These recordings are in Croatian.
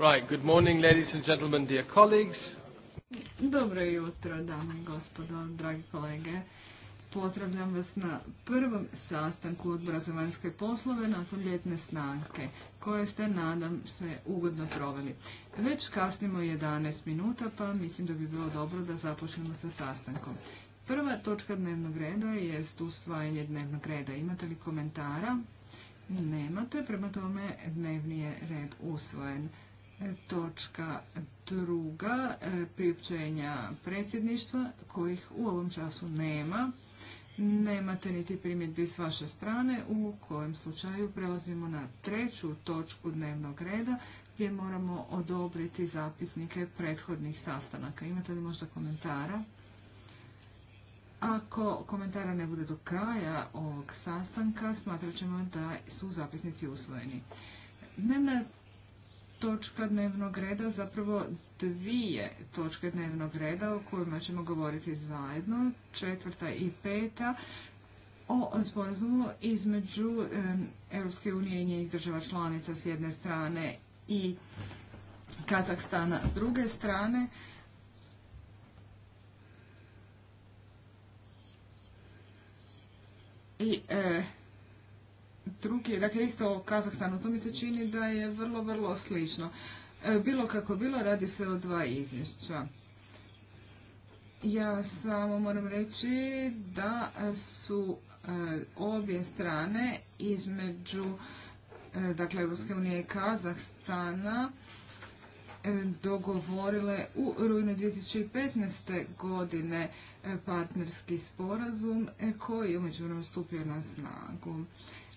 Right, good morning, ladies and gentlemen, dear colleagues. Dobro jutro, dame i gospodo, dragi kolege. Pozdravljam vas na prvom sastanku odbora za vanjske poslove nakon ljetne snanke, koje ste, nadam se, ugodno proveli. Već kasnimo 11 minuta, pa mislim da bi bilo dobro da započnemo sa sastankom. Prva točka dnevnog reda je usvajanje dnevnog reda. Imate li komentara? Nemate, prema tome dnevni je red usvojen točka druga e, priopćenja predsjedništva kojih u ovom času nema. Nemate niti primjedbi s vaše strane u kojem slučaju prelazimo na treću točku dnevnog reda gdje moramo odobriti zapisnike prethodnih sastanaka. Imate li možda komentara? Ako komentara ne bude do kraja ovog sastanka, smatrat ćemo da su zapisnici usvojeni. Dnevna točka dnevnog reda, zapravo dvije točke dnevnog reda o kojima ćemo govoriti zajedno, četvrta i peta, o sporazumu između Europske unije i njenih država članica s jedne strane i Kazahstana s druge strane. I eh, drugi, dakle isto o Kazahstanu, to mi se čini da je vrlo, vrlo slično. E, bilo kako bilo, radi se o dva izvješća. Ja samo moram reći da su e, obje strane između e, dakle Europske unije i Kazahstana dogovorile u rujnu 2015. godine partnerski sporazum koji je umeđu stupio na snagu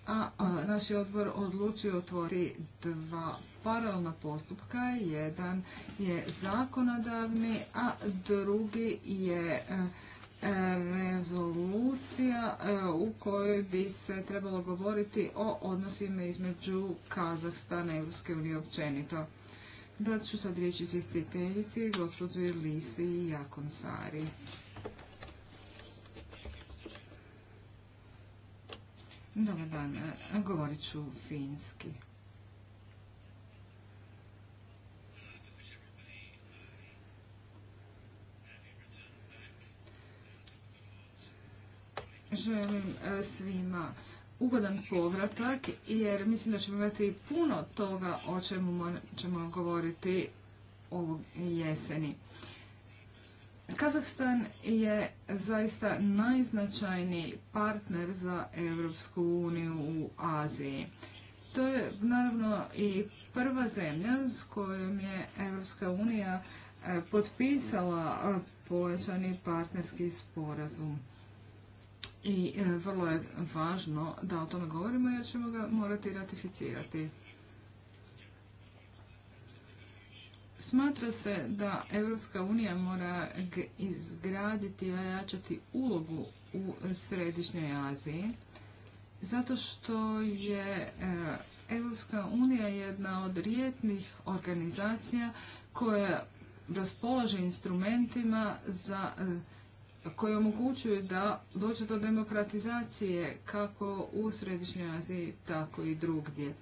a, naš odbor odlučio otvoriti dva paralelna postupka. Jedan je zakonodavni, a drugi je e, e, rezolucija e, u kojoj bi se trebalo govoriti o odnosima između Kazahstana i Evropske unije općenito. Da ću sad riječi izvjestiteljici, gospođi Lisi Jakonsari. Dobar dan, e, govorit ću finski. Želim e, svima ugodan povratak jer mislim da ćemo imati puno toga o čemu ćemo govoriti ovog jeseni. Kazahstan je zaista najznačajniji partner za Europsku uniju u Aziji. To je naravno i prva zemlja s kojom je Europska unija e, potpisala e, povećani partnerski sporazum. I e, vrlo je važno da o tome govorimo jer ćemo ga morati ratificirati. Smatra se da Europska unija mora izgraditi i ojačati ulogu u Središnjoj Aziji, zato što je Europska unija jedna od rijetnih organizacija koja raspolaže instrumentima za e, koji omogućuju da dođe do demokratizacije kako u Središnjoj Aziji, tako i drugdje.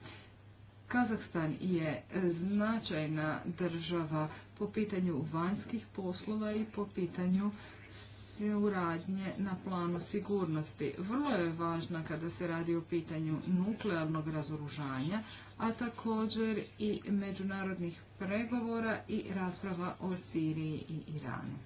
Kazahstan je značajna država po pitanju vanjskih poslova i po pitanju suradnje na planu sigurnosti. Vrlo je važna kada se radi o pitanju nuklearnog razoružanja, a također i međunarodnih pregovora i rasprava o Siriji i Iranu.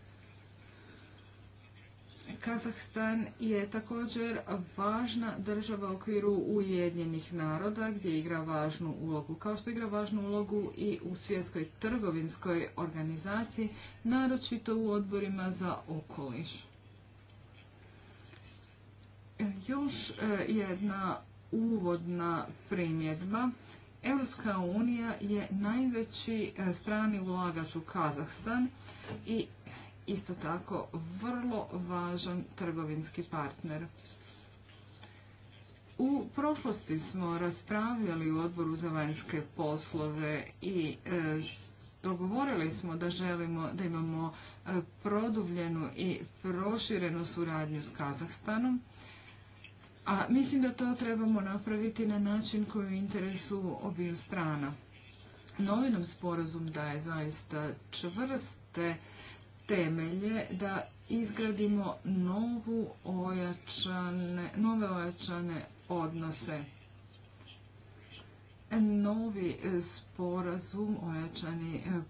Kazahstan je također važna država u okviru Ujedinjenih naroda gdje igra važnu ulogu, kao što igra važnu ulogu i u svjetskoj trgovinskoj organizaciji, naročito u odborima za okoliš. Još e, jedna uvodna primjedba. Europska unija je najveći e, strani ulagač u Kazahstan i isto tako vrlo važan trgovinski partner. U prošlosti smo raspravljali u odboru za vanjske poslove i e, dogovorili smo da želimo da imamo e, produvljenu i proširenu suradnju s Kazahstanom. A mislim da to trebamo napraviti na način koji je u interesu obiju strana. Novinom sporazum daje zaista čvrste temelje da izgradimo novu ojačane, nove ojačane odnose. Novi sporazum, ojačani e,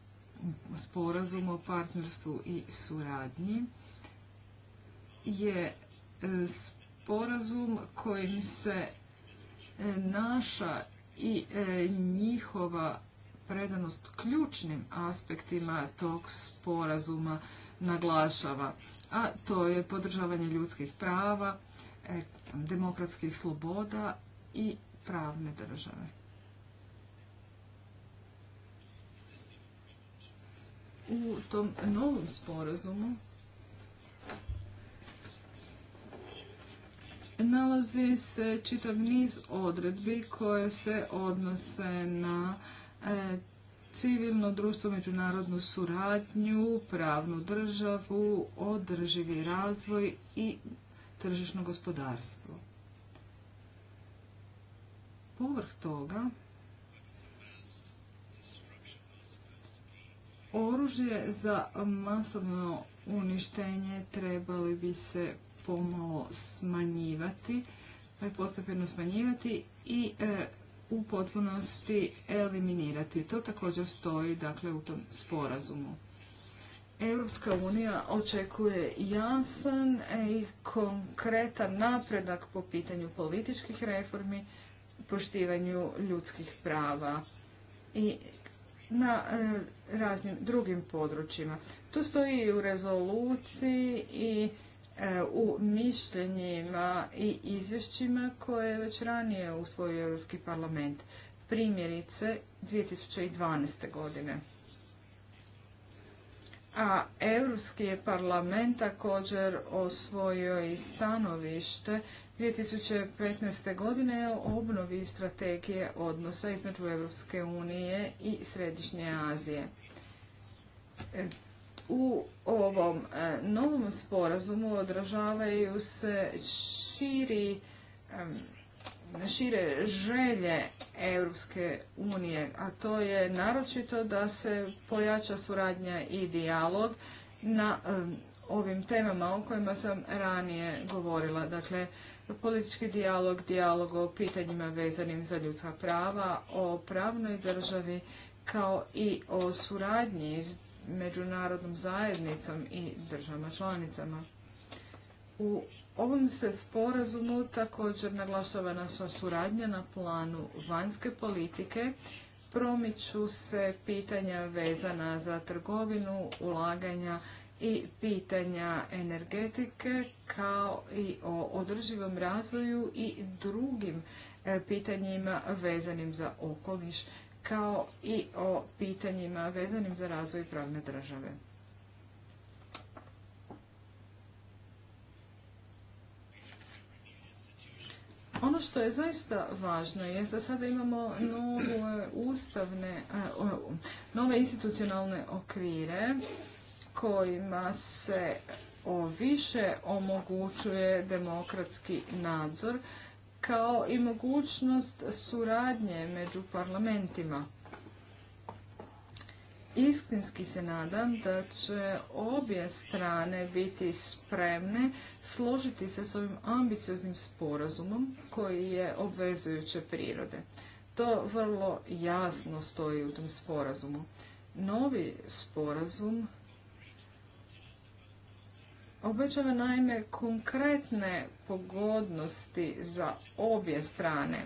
sporazum o partnerstvu i suradnji je e, sporazum kojim se e, naša i njihova predanost ključnim aspektima tog sporazuma naglašava, a to je podržavanje ljudskih prava, e, demokratskih sloboda i pravne države. U tom novom sporazumu nalazi se čitav niz odredbi koje se odnose na E, civilno društvo, međunarodnu suradnju, pravnu državu, održivi razvoj i tržišno gospodarstvo. Povrh toga, oružje za masovno uništenje trebali bi se pomalo smanjivati, postupno smanjivati i e, u potpunosti eliminirati. To također stoji dakle, u tom sporazumu. Europska unija očekuje jasan i konkretan napredak po pitanju političkih reformi, poštivanju ljudskih prava i na e, raznim drugim područjima. To stoji i u rezoluciji i E, u mišljenjima i izvješćima koje je već ranije usvojio Europski parlament. Primjerice 2012. godine. A Europski je parlament također osvojio i stanovište 2015. godine o obnovi strategije odnosa između Europske unije i Središnje Azije. E, u ovom e, novom sporazumu odražavaju se širi šire želje Europske unije, a to je naročito da se pojača suradnja i dijalog na ovim temama o kojima sam ranije govorila. Dakle, politički dijalog, dijalog o pitanjima vezanim za ljudska prava, o pravnoj državi, kao i o suradnji s međunarodnom zajednicom i državama članicama. U ovom se sporazumu također naglašava naša suradnja na planu vanjske politike, promiču se pitanja vezana za trgovinu, ulaganja i pitanja energetike kao i o održivom razvoju i drugim e, pitanjima vezanim za okoliš kao i o pitanjima vezanim za razvoj pravne države. Ono što je zaista važno je da sada imamo nove ustavne, e, nove institucionalne okvire kojima se više omogućuje demokratski nadzor kao i mogućnost suradnje među parlamentima. Istinski se nadam da će obje strane biti spremne složiti se s ovim ambicioznim sporazumom koji je obvezujuće prirode. To vrlo jasno stoji u tom sporazumu. Novi sporazum Obećava naime konkretne pogodnosti za obje strane,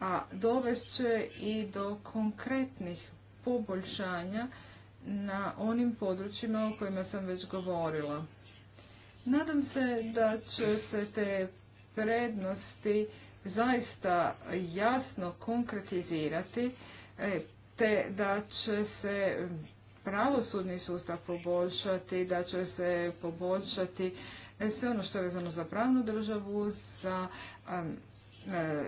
a dovest će i do konkretnih poboljšanja na onim područjima o kojima sam već govorila. Nadam se da će se te prednosti zaista jasno konkretizirati, e, te da će se pravosudni sustav poboljšati, da će se poboljšati e, sve ono što je vezano za pravnu državu, za um, e,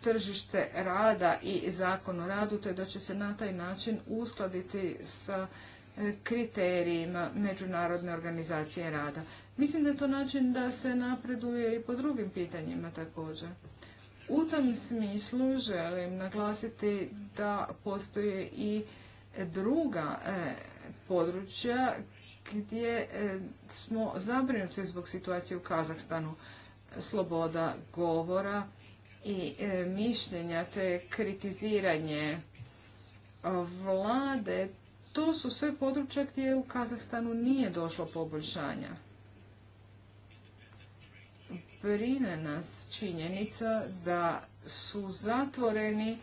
tržište rada i zakon o radu, te da će se na taj način uskladiti sa e, kriterijima Međunarodne organizacije rada. Mislim da je to način da se napreduje i po drugim pitanjima također. U tom smislu želim naglasiti da postoje i druga e, područja gdje e, smo zabrinuti zbog situacije u Kazahstanu. Sloboda govora i e, mišljenja te kritiziranje vlade, to su sve područja gdje u Kazahstanu nije došlo poboljšanja. Brine nas činjenica da su zatvoreni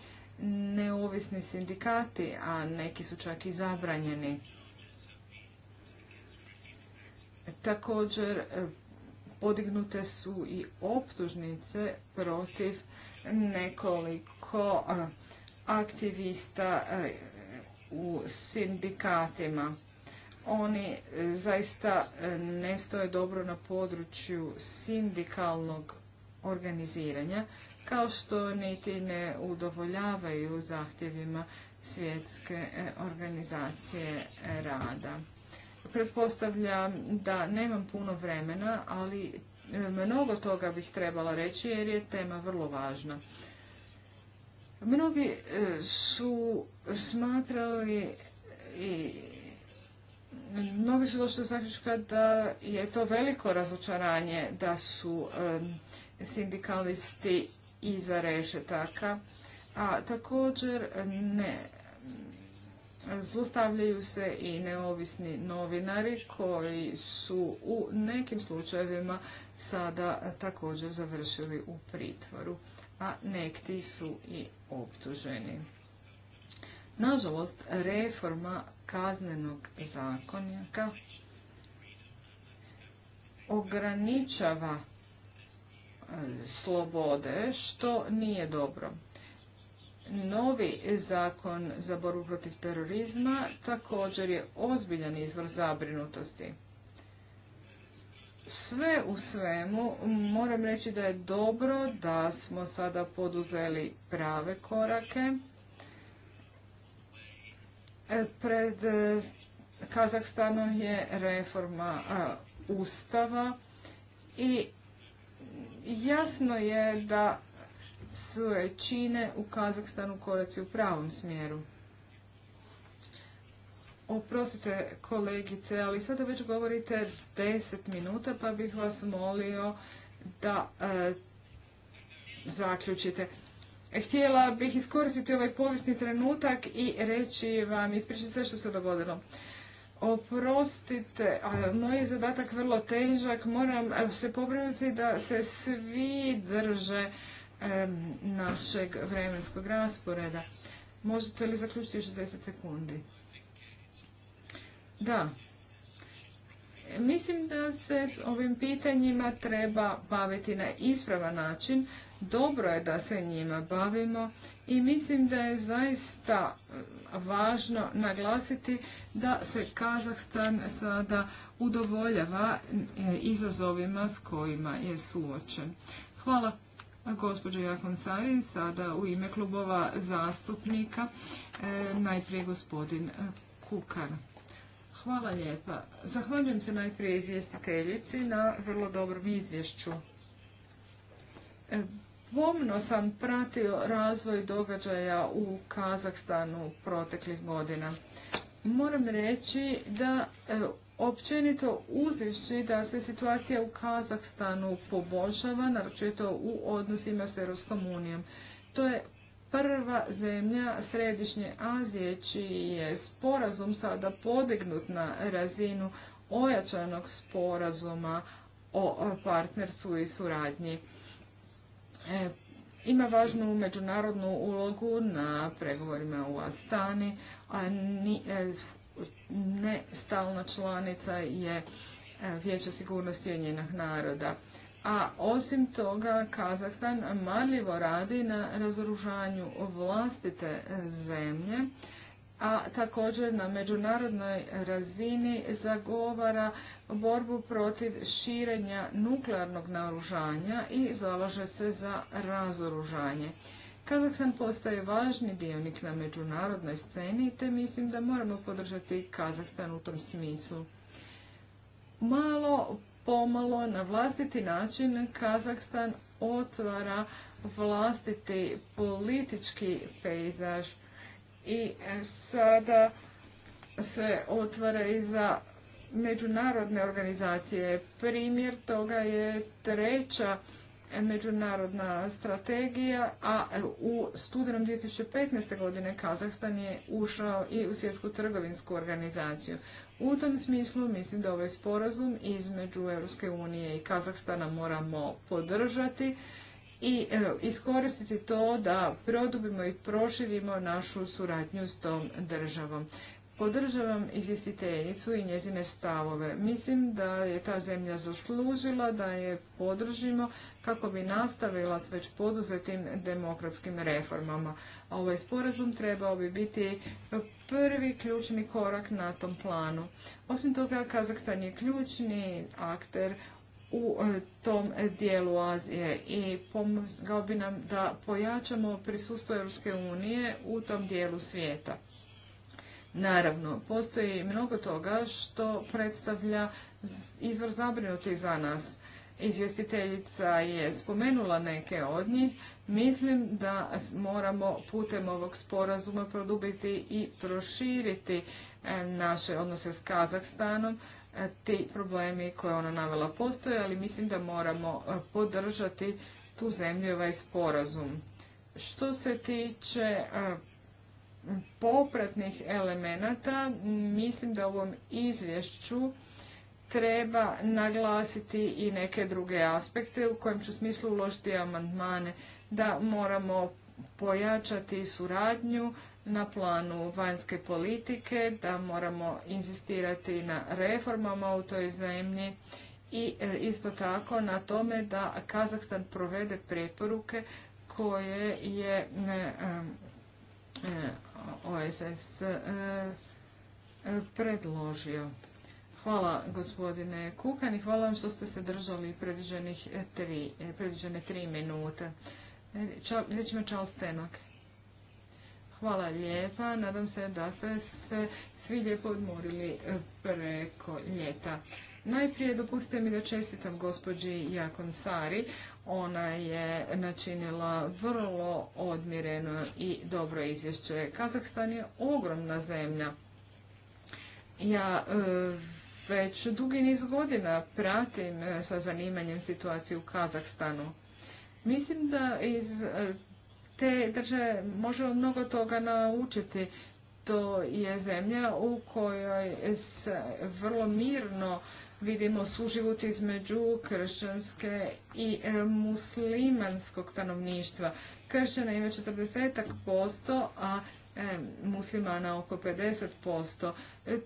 neovisni sindikati, a neki su čak i zabranjeni. Također e, podignute su i optužnice protiv nekoliko aktivista e, u sindikatima. Oni e, zaista ne stoje dobro na području sindikalnog organiziranja kao što niti ne udovoljavaju zahtjevima svjetske e, organizacije e, rada. Pretpostavljam da nemam puno vremena, ali e, mnogo toga bih trebala reći jer je tema vrlo važna. Mnogi su smatrali i mnogi su došli do zaključka da je to veliko razočaranje da su sindikalisti iza rešetaka, a također ne zlostavljaju se i neovisni novinari koji su u nekim slučajevima sada također završili u pritvoru, a nekti su i optuženi. Nažalost, reforma kaznenog zakonjaka ograničava slobode, što nije dobro. Novi zakon za borbu protiv terorizma također je ozbiljan izvor zabrinutosti. Sve u svemu moram reći da je dobro da smo sada poduzeli prave korake. Pred Kazahstanom je reforma Ustava i Jasno je da su čine u Kazakstanu koraci u pravom smjeru. Oprostite kolegice, ali sada već govorite 10 minuta pa bih vas molio da e, zaključite. Htjela bih iskoristiti ovaj povijesni trenutak i reći vam, ispričati sve što se dogodilo. Oprostite, moj je zadatak vrlo težak. Moram eh, se pobrinuti da se svi drže našeg vremenskog rasporeda. Možete li zaključiti 60 sekundi? Da. Mislim da se s ovim pitanjima treba baviti na ispravan način. Dobro je da se njima bavimo i mislim da je zaista važno naglasiti da se Kazahstan sada udovoljava e, izazovima s kojima je suočen. Hvala gospođo Sarin sada u ime klubova zastupnika, e, najprije gospodin Kukar. Hvala lijepa. Zahvaljujem se najprije izvjestiteljici na vrlo dobrom izvješću. E, Pomno sam pratio razvoj događaja u Kazahstanu proteklih godina. Moram reći da e, općenito uzivši da se situacija u Kazahstanu poboljšava, naročito u odnosima s Europskom unijom. To je prva zemlja Središnje Azije čiji je sporazum sada podignut na razinu ojačanog sporazuma o partnerstvu i suradnji. E, ima važnu međunarodnu ulogu na pregovorima u Astani, a e, ne članica je e, Vijeća sigurnosti Ujedinjenih naroda. A osim toga, Kazahstan marljivo radi na razoružanju vlastite zemlje, a također na međunarodnoj razini zagovara borbu protiv širenja nuklearnog naoružanja i zalaže se za razoružanje. Kazahstan postaje važni dionik na međunarodnoj sceni te mislim da moramo podržati Kazahstan u tom smislu. Malo pomalo na vlastiti način Kazahstan otvara vlastiti politički pejzaž i e, sada se otvara i za međunarodne organizacije. Primjer toga je treća međunarodna strategija, a e, u studenom 2015. godine Kazahstan je ušao i u svjetsku trgovinsku organizaciju. U tom smislu mislim da ovaj sporazum između Europske unije i Kazahstana moramo podržati i e, iskoristiti to da produbimo i proširimo našu suradnju s tom državom. Podržavam izvjestiteljicu i njezine stavove. Mislim da je ta zemlja zaslužila da je podržimo kako bi nastavila s već poduzetim demokratskim reformama. A ovaj sporazum trebao bi biti prvi ključni korak na tom planu. Osim toga, Kazahstan je ključni akter u e, tom dijelu Azije i pomogao bi nam da pojačamo prisustvo Europske unije u tom dijelu svijeta. Naravno, postoji mnogo toga što predstavlja izvor zabrinuti za nas. Izvjestiteljica je spomenula neke od njih. Mislim da moramo putem ovog sporazuma produbiti i proširiti e, naše odnose s Kazahstanom, ti problemi koje ona navela postoje, ali mislim da moramo e, podržati tu zemlju i ovaj sporazum. Što se tiče e, popratnih elemenata, mislim da u ovom izvješću treba naglasiti i neke druge aspekte u kojem ću smislu uložiti amandmane da moramo pojačati suradnju na planu vanjske politike, da moramo inzistirati na reformama u toj zemlji i e, isto tako na tome da Kazahstan provede preporuke koje je e, e, OSS predložio. Hvala gospodine Kukan i hvala vam što ste se držali predviđene tri minute. Reći ima Charles Tenok. Hvala lijepa. Nadam se da ste se svi lijepo odmorili e, preko ljeta. Najprije dopustite mi da čestitam gospođi Jakon Sari. Ona je načinila vrlo odmjereno i dobro izvješće. Kazahstan je ogromna zemlja. Ja e, već dugi niz godina pratim e, sa zanimanjem situaciju u Kazahstanu. Mislim da iz te države možemo mnogo toga naučiti. To je zemlja u kojoj se vrlo mirno vidimo suživot između kršćanske i e, muslimanskog stanovništva. Kršćana ima 40%, a e, muslimana oko 50%.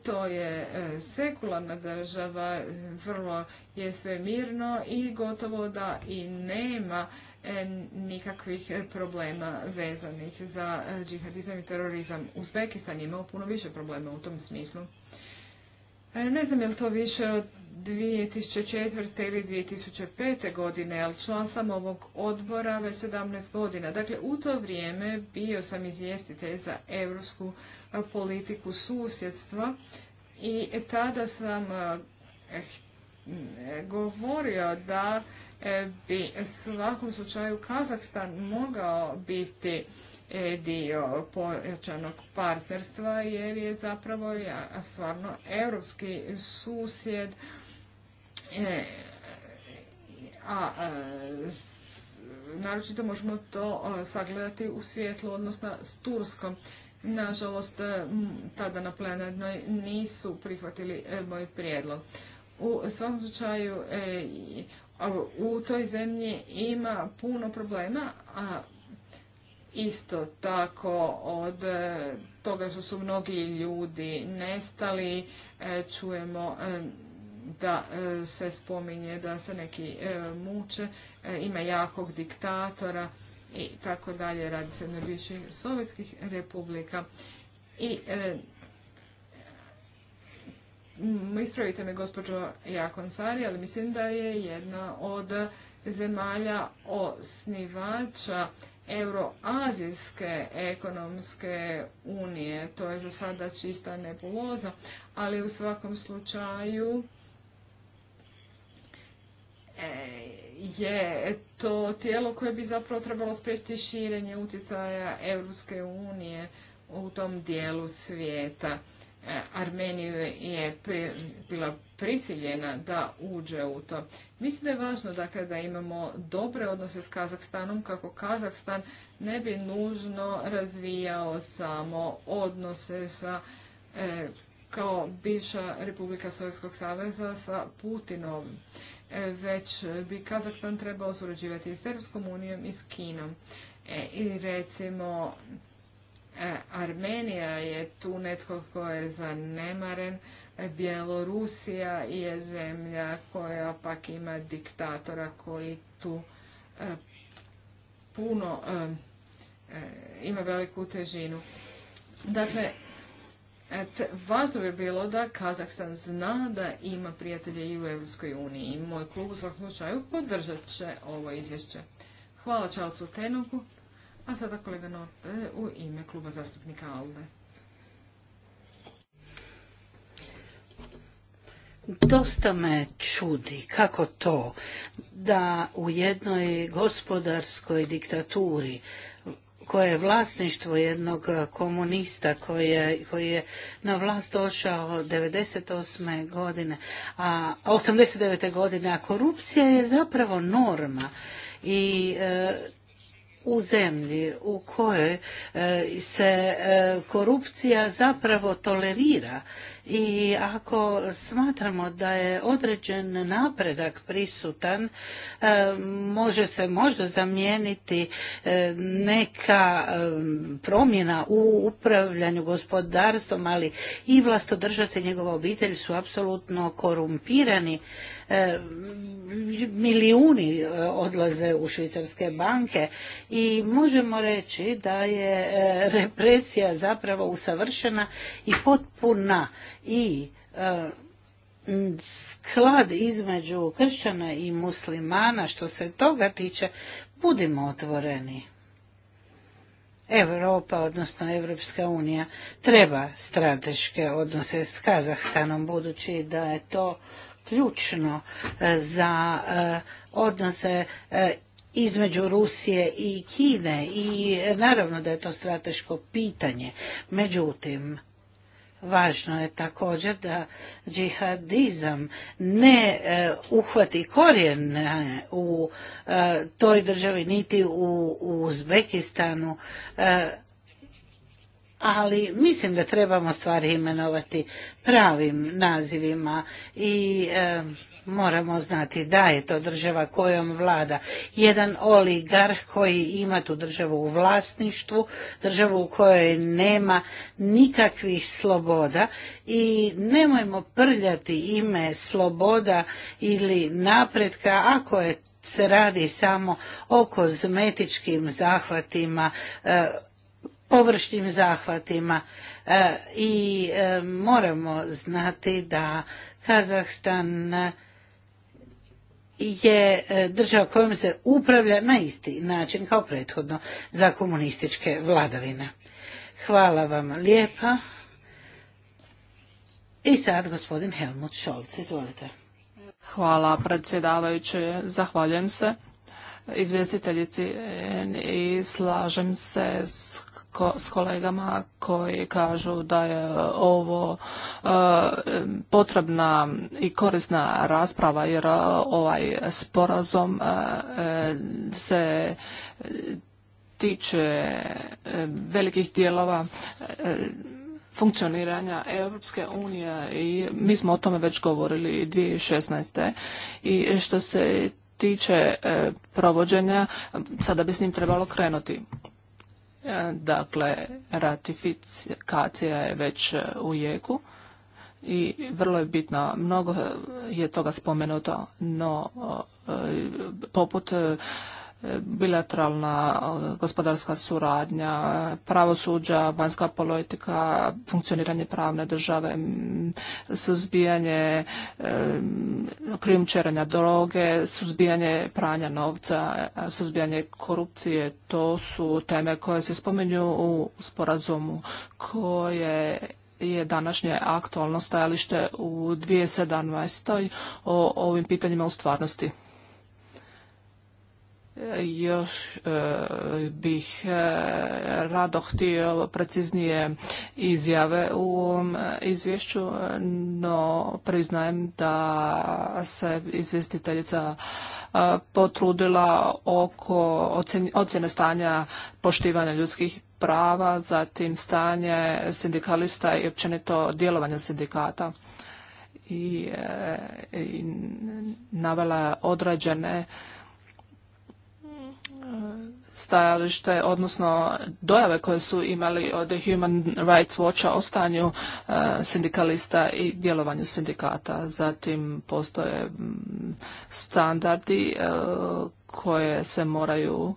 To je e, sekularna država, vrlo je sve mirno i gotovo da i nema E, nikakvih e, problema vezanih za e, džihadizam i terorizam. Uzbekistan je imao puno više problema u tom smislu. Ne znam je li to više od 2004. ili 2005. godine, ali član sam ovog odbora već 17 godina. Dakle, u to vrijeme bio sam izvjestitelj za europsku politiku susjedstva i tada sam govorio da E, bi svakom slučaju Kazakstan mogao biti e, dio pojačanog partnerstva jer je zapravo stvarno europski susjed e, a, a naročito možemo to sagledati u svijetlu odnosno s Turskom. Nažalost, tada na plenarnoj nisu prihvatili moj prijedlog. U svakom slučaju, u toj zemlji ima puno problema, a isto tako od e, toga što su mnogi ljudi nestali, e, čujemo e, da se spominje da se neki muče, ima jakog diktatora i tako dalje, radi se na bivših sovjetskih republika. I Mm, ispravite me gospođo Jakonsari, ali mislim da je jedna od zemalja osnivača Euroazijske ekonomske unije. To je za sada čista nebuloza, ali u svakom slučaju e, je to tijelo koje bi zapravo trebalo spriječiti širenje utjecaja Europske unije u tom dijelu svijeta. Armenija je bila prisiljena da uđe u to. Mislim da je važno dakle, da imamo dobre odnose s Kazahstanom kako Kazahstan ne bi nužno razvijao samo odnose sa e, kao bivša Republika Sovjetskog saveza sa Putinom, e, već bi Kazahstan trebao surađivati i s Europskom unijom i s Kinom. E, I recimo E, Armenija je tu netko ko je zanemaren, Bjelorusija je zemlja koja pak ima diktatora koji tu e, puno e, ima veliku težinu. Dakle, važno bi bilo da Kazahstan zna da ima prijatelje i u Evropskoj uniji. Moj klub u svakom slučaju podržat će ovo izvješće. Hvala Charlesu Tenuku. A sada kolega Norte u ime kluba zastupnika ALDE. Dosta me čudi kako to da u jednoj gospodarskoj diktaturi koje je vlasništvo jednog komunista koji je, koji je na vlast došao 98. godine, a 89. godine, a korupcija je zapravo norma i e, u zemlji u kojoj e, se e, korupcija zapravo tolerira i ako smatramo da je određen napredak prisutan e, može se možda zamijeniti neka promjena u upravljanju gospodarstvom ali i vlastodržac i njegova obitelj su apsolutno korumpirani E, milijuni e, odlaze u švicarske banke i možemo reći da je e, represija zapravo usavršena i potpuna i sklad između kršćana i muslimana što se toga tiče budimo otvoreni. Evropa odnosno Evropska unija, treba strateške odnose s Kazahstanom, budući da je to ključno e, za e, odnose e, između Rusije i Kine i naravno da je to strateško pitanje. Međutim, Važno je također da džihadizam ne uhvati korijene u toj državi niti u, Uzbekistanu ali mislim da trebamo stvari imenovati pravim nazivima i e, moramo znati da je to država kojom vlada jedan oligarh koji ima tu državu u vlasništvu, državu u kojoj nema nikakvih sloboda i nemojmo prljati ime sloboda ili napretka ako je se radi samo o kozmetičkim zahvatima e, površnim zahvatima e, i e, moramo znati da Kazahstan je e, država kojom se upravlja na isti način kao prethodno za komunističke vladavine. Hvala vam lijepa. I sad gospodin Helmut Scholz, izvolite. Hvala predsjedavajuće, zahvaljujem se izvjestiteljici i slažem se s ko, s kolegama koji kažu da je ovo e, potrebna i korisna rasprava jer e, ovaj sporazum e, se tiče velikih dijelova funkcioniranja Europske unije i mi smo o tome već govorili 2016. i što se tiče provođenja, sada bi s njim trebalo krenuti. E, dakle, ratifikacija je već e, u jeku i vrlo je bitno, mnogo je toga spomenuto, no e, poput bilateralna eh, gospodarska suradnja, pravosuđa, vanjska politika, funkcioniranje pravne države, suzbijanje eh, krimčerenja droge, suzbijanje pranja novca, suzbijanje korupcije. To su teme koje se spominju u sporazumu koje je današnje aktualno stajalište u 2017. o ovim pitanjima u stvarnosti još e, bih e, rado htio preciznije izjave u ovom e, izvješću, no priznajem da se izvjestiteljica potrudila oko ocjene stanja poštivanja ljudskih prava, zatim stanje sindikalista i općenito djelovanja sindikata. I, i navela određene stajalište, odnosno dojave koje su imali od Human Rights Watcha o stanju e, sindikalista i djelovanju sindikata. Zatim postoje mm, standardi e, koje se moraju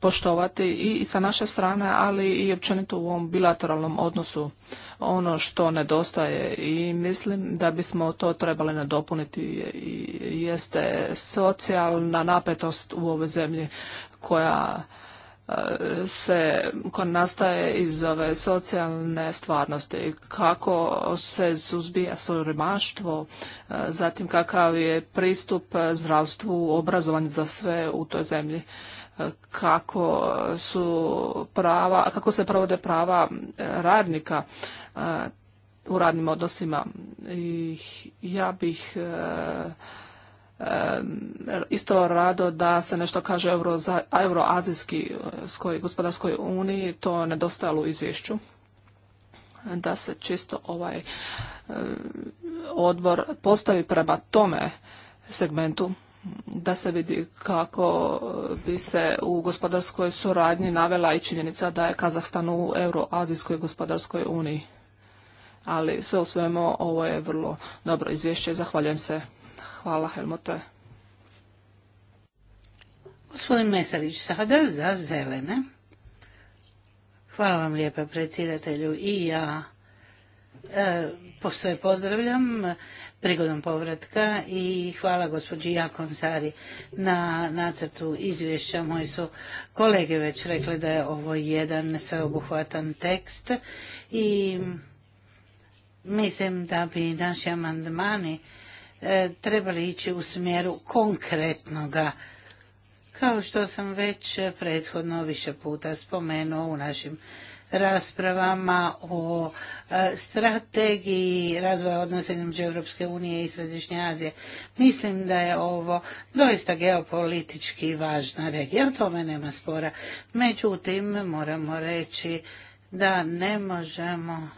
poštovati i sa naše strane, ali i općenito u ovom bilateralnom odnosu ono što nedostaje i mislim da bismo to trebali nadopuniti jeste socijalna napetost u ovoj zemlji koja e, se nastaje iz ove socijalne stvarnosti, kako se suzbija siromaštvo, e, zatim kakav je pristup zdravstvu, obrazovanju za sve u toj zemlji, e, kako su prava, kako se provode prava radnika u radnim odnosima. I ja bih isto rado da se nešto kaže euroazijskoj e, gospodarskoj uniji, to nedostajalo u izvješću da se čisto ovaj e, odbor postavi prema tome segmentu da se vidi kako bi se u gospodarskoj suradnji navela i činjenica da je Kazahstan u Euroazijskoj gospodarskoj uniji. Ali sve u svemu ovo je vrlo dobro izvješće. Zahvaljujem se Hvala Helmute. Gospodin Mesarić sada za zelene. Hvala vam lijepa predsjedatelju i ja e, sve pozdravljam prigodom povratka i hvala gospođi Jakonsari na nacrtu izvješća. Moji su kolege već rekli da je ovo jedan sveobuhvatan tekst i mislim da bi naši amandmani E, trebali ići u smjeru konkretnoga kao što sam već prethodno više puta spomenuo u našim raspravama o e, strategiji razvoja odnosa između Europske unije i Središnje Azije. Mislim da je ovo doista geopolitički važna regija, o tome nema spora. Međutim, moramo reći da ne možemo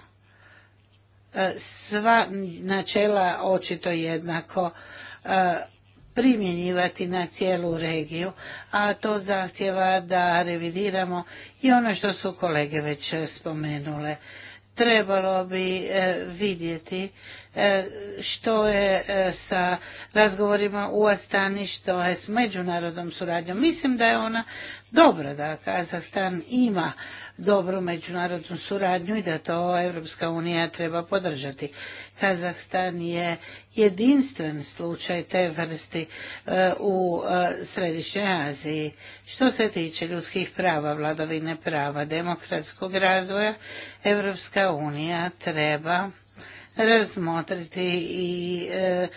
E, sva načela očito jednako e, primjenjivati na cijelu regiju, a to zahtjeva da revidiramo i ono što su kolege već spomenule. Trebalo bi e, vidjeti što je sa razgovorima u Astani, što je s međunarodnom suradnjom. Mislim da je ona dobra da Kazahstan ima dobru međunarodnu suradnju i da to Evropska unija treba podržati. Kazahstan je jedinstven slučaj te vrsti e, u e, Središnjoj Aziji. Što se tiče ljudskih prava, vladavine prava, demokratskog razvoja, Evropska unija treba razmotriti i e,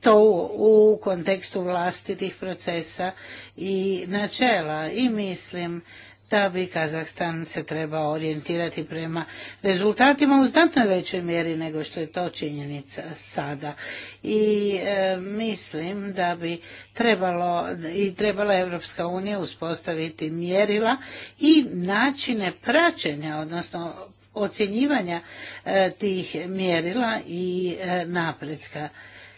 to u kontekstu vlastitih procesa i načela i mislim da bi Kazahstan se trebao orijentirati prema rezultatima u znatno većoj mjeri nego što je to činjenica sada. I e, mislim da bi trebalo i trebala Evropska unija uspostaviti mjerila i načine praćenja, odnosno ocjenjivanja e, tih mjerila i e, napretka.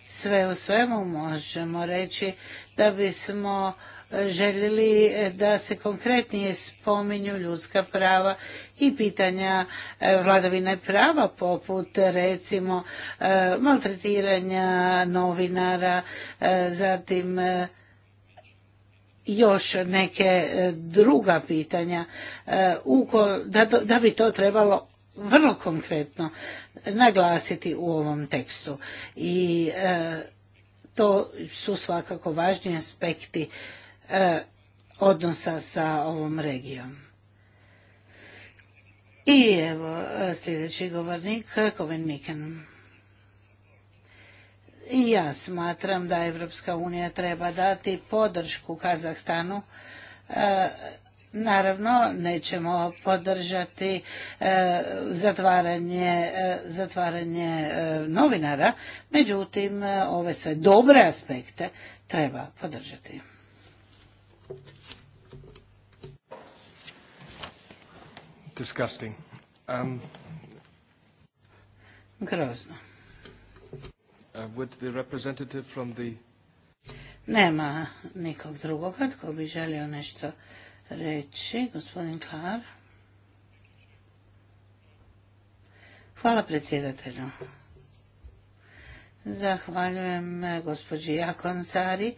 Sve u svemu možemo reći da bismo željeli e, da se konkretnije spominju ljudska prava i pitanja e, vladavine prava poput recimo e, maltretiranja novinara, zatim još neke druga pitanja da bi to trebalo vrlo konkretno naglasiti u ovom tekstu i to su svakako važni aspekti E, odnosa sa ovom regijom. I evo e, sljedeći govornik, Koven Miken. I ja smatram da Evropska unija treba dati podršku Kazahstanu e, Naravno, nećemo podržati zatvaranje, zatvaranje novinara, međutim, ove sve dobre aspekte treba podržati. disgusting. Um, Grozno. Uh, would the representative from the... Nema nikog drugoga tko bi želio nešto reći. Gospodin Klar. Hvala predsjedatelju. Zahvaljujem eh, gospođi Jakonsari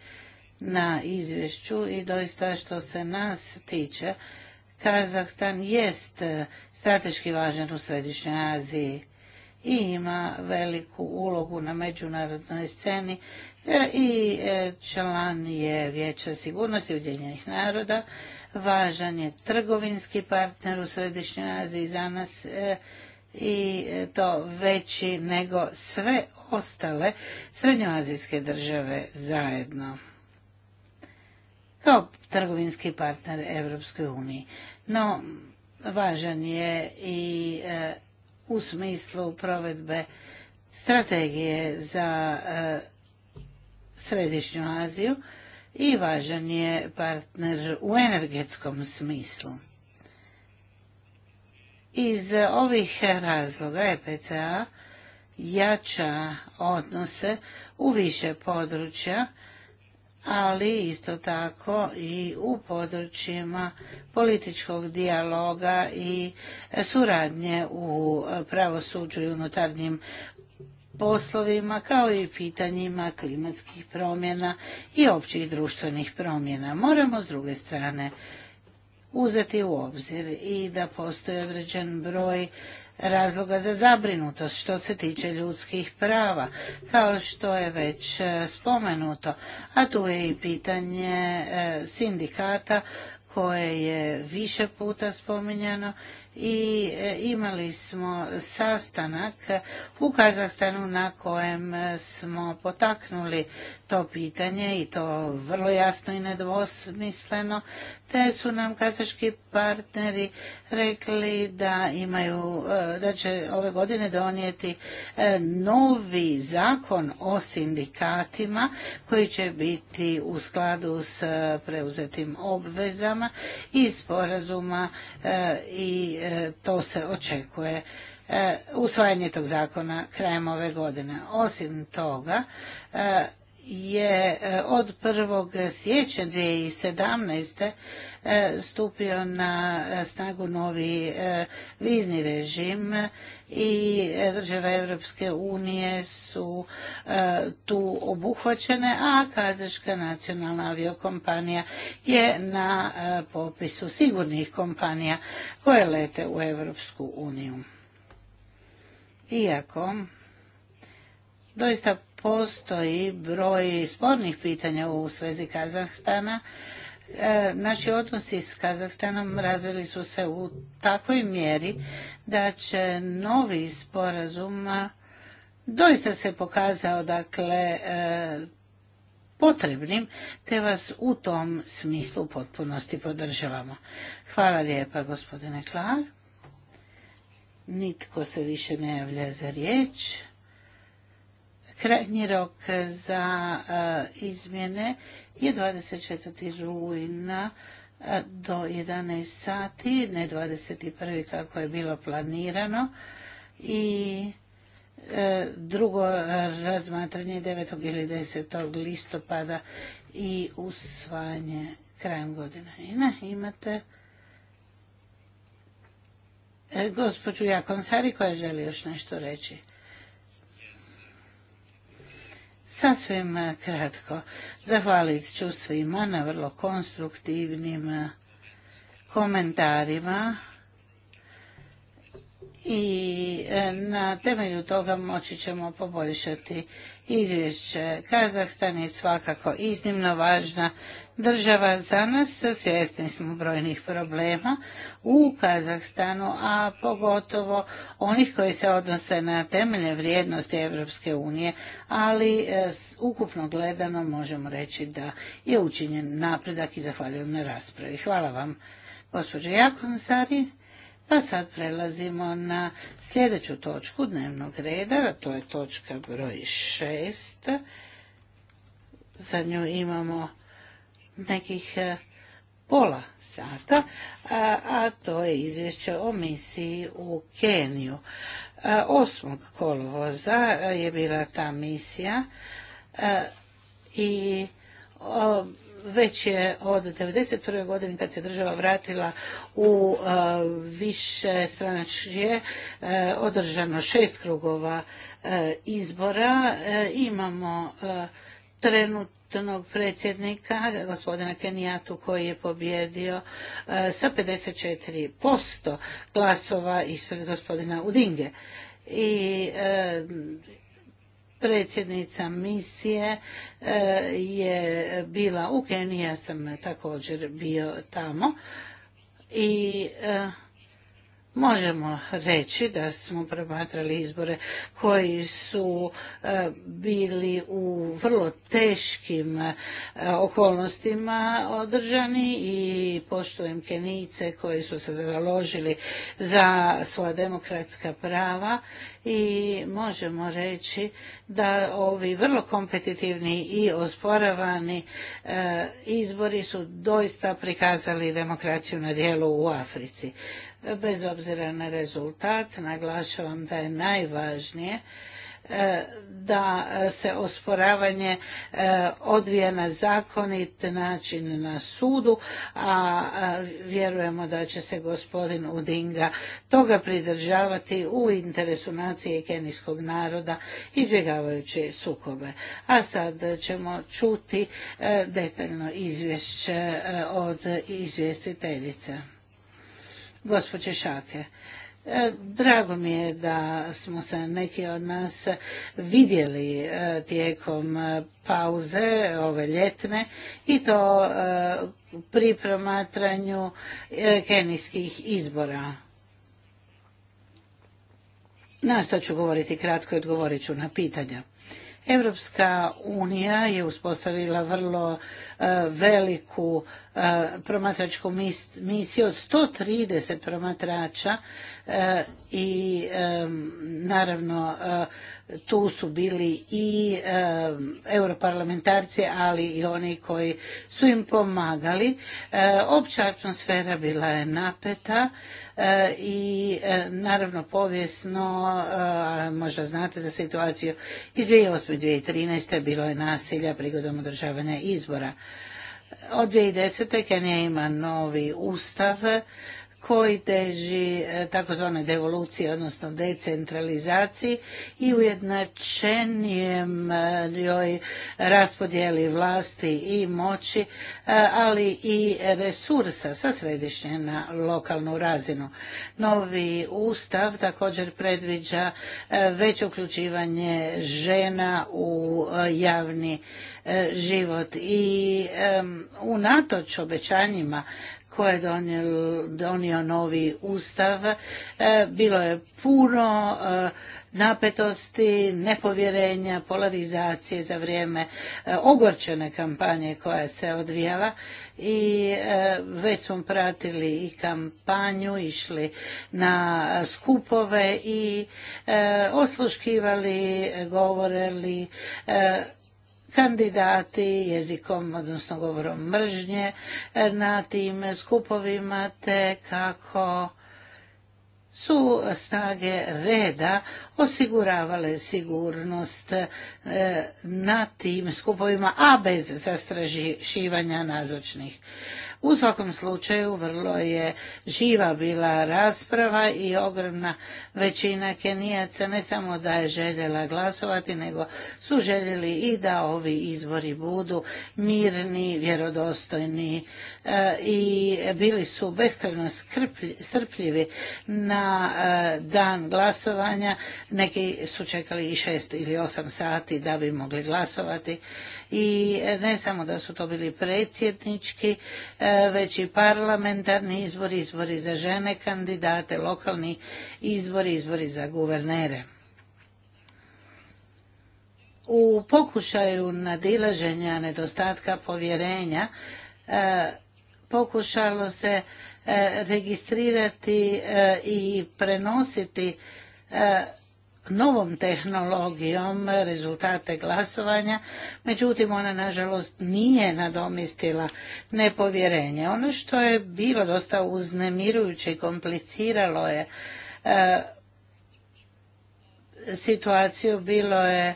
na izvješću i doista što se nas tiče Kazahstan jest e, strateški važan u Središnjoj Aziji i ima veliku ulogu na međunarodnoj sceni e, i e, član je Vijeća sigurnosti Ujedinjenih naroda. Važan je trgovinski partner u Središnjoj Aziji za nas i to veći nego sve ostale srednjoazijske države zajedno kao trgovinski partner Europskoj uniji. No, važan je i e, u smislu provedbe strategije za e, Središnju Aziju i važan je partner u energetskom smislu. Iz ovih razloga EPCA jača odnose u više područja ali isto tako i u područjima političkog dijaloga i suradnje u pravosuđu i unutarnjim poslovima kao i pitanjima klimatskih promjena i općih društvenih promjena. Moramo s druge strane uzeti u obzir i da postoji određen broj razloga za zabrinutost što se tiče ljudskih prava, kao što je već e, spomenuto. A tu je i pitanje e, sindikata koje je više puta spominjano i e, imali smo sastanak u Kazahstanu na kojem e, smo potaknuli to pitanje i to vrlo jasno i nedvosmisleno, te su nam kazaški partneri rekli da imaju, e, da će ove godine donijeti novi zakon o sindikatima koji će biti u skladu s preuzetim obvezama i sporazuma i E, to se očekuje e, usvajanje tog zakona krajem ove godine. Osim toga e, je od 1. siječnja 2017. stupio na snagu novi vizni režim i e, države Europske unije su e, tu obuhvaćene, a Kazaška nacionalna aviokompanija je na e, popisu sigurnih kompanija koje lete u Europsku uniju. Iako doista postoji broj spornih pitanja u svezi Kazahstana, E, naši odnosi s Kazahstanom razvili su se u takvoj mjeri da će novi sporazum doista se pokazao dakle e, potrebnim, te vas u tom smislu potpunosti podržavamo. Hvala lijepa gospodine Klar. Nitko se više ne javlja za riječ. Krajnji rok za e, izmjene je 24. rujna e, do 11 sati, ne 21. kako je bilo planirano. I e, drugo razmatranje 9. ili 10. listopada i usvajanje krajem godine. I ne, imate gospođu Sari koja želi još nešto reći. Sasvim eh, kratko, zahvalit ću svima na vrlo konstruktivnim eh, komentarima i e, na temelju toga moći ćemo poboljšati izvješće. Kazahstan je svakako iznimno važna država za nas, svjesni smo brojnih problema u Kazahstanu, a pogotovo onih koji se odnose na temeljne vrijednosti Europske unije, ali e, ukupno gledano možemo reći da je učinjen napredak i zahvaljujem na raspravi. Hvala vam, gospođo Jakonsari. Pa sad prelazimo na sljedeću točku dnevnog reda, a to je točka broj šest. Za nju imamo nekih e, pola sata, a, to je izvješće o misiji u Keniju. E, osmog kolovoza je bila ta misija e, i već je od 1991. godine kad se država vratila u e, više stranačije, e, održano šest krugova e, izbora. Imamo trenutnog predsjednika, gospodina Kenijatu, koji je pobjedio sa 54% glasova ispred gospodina Udinge. I predsjednica misije e, je bila u Keniji, ja sam također bio tamo i e, možemo reći da smo promatrali izbore koji su e, bili u vrlo teškim e, okolnostima održani i poštujem Kenice koji su se založili za svoja demokratska prava i možemo reći da ovi vrlo kompetitivni i osporavani e, izbori su doista prikazali demokraciju na dijelu u Africi bez obzira na rezultat. Naglašavam da je najvažnije e, da se osporavanje e, odvija na zakonit način na sudu, a vjerujemo da će se gospodin Udinga toga pridržavati u interesu nacije i kenijskog naroda, izbjegavajući sukobe. A sad ćemo čuti e, detaljno izvješće od izvjestiteljice gospođe Šake. E, drago mi je da smo se neki od nas vidjeli e, tijekom e, pauze ove ljetne i to pri promatranju kenijskih izbora. Nasto ću govoriti kratko i odgovorit ću na pitanja. Europska unija je uspostavila vrlo e, veliku e, promatračku misiju od 130 promatrača e, i naravno tu su bili i europarlamentarci, ali i oni koji su im pomagali. E, opća atmosfera bila je napeta e, i e, naravno povijesno, možda znate za situaciju, iz 2008. i 2013. bilo je nasilja prigodom održavanja izbora. Od 2010. Kenija ima novi ustav koji teži e, takozvanoj devoluciji, odnosno decentralizaciji i ujednačenijem e, joj raspodjeli vlasti i moći, e, ali i resursa sa središnje na lokalnu razinu. Novi ustav također predviđa veće uključivanje žena u javni život i unatoč obećanjima ko je donio, donio novi ustav. E, bilo je puno e, napetosti, nepovjerenja, polarizacije za vrijeme e, ogorčene kampanje koja se odvijala i već smo pratili i kampanju, išli na skupove i osluškivali, govorili kandidati jezikom, odnosno govorom mržnje e, na tim skupovima, te kako su snage reda osiguravale sigurnost e, na tim skupovima, a bez zastrašivanja nazočnih. U svakom slučaju vrlo je živa bila rasprava i ogromna većina Kenijaca ne samo da je željela glasovati, nego su željeli i da ovi izbori budu mirni, vjerodostojni E, i bili su beskrajno strpljivi na e, dan glasovanja. Neki su čekali i šest ili osam sati da bi mogli glasovati i e, ne samo da su to bili predsjednički, već i parlamentarni izbori, izbori za žene kandidate, lokalni izbori, izbori za guvernere. U pokušaju nadilaženja nedostatka povjerenja pokušalo se e, registrirati e, i prenositi e, novom tehnologijom rezultate glasovanja, međutim ona nažalost nije nadomistila nepovjerenje. Ono što je bilo dosta uznemirujuće i kompliciralo je situaciju bilo je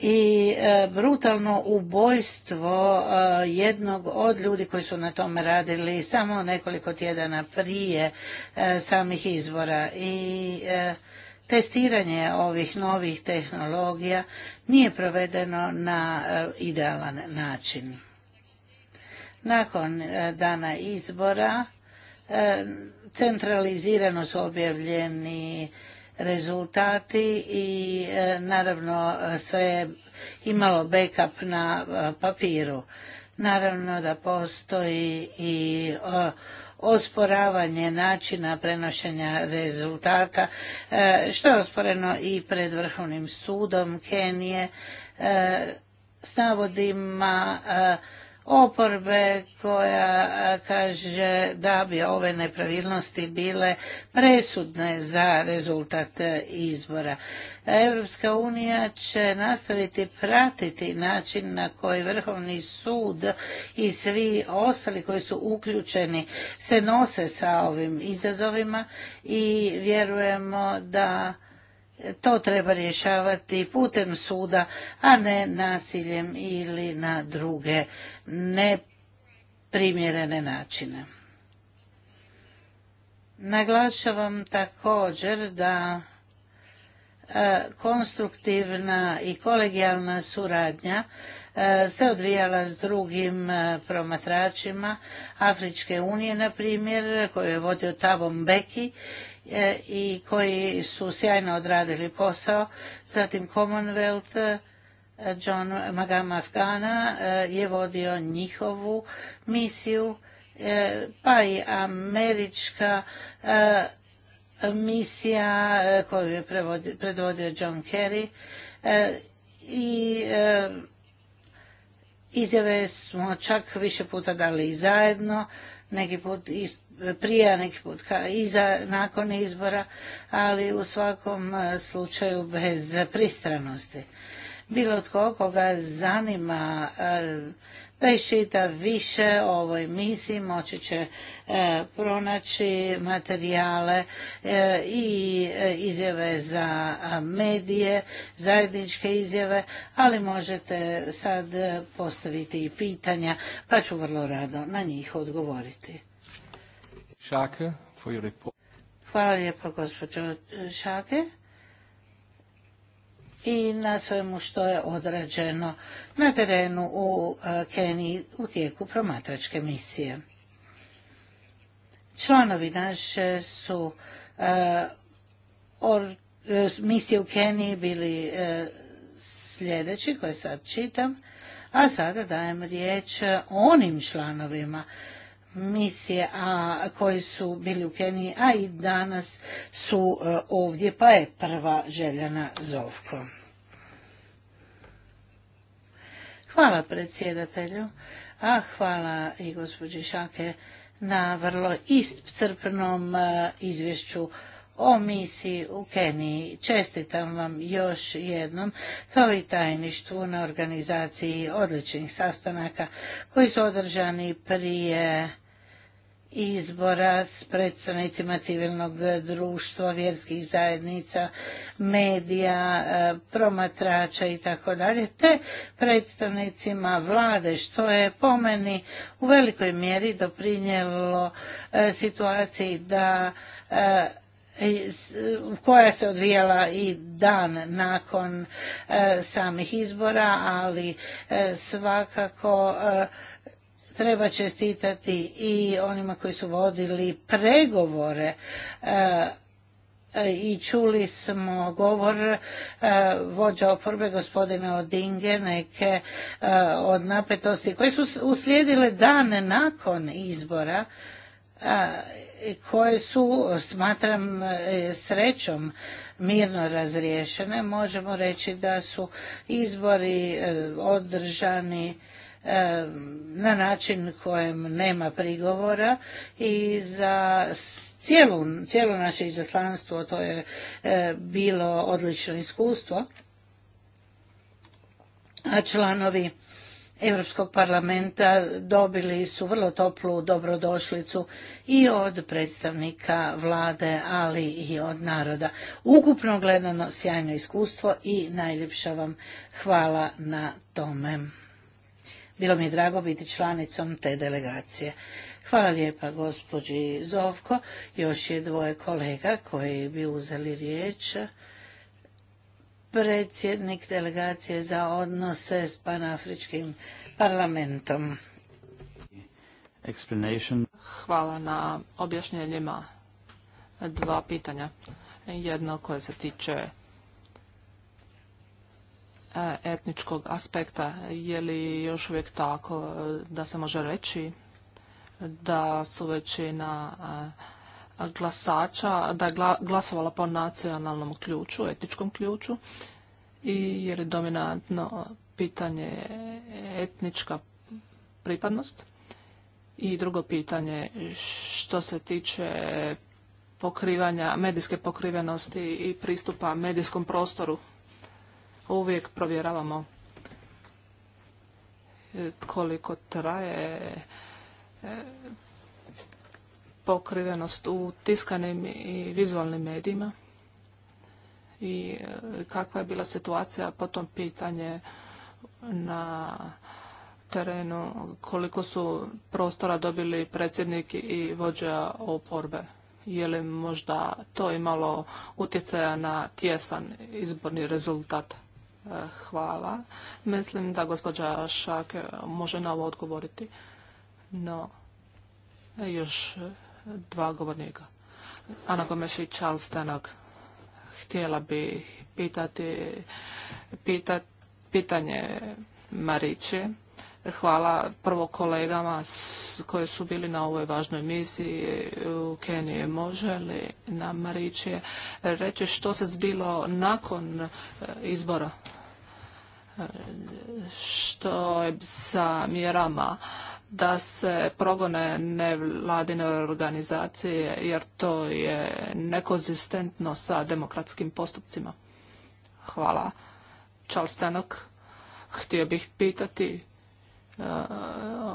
i e, brutalno ubojstvo e, jednog od ljudi koji su na tome radili samo nekoliko tjedana prije e, samih izbora i testiranje ovih novih tehnologija nije provedeno na idealan način. Nakon dana izbora centralizirano su objavljeni rezultati i e, naravno sve je imalo backup na e, papiru. Naravno da postoji i e, osporavanje načina prenošenja rezultata, što je osporeno i pred Vrhovnim sudom Kenije s navodima oporbe koja kaže da bi ove nepravilnosti bile presudne za rezultat e, izbora. Europska unija će nastaviti pratiti način na koji Vrhovni sud i svi ostali koji su uključeni se nose sa ovim izazovima i vjerujemo da to treba rješavati putem suda, a ne nasiljem ili na druge neprimjerene načine. Naglašavam također da e, konstruktivna i kolegijalna suradnja e, se odvijala s drugim e, promatračima Afričke unije, na primjer, koju je vodio Tabom Beki E, i koji su sjajno odradili posao. Zatim Commonwealth, e, John Magama Afgana e, je vodio njihovu misiju, pa i američka misija koju je predvodio John Kerry i izjave smo čak više puta dali i zajedno, neki put prije nekih put i nakon izbora, ali u svakom e, slučaju bez pristranosti. Bilo tko koga zanima e, da iščita više o ovoj misiji, moći će e, pronaći materijale i izjave za medije, zajedničke izjave, ali možete sad postaviti i pitanja, pa ću vrlo rado na njih odgovoriti. Schake, for your report. Hvala lijepo gospođo Šake i na svemu što je odrađeno na terenu u e, Keniji u tijeku promatračke misije. Članovi naše su e, e, misije u Keniji bili sljedeći koje sad čitam, a sada dajem riječ onim članovima misije a koji su bili u Keniji, a i danas su e, ovdje, pa je prva Željana Zovko. Hvala predsjedatelju, a hvala i gospođi Šake na vrlo iscrpnom e, izvješću o misiji u Keniji. Čestitam vam još jednom, kao i tajništvu na organizaciji odličnih sastanaka koji su održani prije izbora s predstavnicima civilnog društva, vjerskih zajednica, medija, e, promatrača i tako dalje, te predstavnicima vlade, što je po meni u velikoj mjeri doprinjelo e, situaciji da e, koja se odvijala i dan nakon samih izbora, ali svakako treba čestitati i onima koji su vodili pregovore eh, i čuli smo govor eh, vođa oporbe gospodina Odinge, neke eh, od napetosti koje su uslijedile dane nakon izbora koje su, smatram, srećom mirno razriješene. Možemo reći da su izbori održani na način kojem nema prigovora i za cijelu, cijelo naše izaslanstvo to je e, bilo odlično iskustvo. A članovi Europskog parlamenta dobili su vrlo toplu dobrodošlicu i od predstavnika vlade, ali i od naroda. Ukupno gledano sjajno iskustvo i najljepša vam hvala na tome. Bilo mi je drago biti članicom te delegacije. Hvala lijepa gospođi Zovko. Još je dvoje kolega koji bi uzeli riječ. Predsjednik delegacije za odnose s panafričkim parlamentom. Hvala na objašnjenjima. Dva pitanja. Jedno koje se tiče E, etničkog aspekta. Je li još uvijek tako e, da se može reći da su većina e, glasača, da je glasovala po nacionalnom ključu, etničkom ključu i je dominantno pitanje etnička pripadnost? I drugo pitanje, što se tiče pokrivanja, medijske pokrivenosti i pristupa medijskom prostoru uvijek provjeravamo e, koliko traje e, pokrivenost u tiskanim i vizualnim medijima i e, kakva je bila situacija po tom pitanje na terenu, koliko su prostora dobili predsjednik i vođa oporbe. Je li možda to imalo utjecaja na tjesan izborni rezultat? hvala. Mislim da gospođa Šak može na ovo odgovoriti. No, još dva govornika. Ana Gomes i Htjela bi pitati pitanje Mariće. Hvala prvo kolegama koji su bili na ovoj važnoj misiji u Keniji. Može li nam Ričije reći što se zbilo nakon e, izbora? E, što je sa mjerama? da se progone nevladine organizacije jer to je nekonzistentno sa demokratskim postupcima. Hvala. Charles htio bih pitati Eh,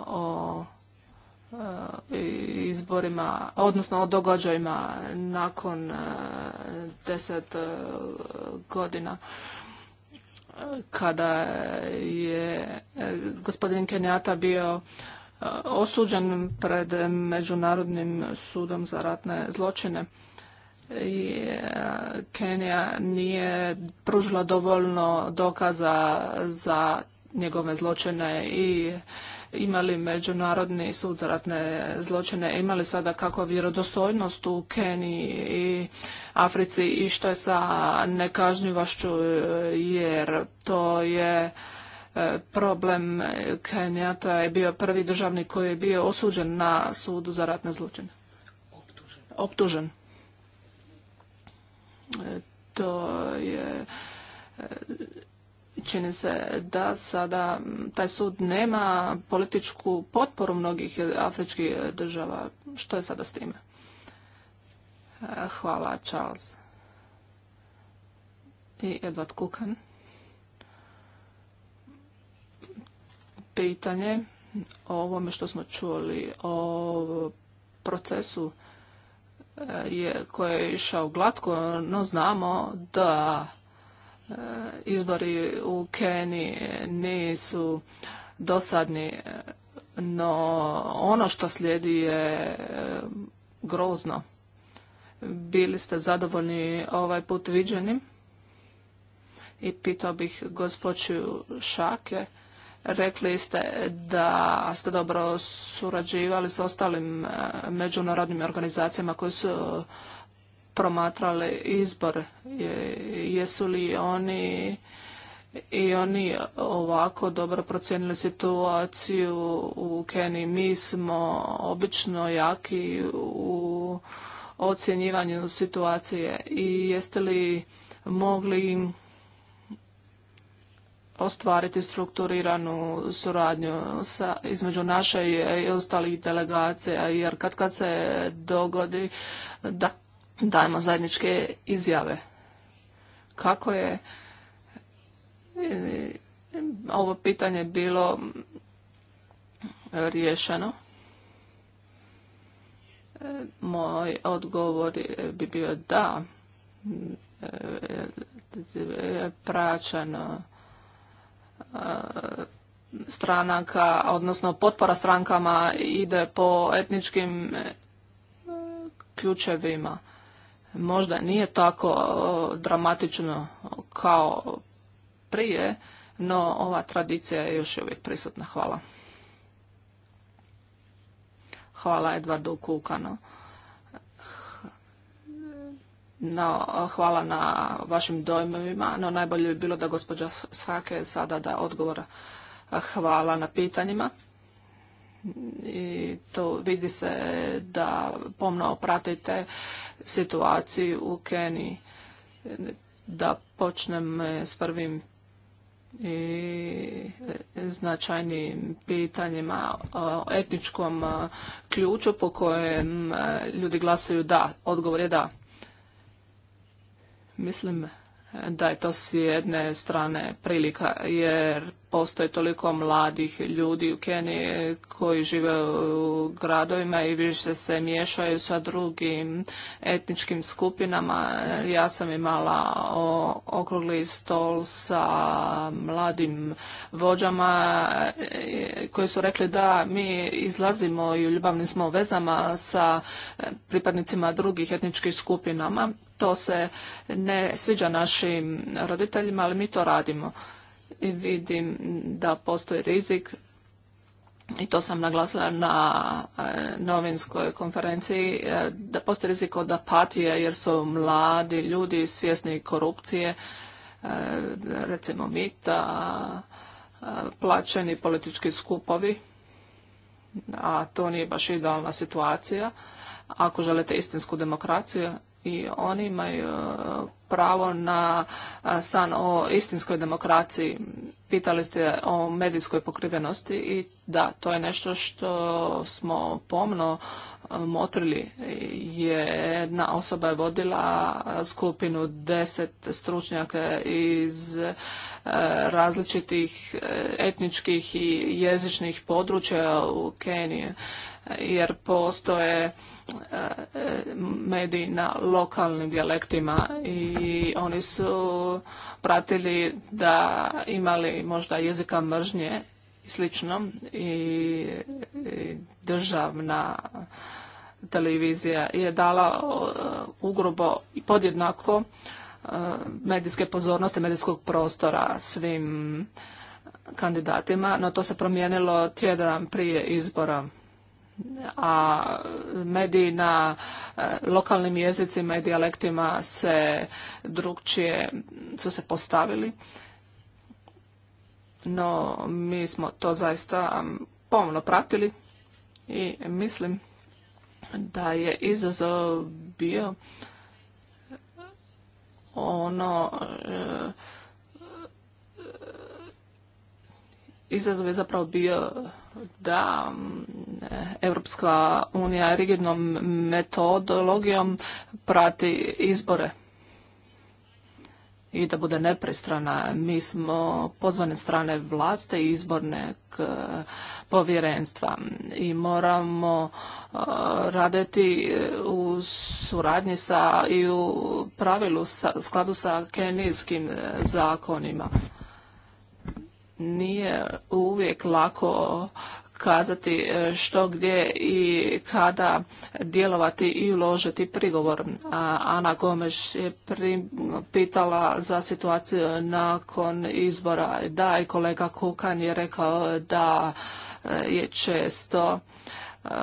o eh, izborima, odnosno o događajima nakon eh, deset godina kada je gospodin Kenjata bio osuđen pred Međunarodnim sudom za ratne zločine i Kenija nije pružila dovoljno dokaza za njegove zločine i imali međunarodni sud za ratne zločine, imali sada kako vjerodostojnost u Keniji i Africi i što je sa nekažnjivašću jer to je e, problem Kenijata je bio prvi državnik koji je bio osuđen na sudu za ratne zločine. Optužen. Optužen. E, to je e, čini se da sada taj sud nema političku potporu mnogih afričkih država. Što je sada s time? Hvala, Charles. I Edward Kukan. Pitanje o ovome što smo čuli, o procesu e, je, koje je išao glatko, no znamo da Eh, izbori u Keniji nisu dosadni, eh, no ono što slijedi je eh, grozno. Bili ste zadovoljni ovaj put viđenim? I pitao bih gospođu Šake, rekli ste da ste dobro surađivali s ostalim međunarodnim organizacijama koje su promatrali izbor? Jesu li oni i oni ovako dobro procijenili situaciju u Keniji. Mi smo obično jaki u ocjenjivanju situacije i jeste li mogli ostvariti strukturiranu suradnju sa, između naše i ostalih delegacija, jer kad kad se dogodi da dajemo zajedničke izjave. Kako je e, ovo pitanje bilo riješeno? E, moj odgovor bi bio da e, praćano stranaka, odnosno potpora strankama ide po etničkim ključevima možda nije tako dramatično kao prije, no ova tradicija je još uvijek prisutna. Hvala. Hvala Edvardu Kukano. No, hvala na vašim dojmovima, no najbolje bi bilo da gospođa Shake sada da odgovora. Hvala na pitanjima i to vidi se da pomno pratite situaciju u Keniji. Da počnem s prvim i značajnim pitanjima o etničkom ključu po kojem ljudi glasaju da. Odgovor je da. Mislim da je to s jedne strane prilika jer postoje toliko mladih ljudi u Keniji koji žive u gradovima i više se miješaju sa drugim etničkim skupinama. Ja sam imala okrugli stol sa mladim vođama e, koji su rekli da mi izlazimo i u ljubavnim smo vezama sa e, pripadnicima drugih etničkih skupinama. To se ne sviđa našim roditeljima, ali mi to radimo i vidim da postoji rizik i to sam naglasila na e, novinskoj konferenciji, e, da postoji rizik od apatije jer su mladi ljudi svjesni korupcije, e, recimo mita, plaćeni politički skupovi, a to nije baš idealna situacija. Ako želite istinsku demokraciju, i oni imaju e, pravo na e, san o istinskoj demokraciji. Pitali ste o medijskoj pokrivenosti i da, to je nešto što smo pomno e, motrili. Jedna osoba je vodila skupinu deset stručnjaka iz različitih etničkih i jezičnih područja u Keniji, jer postoje mediji na lokalnim dijalektima i oni su pratili da imali možda jezika mržnje i slično i državna televizija je dala uh, ugrubo i podjednako uh, medijske pozornosti, medijskog prostora svim kandidatima, no to se promijenilo tjedan prije izbora a mediji na e, lokalnim jezicima i dijalektima se drugčije su se postavili. No, mi smo to zaista pomno pratili i mislim da je izazov bio ono e, e, izazov je zapravo bio da mm, Europska unija rigidnom metodologijom prati izbore i da bude nepristrana. Mi smo pozvane strane vlaste i izborne povjerenstva i moramo uh, raditi uh, u suradnji sa i u pravilu u skladu sa kenijskim uh, zakonima nije uvijek lako kazati e, što gdje i kada djelovati i uložiti prigovor. Ana Gomeš je pitala za situaciju nakon izbora. Da, i kolega Kukan je rekao da e, je često E,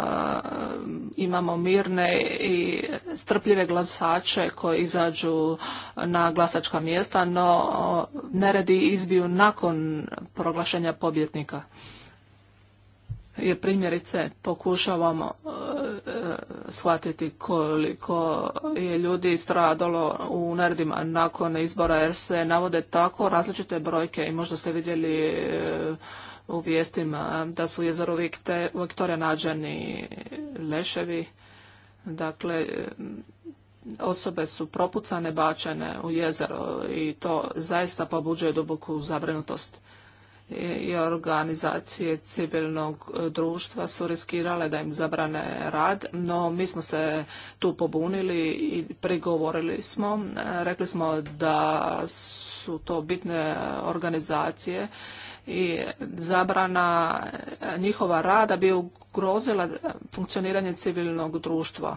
imamo mirne i strpljive glasače koji izađu na glasačka mjesta, no e, neredi izbiju nakon proglašenja pobjetnika. Jer primjerice pokušavamo e, shvatiti koliko je ljudi stradalo u neredima nakon izbora jer se navode tako različite brojke i možda ste vidjeli u vijestima da su jezero Viktore nađeni leševi. Dakle, osobe su propucane, bačene u jezero i to zaista pobuđuje duboku zabrinutost i organizacije civilnog e, društva su riskirale da im zabrane rad, no mi smo se tu pobunili i prigovorili smo. E, rekli smo da su to bitne organizacije i zabrana njihova rada bi ugrozila funkcioniranje civilnog društva.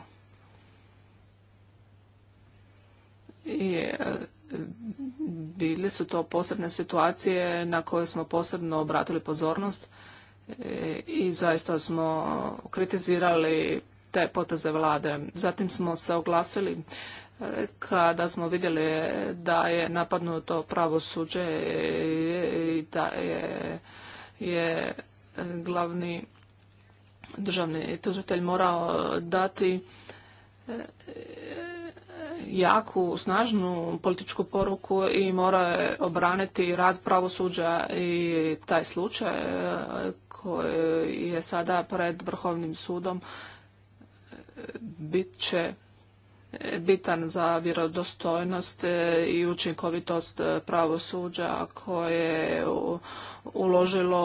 I e, bili su to posebne situacije na koje smo posebno obratili pozornost e, i zaista smo kritizirali te poteze vlade. Zatim smo se oglasili kada smo vidjeli da je napadnuto pravosuđe i da je, je glavni državni tužitelj morao dati e, jaku, snažnu političku poruku i mora je obraniti rad pravosuđa i taj slučaj e, koji je sada pred Vrhovnim sudom e, bit će bitan za vjerodostojnost i učinkovitost pravosuđa koje je uložilo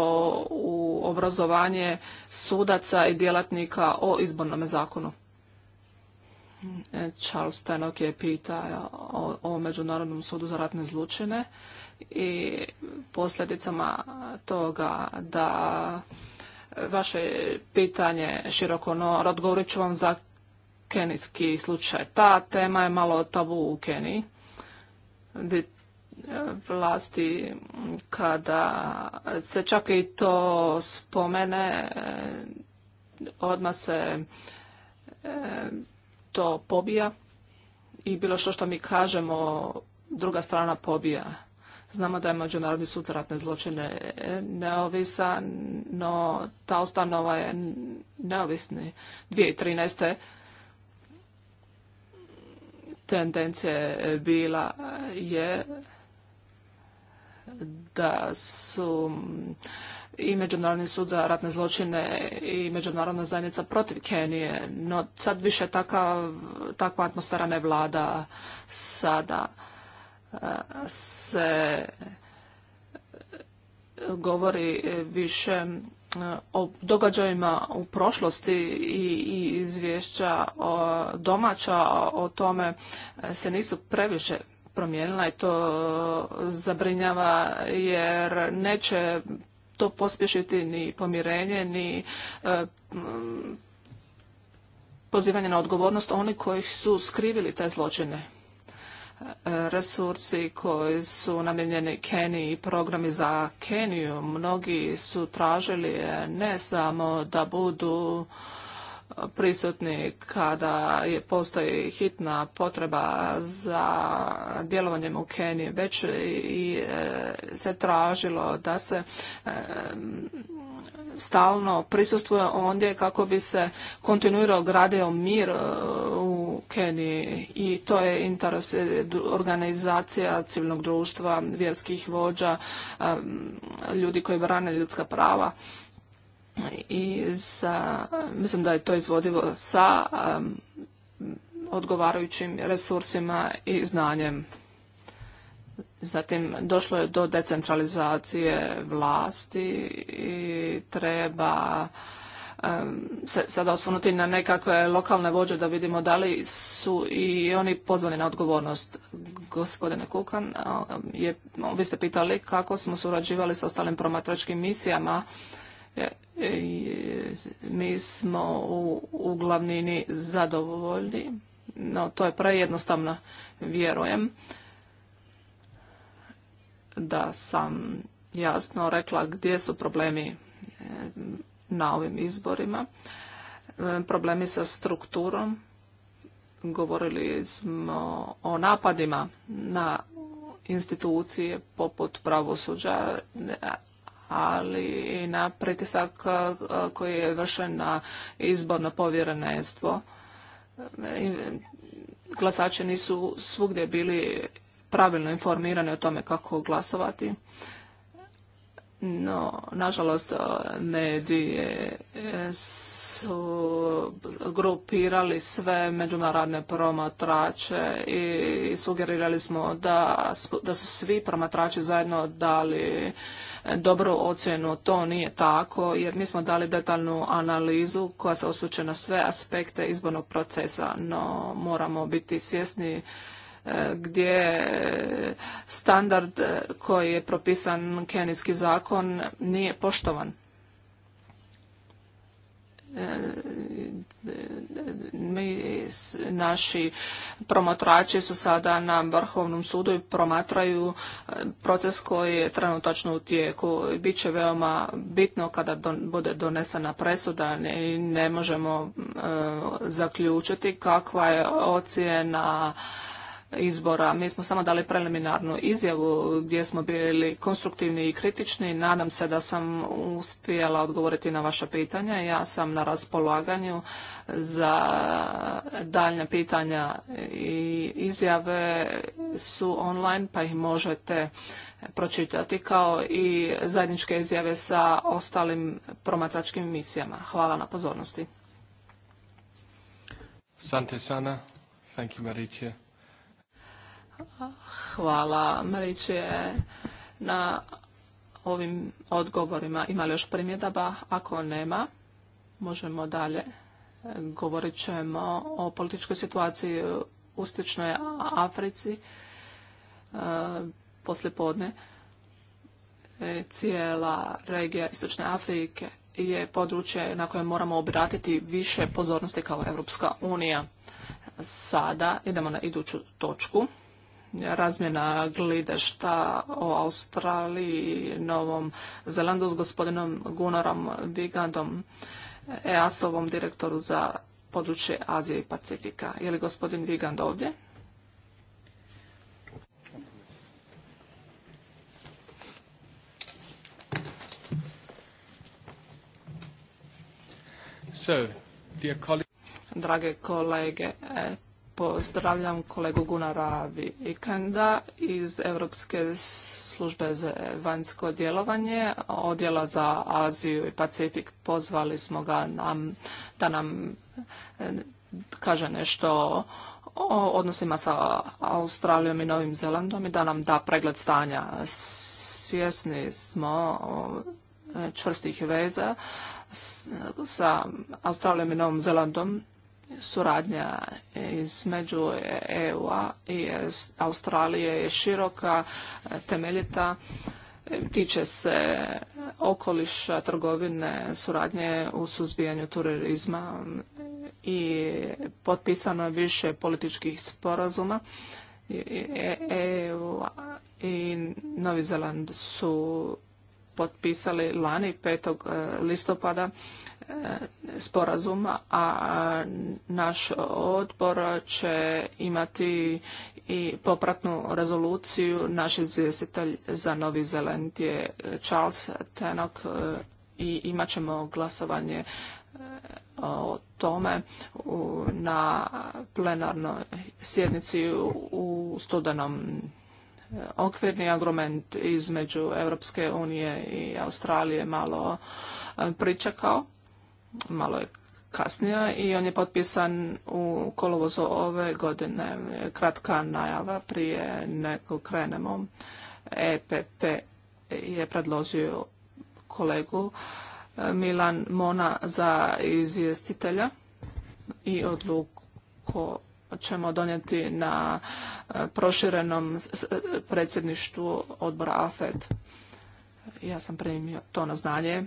u obrazovanje sudaca i djelatnika o izbornom zakonu. Charles Stenok je pitao o, Međunarodnom sudu za ratne zlučine i posljedicama toga da vaše pitanje široko, no odgovorit ću vam za kenijski slučaj. Ta tema je malo tabu u Keniji. E, vlasti kada se čak i to spomene, e, odmah se e, to pobija i bilo što što mi kažemo druga strana pobija. Znamo da je Međunarodni sud za ratne zločine neovisan, no ta ustanova je neovisni. 2013 tendencija bila je da su i Međunarodni sud za ratne zločine i Međunarodna zajednica protiv Kenije, no sad više takva atmosfera ne vlada sada eh, se govori više o događajima u prošlosti i izvješća domaća o tome se nisu previše promijenila i to zabrinjava jer neće to pospješiti ni pomirenje ni e, pozivanje na odgovornost oni koji su skrivili te zločine resursi koji su namijenjeni Keniji i programi za Keniju. Mnogi su tražili ne samo da budu prisutni kada postoji hitna potreba za djelovanjem u Keniji, već i, e, se tražilo da se e, stalno prisustvuje ondje kako bi se kontinuirao gradio mir e, u Keniji i to je interes e, organizacija civilnog društva, vjerskih vođa, e, ljudi koji brane ljudska prava i sa, mislim da je to izvodivo sa odgovarajućim resursima i znanjem. Zatim došlo je do decentralizacije vlasti i treba se sada osvrnuti na nekakve lokalne vođe da vidimo da li su i oni pozvani na odgovornost. Gospodine Kukan, je, vi ste pitali kako smo surađivali sa ostalim promatračkim misijama. E, e, mi smo u, u glavnini zadovoljni, no to je prejednostavno, vjerujem da sam jasno rekla gdje su problemi e, na ovim izborima. E, problemi sa strukturom. Govorili smo o napadima na institucije poput pravosuđa, ali i na pritisak e, koji je vršen na izborno povjerenstvo. Glasači nisu svugdje bili pravilno informirane o tome kako glasovati. No, nažalost, e, medije e, su grupirali sve međunarodne promatrače i sugerirali smo da, su svi promatrači zajedno dali e, dobru ocjenu. To nije tako jer mi smo dali detaljnu analizu koja se osvrće na sve aspekte izbornog procesa, no moramo biti svjesni gdje standard koji je propisan kenijski zakon nije poštovan. E, mi, naši promatrači su sada na Vrhovnom sudu i promatraju e, proces koji je trenutačno u tijeku. Biće veoma bitno kada bude donesena presuda i ne možemo e, zaključiti kakva je ocjena izbora. Mi smo samo dali preliminarnu izjavu gdje smo bili konstruktivni i kritični. Nadam se da sam uspjela odgovoriti na vaša pitanja. Ja sam na raspolaganju za daljnja pitanja i izjave su online pa ih možete pročitati kao i zajedničke izjave sa ostalim promatračkim misijama. Hvala na pozornosti. Sante Thank you, Hvala je na ovim odgovorima. Ima li još primjedaba? Ako nema, možemo dalje. Govorit ćemo o političkoj situaciji u Stičnoj Africi e, Poslije podne. E, cijela regija Istočne Afrike je područje na koje moramo obratiti više pozornosti kao Europska unija. Sada idemo na iduću točku razmjena glidešta o Australiji, Novom Zelandu s gospodinom Gunarom Vigandom, EAS-ovom direktoru za područje Azije i Pacifika. Je li gospodin Vigand ovdje? So, dear Drage kolege, Pozdravljam kolegu Gunara Vikenda iz Europske službe za vanjsko djelovanje, odjela za Aziju i Pacifik. Pozvali smo ga nam, da nam e, kaže nešto o odnosima sa Australijom i Novim Zelandom i da nam da pregled stanja. Svjesni smo čvrstih veza sa Australijom i Novom Zelandom suradnja između EU-a i Australije je široka, temeljita, tiče se okoliša, trgovine, suradnje u suzbijanju turizma i potpisano je više političkih sporazuma. EU i Novi Zeland su potpisali lani 5. E, listopada e, sporazum, a naš odbor će imati i popratnu rezoluciju. Naš izvjestitelj za Novi Zeland je Charles Tenok e, i imat ćemo glasovanje o tome na plenarnoj sjednici u studenom okvirni argument između Europske unije i Australije malo e, pričekao, malo je kasnio i on je potpisan u kolovozu ove godine. Kratka najava prije nego krenemo. EPP je predložio kolegu e, Milan Mona za izvjestitelja i odluku ćemo donijeti na e, proširenom e, predsjedništvu odbora AFED. Ja sam primio to na znanje.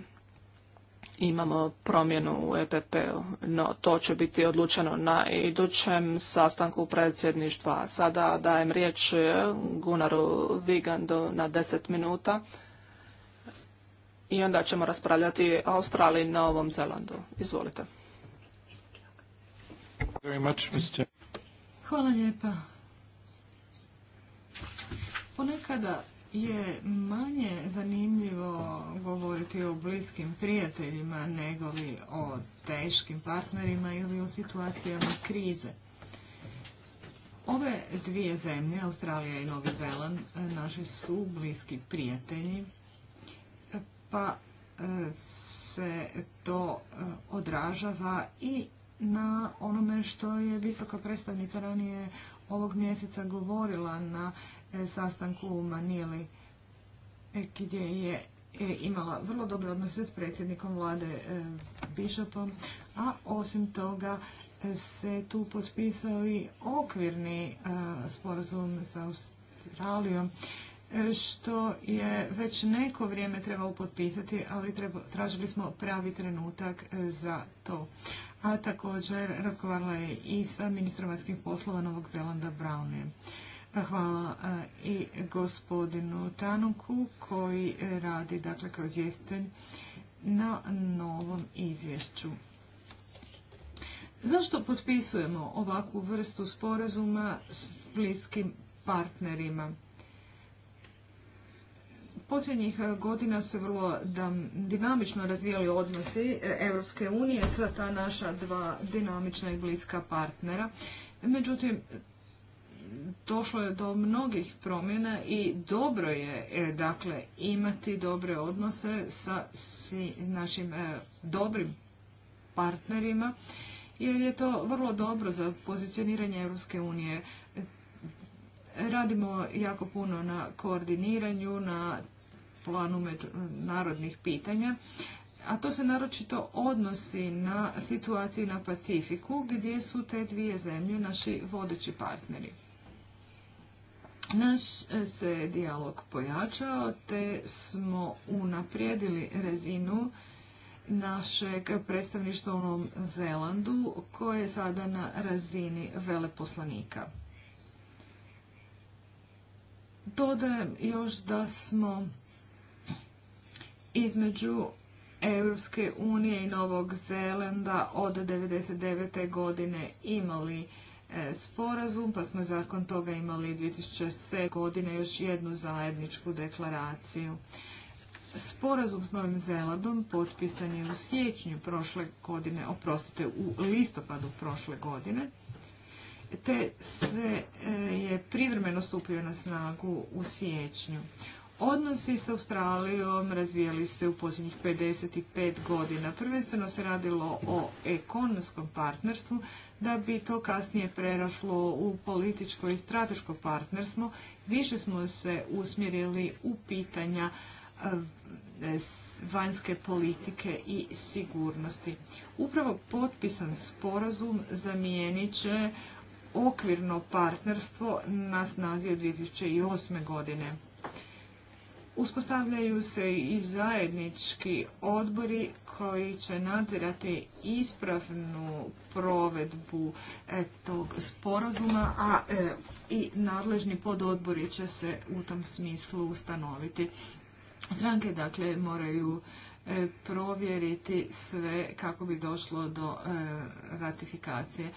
Imamo promjenu u EPP-u, no to će biti odlučeno na idućem sastanku predsjedništva. Sada dajem riječ e, Gunaru Vigandu na 10 minuta i onda ćemo raspravljati o Australiji na Novom Zelandu. Izvolite. Hvala lijepa. Ponekada je manje zanimljivo govoriti o bliskim prijateljima nego li o teškim partnerima ili o situacijama krize. Ove dvije zemlje, Australija i Novi Zeland, naši su bliski prijatelji, pa e, se to e, odražava i na onome što je visoka predstavnica ranije ovog mjeseca govorila na e, sastanku u Manili e, gdje je e, imala vrlo dobre odnose s predsjednikom vlade Bishopom, a osim toga se tu potpisao i okvirni sporazum sa Australijom što je već neko vrijeme trebalo potpisati, ali tražili smo pravi trenutak e, za to. A također razgovarala je i sa ministrom vanjskih poslova Novog Zelanda Browne. Hvala e, i gospodinu Tanuku koji radi dakle, kroz jesten na novom izvješću. Zašto potpisujemo ovakvu vrstu sporazuma s bliskim partnerima? Posljednjih e, godina su vrlo dinamično razvijali odnosi Europske unije sa ta naša dva dinamična i bliska partnera. Međutim, došlo je do mnogih promjena i dobro je e, dakle imati dobre odnose sa našim e, dobrim partnerima jer je to vrlo dobro za pozicioniranje Europske unije. Radimo jako puno na koordiniranju, na planu narodnih pitanja, a to se naročito odnosi na situaciju na Pacifiku gdje su te dvije zemlje naši vodeći partneri. Naš e, se dijalog pojačao te smo unaprijedili rezinu našeg predstavništva u Novom Zelandu koje je sada na razini veleposlanika. Dodajem još da smo između Europske unije i Novog Zelanda od 1999. godine imali e, sporazum, pa smo zakon toga imali 2007. godine još jednu zajedničku deklaraciju. Sporazum s Novim Zelandom potpisan je u siječnju prošle godine, oprostite, u listopadu prošle godine, te se e, je privremeno stupio na snagu u siječnju. Odnosi s Australijom razvijali se u posljednjih 55 godina. Prvenstveno se radilo o ekonomskom partnerstvu, da bi to kasnije preraslo u političko i strateško partnerstvo. Više smo se usmjerili u pitanja eh, vanjske politike i sigurnosti. Upravo potpisan sporazum zamijenit će okvirno partnerstvo na snazi od 2008. godine. Uspostavljaju se i zajednički odbori koji će nadzirati ispravnu provedbu e, tog sporazuma, a e, i nadležni pododbori će se u tom smislu ustanoviti. Stranke dakle moraju e, provjeriti sve kako bi došlo do ratifikacije.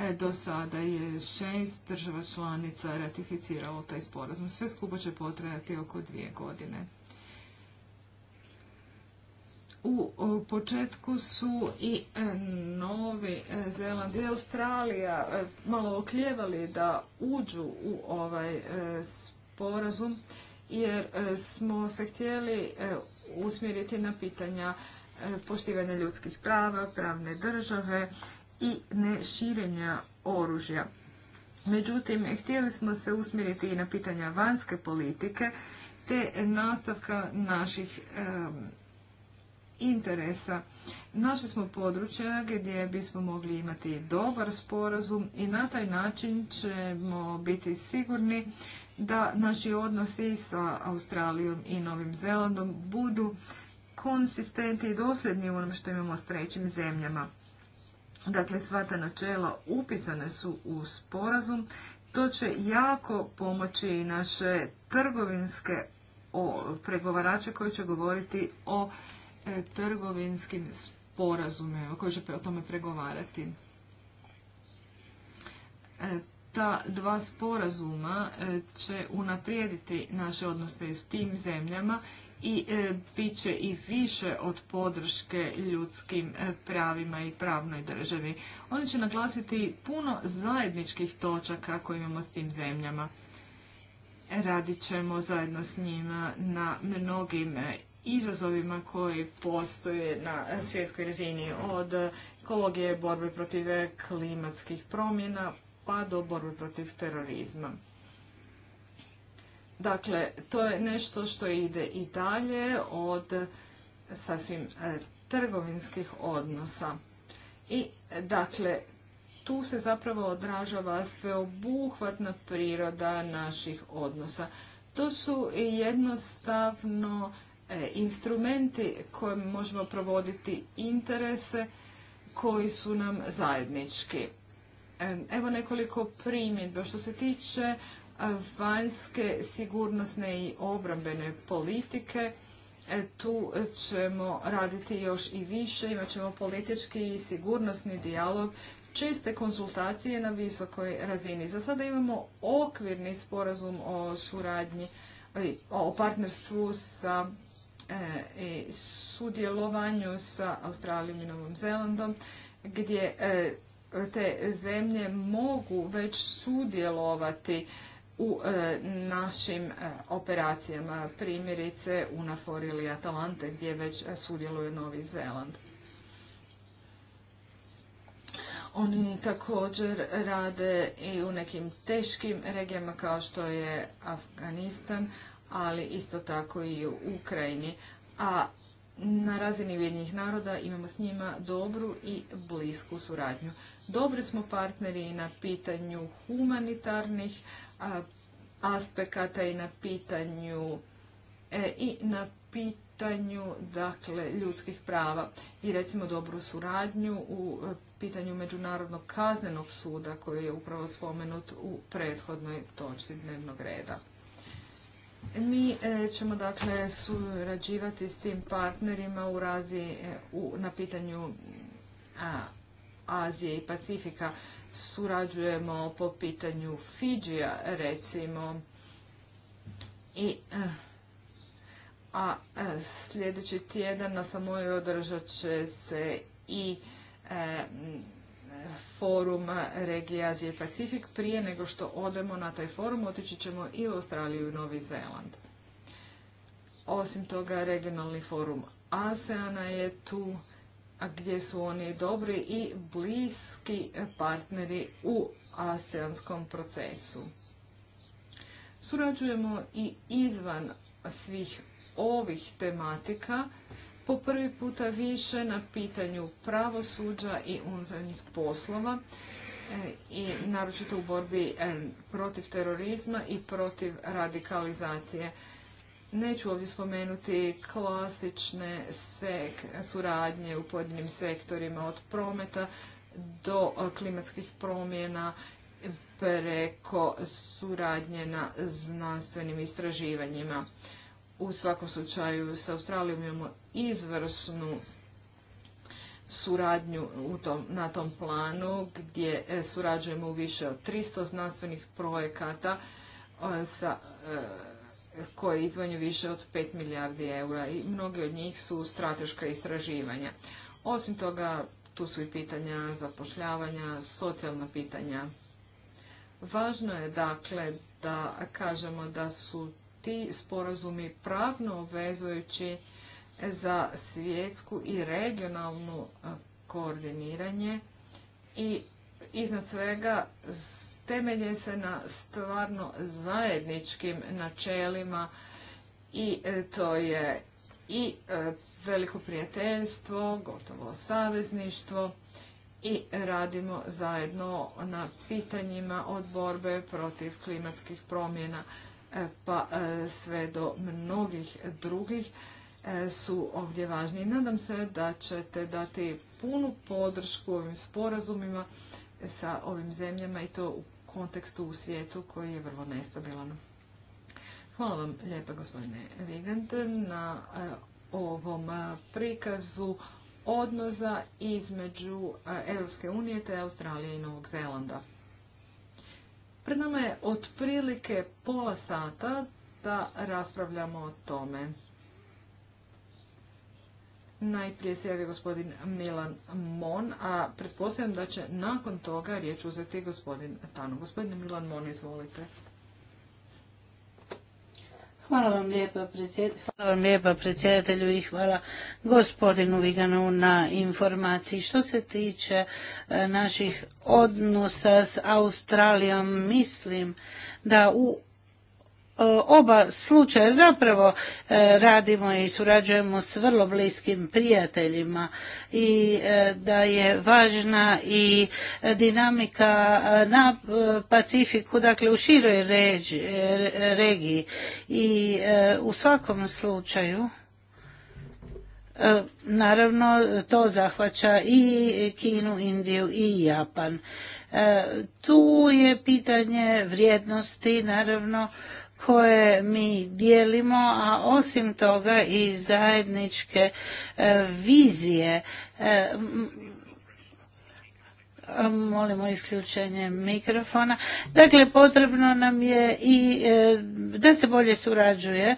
E, do sada je šest država članica ratificiralo taj sporazum. Sve skupo će potrajati oko dvije godine. U početku su i e, Novi Zeland i Australija e, malo okljevali da uđu u ovaj sporazum jer smo se htjeli usmjeriti na pitanja poštivanja ljudskih prava, pravne države, i neširenja oružja. Međutim, htjeli smo se usmjeriti i na pitanja vanjske politike te nastavka naših interesa. Našli smo područja gdje bismo mogli imati dobar sporazum i na taj način ćemo biti sigurni da naši odnosi sa Australijom i Novim Zelandom budu konsistenti i dosljedni u onom što imamo s trećim zemljama. Dakle, sva ta načela upisane su u sporazum. To će jako pomoći naše trgovinske pregovarače koji će govoriti o e, trgovinskim sporazumima, koji će o tome pregovarati. E, ta dva sporazuma e, će unaprijediti naše odnose s tim zemljama i e, bit će i više od podrške ljudskim e, pravima i pravnoj državi. Oni će naglasiti puno zajedničkih točaka koje imamo s tim zemljama. Radit ćemo zajedno s njima na mnogim e, izazovima koji postoje na svjetskoj razini od ekologije, borbe protiv klimatskih promjena pa do borbe protiv terorizma. Dakle, to je nešto što ide i dalje od sasvim e, trgovinskih odnosa. I dakle, tu se zapravo odražava sveobuhvatna priroda naših odnosa. To su jednostavno e, instrumenti kojim možemo provoditi interese koji su nam zajednički. E, evo nekoliko primjedba. Što se tiče vanjske sigurnosne i obrambene politike. E, tu ćemo raditi još i više, imat ćemo politički i sigurnosni dijalog, čiste konsultacije na visokoj razini. Za sada imamo okvirni sporazum o suradnji, e, o partnerstvu sa e, sudjelovanju sa Australijom i Novom Zelandom, gdje te zemlje mogu već sudjelovati u e, našim e, operacijama, primjerice UNAFOR ili Atalante gdje već e, sudjeluje Novi Zeland. Oni također rade i u nekim teškim regijama kao što je Afganistan, ali isto tako i u Ukrajini. A na razini Ujedinjenih naroda imamo s njima dobru i blisku suradnju. Dobri smo partneri na pitanju humanitarnih aspekata i na pitanju e, i na pitanju dakle ljudskih prava i recimo dobru suradnju u e, pitanju Međunarodnog kaznenog suda koji je upravo spomenut u prethodnoj točci dnevnog reda. Mi e, ćemo dakle surađivati s tim partnerima u razi u, na pitanju Azije i Pacifika surađujemo po pitanju Fidžija, recimo. I, eh, a eh, sljedeći tjedan na samoj održat će se i eh, forum regije Azije i Pacifik. Prije nego što odemo na taj forum, otići ćemo i u Australiju i Novi Zeland. Osim toga, regionalni forum ASEANA je tu gdje su oni dobri i bliski partneri u aseanskom procesu. Surađujemo i izvan svih ovih tematika, po prvi puta više na pitanju pravosuđa i unutarnjih poslova e, i naročito u borbi protiv terorizma i protiv radikalizacije. Neću ovdje spomenuti klasične suradnje u pojedinim sektorima od prometa do e, klimatskih promjena preko suradnje na znanstvenim istraživanjima. U svakom slučaju sa Australijom imamo izvrsnu suradnju na tom planu gdje e, surađujemo u više od 300 znanstvenih projekata e, sa koje izvanju više od 5 milijardi eura i mnogi od njih su strateška istraživanja. Osim toga, tu su i pitanja zapošljavanja, socijalna pitanja. Važno je dakle da kažemo da su ti sporazumi pravno obvezujući za svjetsku i regionalnu koordiniranje i iznad svega temelje se na stvarno zajedničkim načelima i e, to je i e, veliko prijateljstvo, gotovo savezništvo i radimo zajedno na pitanjima od borbe protiv klimatskih promjena e, pa sve do mnogih drugih su ovdje važni. Nadam se da ćete dati punu podršku ovim sporazumima sa ovim zemljama i to u kontekstu u svijetu koji je vrlo nestabilan. Hvala vam lijepa gospodine Vigand na e, ovom e, prikazu odnoza između e, Europske unije te Australije i Novog Zelanda. Pred nama je otprilike pola sata da raspravljamo o tome. Najprije se javio gospodin Milan Mon, a pretpostavljam da će nakon toga riječ uzeti gospodin Tano. Gospodine Milan Mon, izvolite. Hvala vam hvala vam lijepa predsjedatelju i hvala gospodinu Viganu na informaciji. Što se tiče e, naših odnosa s Australijom, mislim da u E, oba slučaja zapravo e, radimo i surađujemo s vrlo bliskim prijateljima i e, da je važna i dinamika na Pacifiku, dakle u široj regiji i u svakom slučaju naravno to zahvaća i Kinu, Indiju i Japan. Tu je pitanje vrijednosti naravno koje mi dijelimo, a osim toga i zajedničke e, vizije e, molimo isključenje mikrofona. Dakle, potrebno nam je i e, da se bolje surađuje e,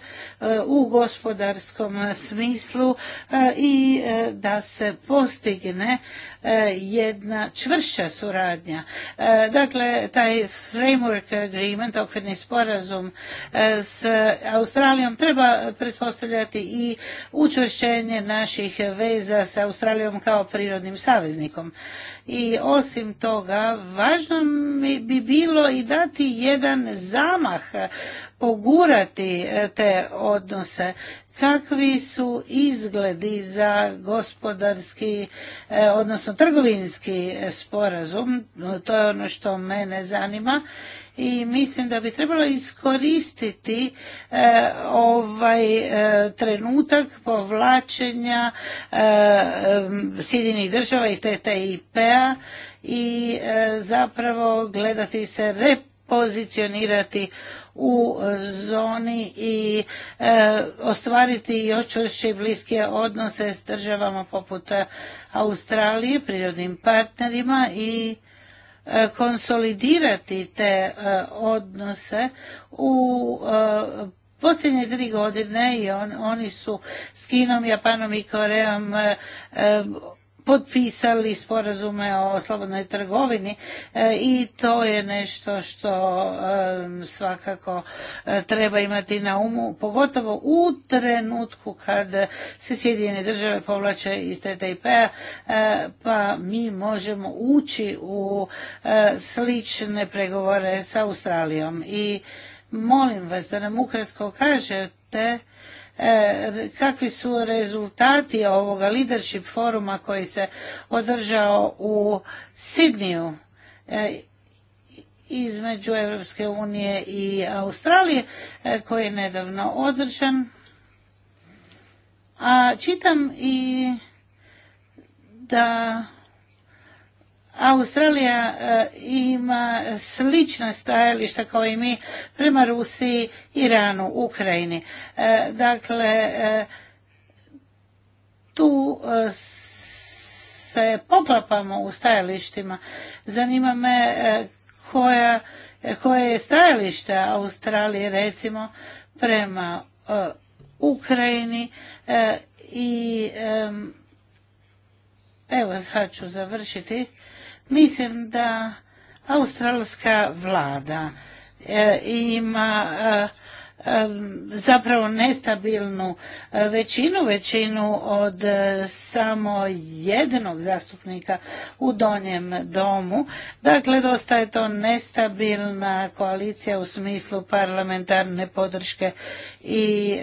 u gospodarskom smislu e, i da se postigne jedna čvršća suradnja. Dakle, taj framework agreement, okvirni sporazum s Australijom treba pretpostavljati i učvršćenje naših veza s Australijom kao prirodnim saveznikom i osim toga važno bi bilo i dati jedan zamah, pogurati e, te odnose. Kakvi su izgledi za gospodarski, e, odnosno trgovinski sporazum, to je ono što mene zanima i mislim da bi trebalo iskoristiti e, ovaj e, trenutak povlačenja e, Sjedinjenih država iz TTIP-a i p-a zapravo gledati se repozicionirati u zoni i ostvariti još čvršće i bliske odnose s državama poput Australije, prirodnim partnerima i E, konsolidirati te e, odnose u e, posljednje tri godine i oni su s Kinom, Japanom i Korejom potpisali sporazume o slobodnoj trgovini e, i to je nešto što svakako e, treba imati na umu, pogotovo u trenutku kad se Sjedinjene države povlače iz TTIP-a, e, pa mi možemo ući u slične pregovore sa Australijom. I molim vas da nam ukratko kažete E, kakvi su rezultati ovoga leadership foruma koji se održao u Sidniju e, između Europske unije i Australije e, koji je nedavno održan. A čitam i da Australija e, ima slična stajališta kao i mi prema Rusiji, Iranu, Ukrajini. E, dakle, e, tu se poklapamo u stajalištima. Zanima me koja, koje je stajalište Australije recimo prema Ukrajini i evo sad ću završiti Mislim da australska vlada e, ima e, e, zapravo nestabilnu većinu, većinu od samo jednog zastupnika u donjem domu. Dakle, dosta je to nestabilna koalicija u smislu parlamentarne podrške i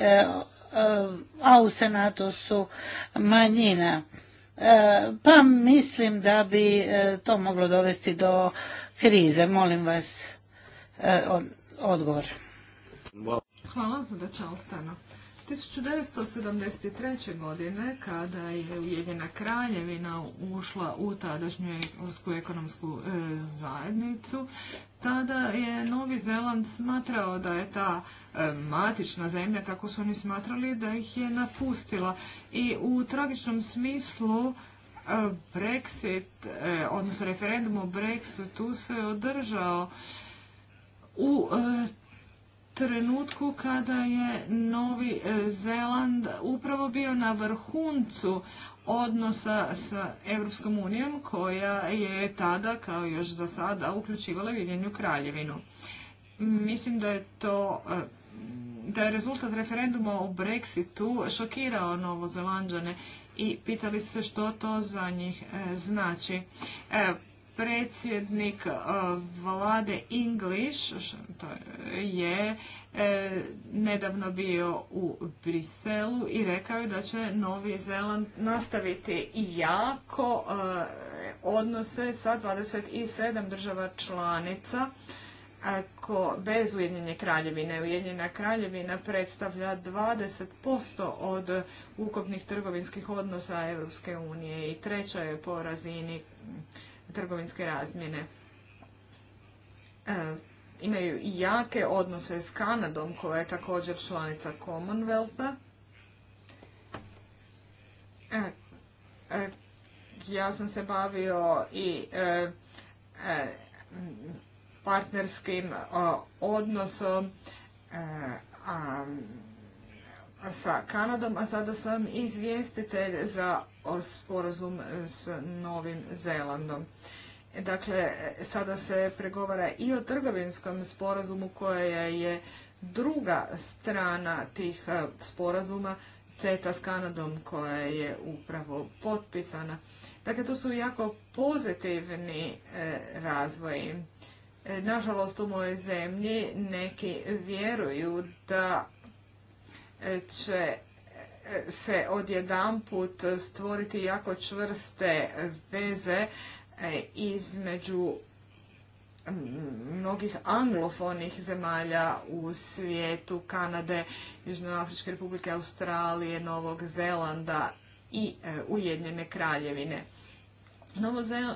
a u Senatu su manjina. E, pa mislim da bi e, to moglo dovesti do krize. Molim vas e, odgovor. Hvala za da će ostano. 1973. godine, kada je Ujedina kraljevina ušla u tadašnju europsku ekonomsku e, zajednicu, tada je Novi Zeland smatrao da je ta e, matična zemlja, kako su oni smatrali, da ih je napustila. I u tragičnom smislu e, Brexit, odnosno referendum o Brexitu se održao u trenutku kada je Novi e, Zeland upravo bio na vrhuncu odnosa sa Europskom unijom koja je tada kao još za sada uključivala Ujedinjenu kraljevinu. Mislim da je to e, da je rezultat referenduma o Brexitu šokirao Novozelanđane i pitali se što to za njih e, znači predsjednik e, vlade English, je e, nedavno bio u Briselu i rekao je da će Novi Zeland nastaviti jako e, odnose sa 27 država članica ako bez Ujedinjene kraljevine. Ujedinjena kraljevina predstavlja 20% od ukupnih trgovinskih odnosa Europske unije i treća je po razini trgovinske razmjene. E, imaju i jake odnose s Kanadom, koja je također članica Commonwealtha. E, e, ja sam se bavio i partnerskim odnosom sa Kanadom, a sada sam izvjestitelj za sporazum e, s Novim Zelandom. Dakle, sada se pregovara i o trgovinskom sporazumu koja je druga strana tih e, sporazuma CETA s Kanadom koja je upravo potpisana. Dakle, to su jako pozitivni e, razvoji. nažalost, u mojoj zemlji neki vjeruju da će se odjedanput stvoriti jako čvrste veze e, između mnogih anglofonih zemalja u svijetu, Kanade, Južnoafričke republike, Australije, Novog Zelanda i e, Ujedinjene kraljevine.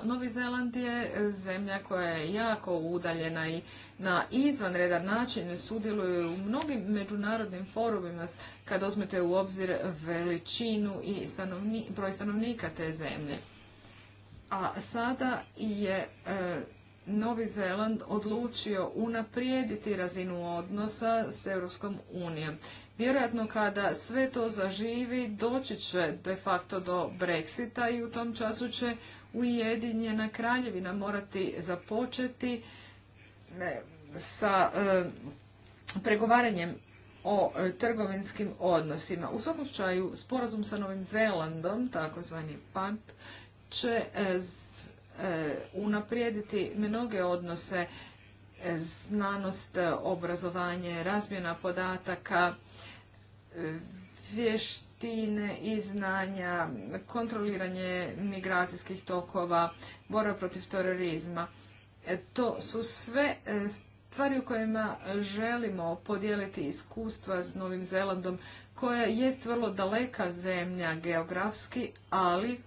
Novi Zeland je e, zemlja koja je jako udaljena i na izvanredan način sudjeluje u mnogim međunarodnim forumima kad uzmete u obzir veličinu i broj stanovnika te zemlje. A sada je e, Novi Zeland odlučio unaprijediti razinu odnosa s Europskom unijom Vjerojatno kada sve to zaživi doći će de facto do Brexita i u tom času će Ujedinjena kraljevina morati započeti sa e, pregovaranjem o e, trgovinskim odnosima. U svakom slučaju, sporazum sa Novim Zelandom, takozvani PANT, će e, unaprijediti mnoge odnose znanost, obrazovanje, razmjena podataka, vještine i znanja, kontroliranje migracijskih tokova, borba protiv terorizma. E, to su sve e, stvari u kojima želimo podijeliti iskustva s Novim Zelandom, koja je vrlo daleka zemlja geografski, ali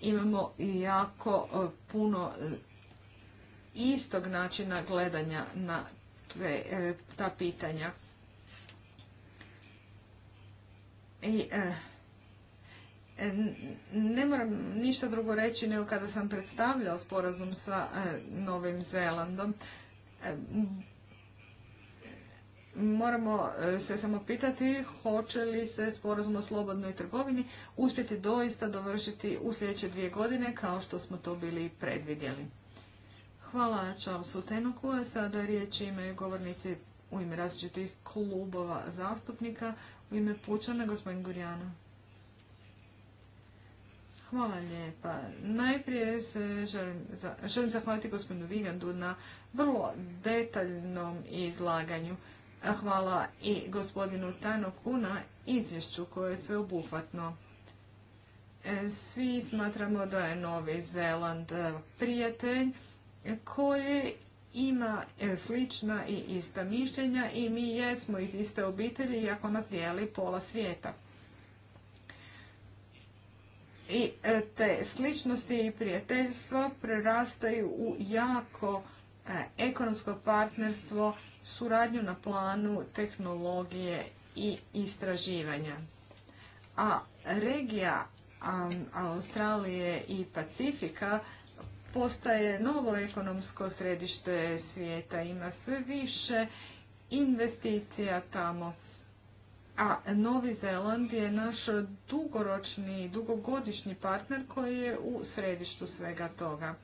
imamo jako e, puno istog načina gledanja na ta pitanja. I e, e, ne moram ništa drugo reći nego kada sam predstavljao sporazum sa e, Novim Zelandom. Moramo se samo pitati hoće li se sporazum o slobodnoj trgovini uspjeti doista dovršiti u sljedeće dvije godine kao što smo to bili predvidjeli. Hvala Charlesu Tenoku, a sada riječ imaju govornici u ime različitih klubova zastupnika, u ime Pučana, gospodin Gurjana. Hvala lijepa. Najprije se želim, zahvaliti gospodinu Vigandu na vrlo detaljnom izlaganju. Hvala i gospodinu Tanoku na izvješću koje je sveobuhvatno. E, svi smatramo da je Novi Zeland e, prijatelj koji ima e, slična i ista mišljenja i mi jesmo iz iste obitelji iako nas dijeli pola svijeta. I e, te sličnosti i prijateljstva prerastaju u jako e, ekonomsko partnerstvo, suradnju na planu tehnologije i istraživanja. A regija Australije i Pacifika postaje novo ekonomsko središte svijeta, ima sve više investicija tamo. A Novi Zeland je naš dugoročni, dugogodišnji partner koji je u središtu svega toga.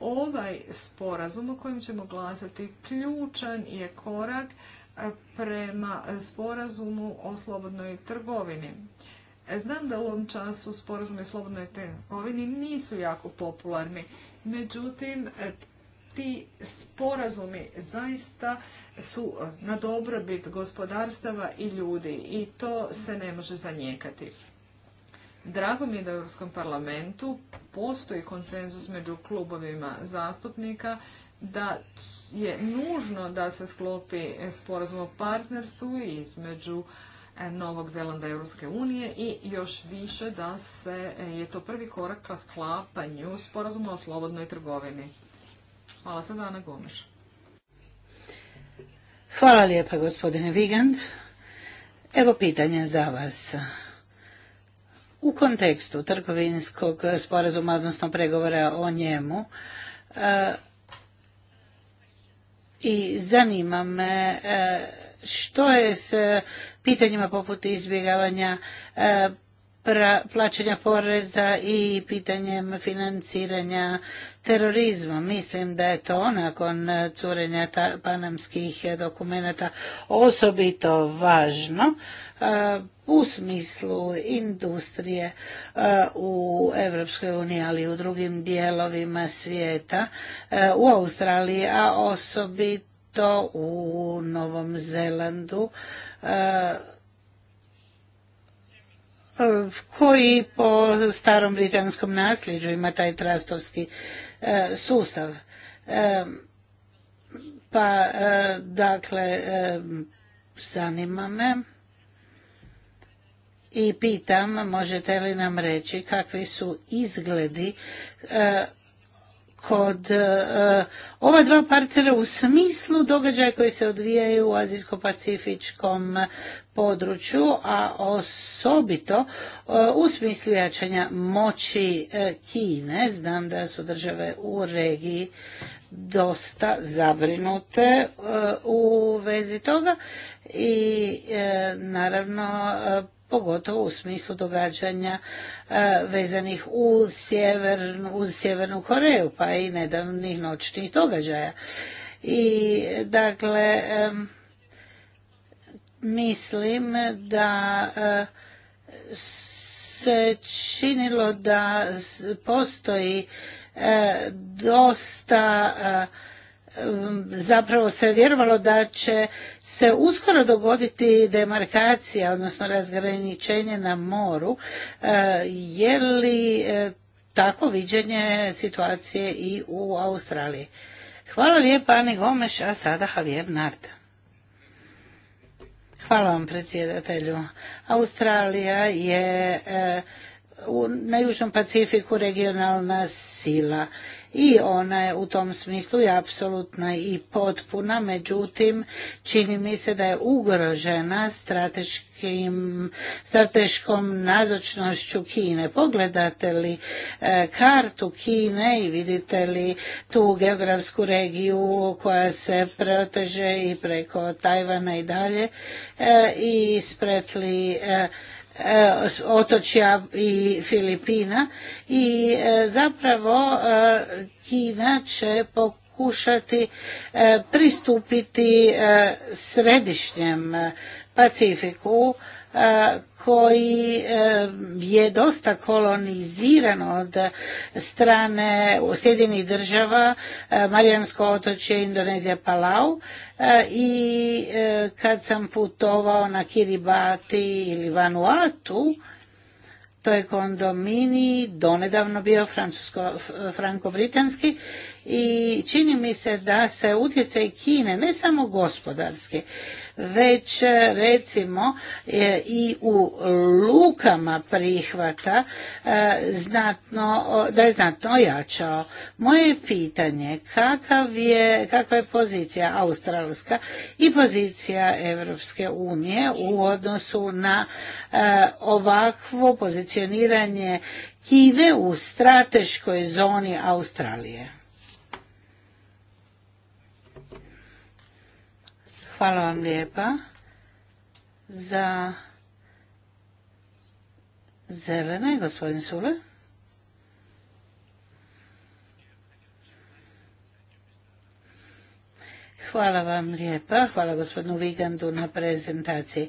Ovaj sporazum o kojem ćemo glasati ključan je korak prema sporazumu o slobodnoj trgovini. E, znam da u ovom času sporazumi slobodnoj trgovini nisu jako popularni, međutim e, ti sporazumi zaista su e, na dobrobit gospodarstava i ljudi i to se ne može zanijekati. Drago mi je da u Europskom parlamentu postoji konsenzus među klubovima zastupnika da je nužno da se sklopi sporazum o partnerstvu između Novog Zelanda Europske unije i još više da se e, je to prvi korak ka sklapanju sporazuma o slobodnoj trgovini. Hvala sada Ana Gomeš. Hvala lijepa gospodine Vigand. Evo pitanje za vas. U kontekstu trgovinskog sporazuma, odnosno pregovora o njemu, e, i zanima me e, što je se pitanjima poput izbjegavanja e, plaćanja poreza i pitanjem financiranja terorizma. Mislim da je to nakon curenja panamskih dokumenata osobito važno e, u smislu industrije e, u Europskoj uniji, ali i u drugim dijelovima svijeta, u Australiji, a osobito u Novom Zelandu E, koji po starom britanskom nasljeđu ima taj trastovski e, sustav. E, pa, dakle, zanima me i pitam, možete li nam reći kakvi su izgledi kod e, e, ova dva partnera u smislu događaja koji se odvijaju u Azijsko-Pacifičkom području, a osobito e, u smislu jačanja moći Kine. Znam da su države u regiji dosta zabrinute u vezi toga i naravno pogotovo u smislu događanja e, vezanih u uz Sjevernu Koreju, pa i nedavnih noćnih događaja. I dakle, mislim da e, se činilo da postoji e, dosta zapravo se vjerovalo da će se uskoro dogoditi demarkacija, odnosno razgraničenje na moru. E, je li e, tako viđenje situacije i u Australiji? Hvala lijepa Ani Gomeš, a sada Javier Nart. Hvala vam predsjedatelju. Australija je e, na Južnom Pacifiku regionalna sila i ona je u tom smislu i apsolutna i potpuna, međutim čini mi se da je ugrožena strateškom nazočnošću Kine. Pogledate li e, kartu Kine i vidite li tu geografsku regiju koja se proteže i preko Tajvana i dalje e, i spretli e, E, otočja i Filipina i e, zapravo e, Kina će pokušati pristupiti središnjem Pacifiku E, koji e, je dosta koloniziran od strane Sjedinjenih država, e, Marijansko otočje, Indonezija, Palau i kad sam putovao na Kiribati ili Vanuatu, to je kondomini, donedavno bio franko-britanski i čini mi se da se utjecaj Kine, ne samo gospodarski, već recimo i u lukama prihvata e, znatno, da je znatno ojačao. Moje pitanje kakav je, kakva je pozicija australska i pozicija Europske unije u odnosu na e, ovakvo pozicioniranje Kine u strateškoj zoni Australije. Hvala vam lijepa za zelene, gospodin Sule. Hvala vam lijepa, hvala gospodinu Vigandu na prezentaciji.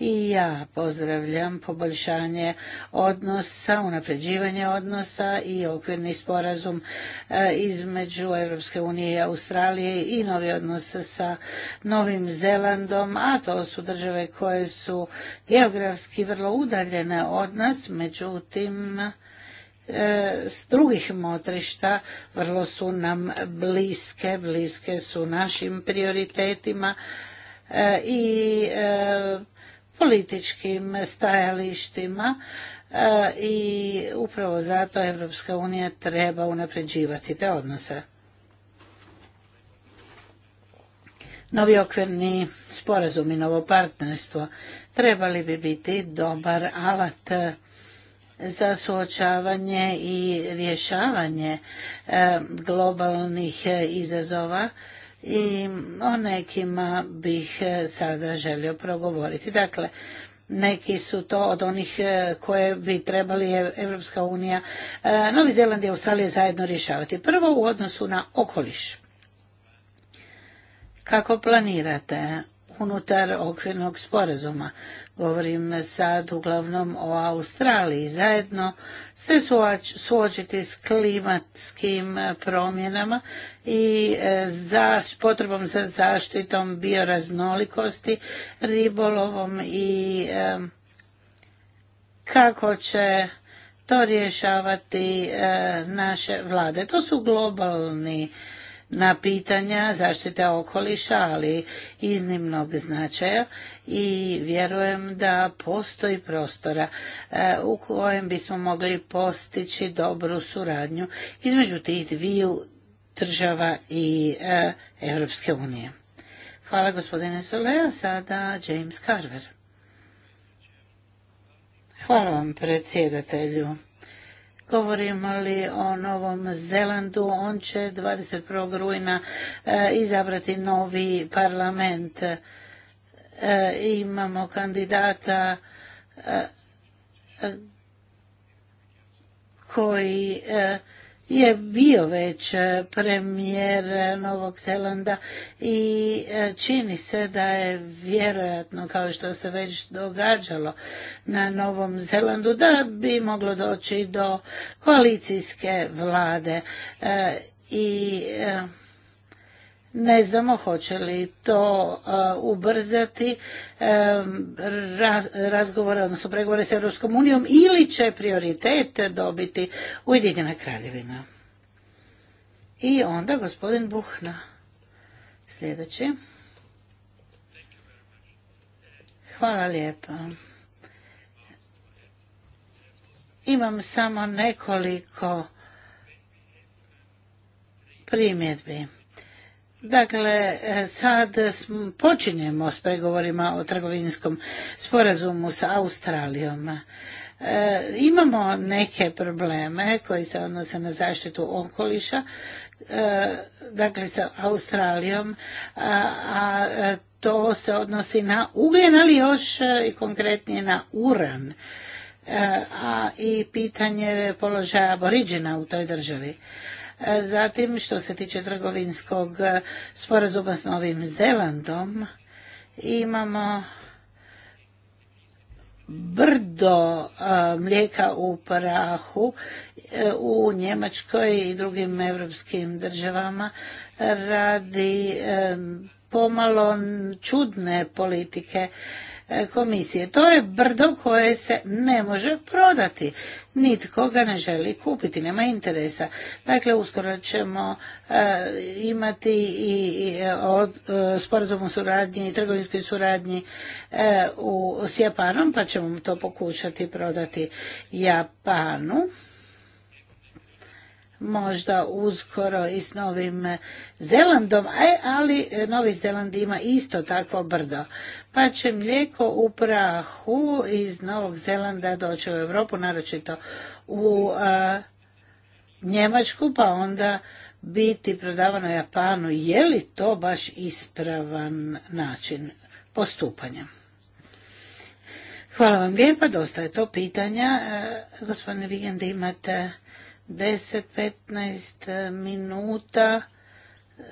I ja pozdravljam poboljšanje odnosa, unapređivanje odnosa i okvirni sporazum e, između Europske unije i Australije i novi odnos sa Novim Zelandom, a to su države koje su geografski vrlo udaljene od nas, međutim E, s drugih motrišta vrlo su nam bliske, bliske su našim prioritetima e, i e, političkim stajalištima i upravo zato Evropska unija treba unapređivati te odnose. Novi okvirni sporazum i novo partnerstvo trebali bi biti dobar alat za suočavanje i rješavanje e, globalnih e, izazova i o nekima bih e, sada želio progovoriti. Dakle, neki su to od onih koje bi trebali Evropska unija, Novi Zeland i Australija zajedno rješavati. Prvo u odnosu na okoliš. Kako planirate unutar okvirnog sporazuma. Govorim sad uglavnom o Australiji. Zajedno se suočiti s klimatskim promjenama i e, za, potrebom za zaštitom bioraznolikosti, ribolovom i e, kako će to rješavati e, naše vlade. To su globalni na pitanja zaštite okoliša, ali iznimnog značaja i vjerujem da postoji prostora eh, u kojem bismo mogli postići dobru suradnju između tih dviju država i eh, Europske unije. Hvala gospodine Solea, sada James Carver. Hvala vam predsjedatelju. Govorimo li o Novom Zelandu, on će 21. rujna e, izabrati novi parlament. E, imamo kandidata e, koji je bio već e, premijer e, Novog Zelanda i e, čini se da je vjerojatno kao što se već događalo na Novom Zelandu da bi moglo doći do koalicijske vlade i ne znamo hoće li to e, ubrzati e, razgovore, odnosno pregovore s Europskom unijom ili će prioritet dobiti Ujedinjena kraljevina. I onda gospodin Buhna. Sljedeći. Hvala lijepa. Imam samo nekoliko primjedbi Dakle, sad počinjemo s pregovorima o trgovinskom sporazumu sa Australijom. E, imamo neke probleme koji se odnose na zaštitu okoliša, e, dakle sa Australijom, a, e, to se odnosi na ugljen, ali još i konkretnije na uran, a i pitanje položaja aboriđena u toj državi. Zatim, što se tiče trgovinskog e, sporazuma s Novim Zelandom, imamo brdo e, mlijeka u prahu e, u Njemačkoj i drugim evropskim državama radi pomalo čudne politike E, komisije. To je brdo koje se ne može prodati. Nitko ga ne želi kupiti, nema interesa. Dakle, uskoro ćemo e, imati i e, od, sporazum suradnji i trgovinskoj suradnji u, s Japanom, pa ćemo to pokušati prodati Japanu možda uskoro i s Novim Zelandom, e, ali Novi Zeland ima isto takvo brdo. Pa će mlijeko u prahu iz Novog Zelanda doći u Europu, naročito u e, Njemačku, pa onda biti prodavano Japanu. Je li to baš ispravan način postupanja? Hvala vam lijepa, dosta je to pitanja. E, gospodine Vigende, imate 10-15 e, minuta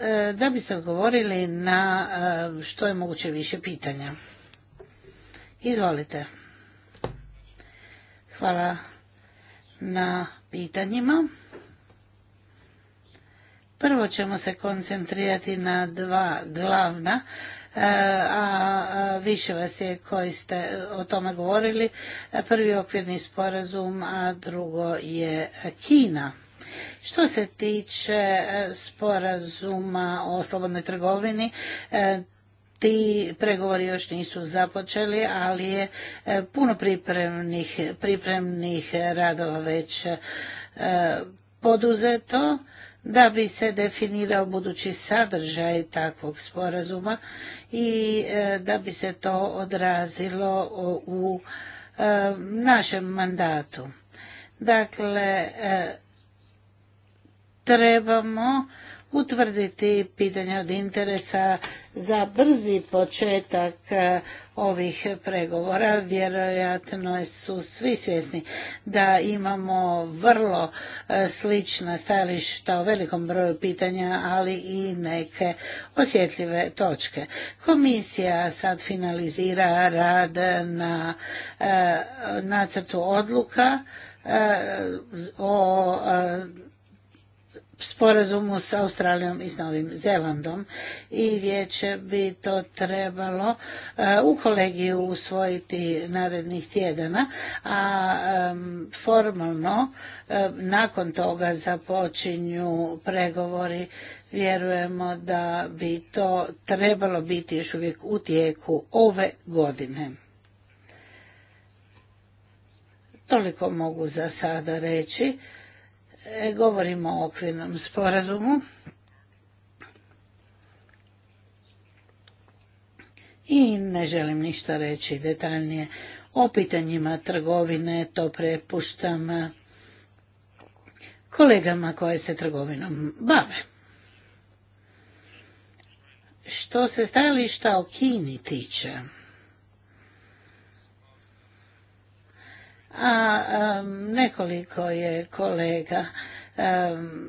e, da biste odgovorili na e, što je moguće više pitanja. Izvolite. Hvala na pitanjima. Prvo ćemo se koncentrirati na dva glavna E, a više vas je koji ste o tome govorili. E, prvi okvirni sporazum, a drugo je Kina. Što se tiče e, sporazuma o slobodnoj trgovini, ti pregovori još nisu započeli, ali je puno pripremnih, pripremnih radova već poduzeto da bi se definirao budući sadržaj takvog sporazuma i e, da bi se to odrazilo u e, našem mandatu. Dakle, e, trebamo utvrditi pitanja od interesa za brzi početak e, ovih pregovora. Vjerojatno su svi svjesni da imamo vrlo e, slična stajališta o velikom broju pitanja, ali i neke osjetljive točke. Komisija sad finalizira rad na e, nacrtu odluka o sporazumu s Australijom i s Novim Zelandom i vijeće bi to trebalo e, u kolegiju usvojiti narednih tjedana, a formalno e, nakon toga započinju pregovori. Vjerujemo da bi to trebalo biti još uvijek u tijeku ove godine. Toliko mogu za sada reći. E, govorimo o okvirnom sporazumu. I ne želim ništa reći detaljnije o pitanjima trgovine, to prepuštam kolegama koje se trgovinom bave. Što se stajališta o Kini tiče, a nekoliko je kolega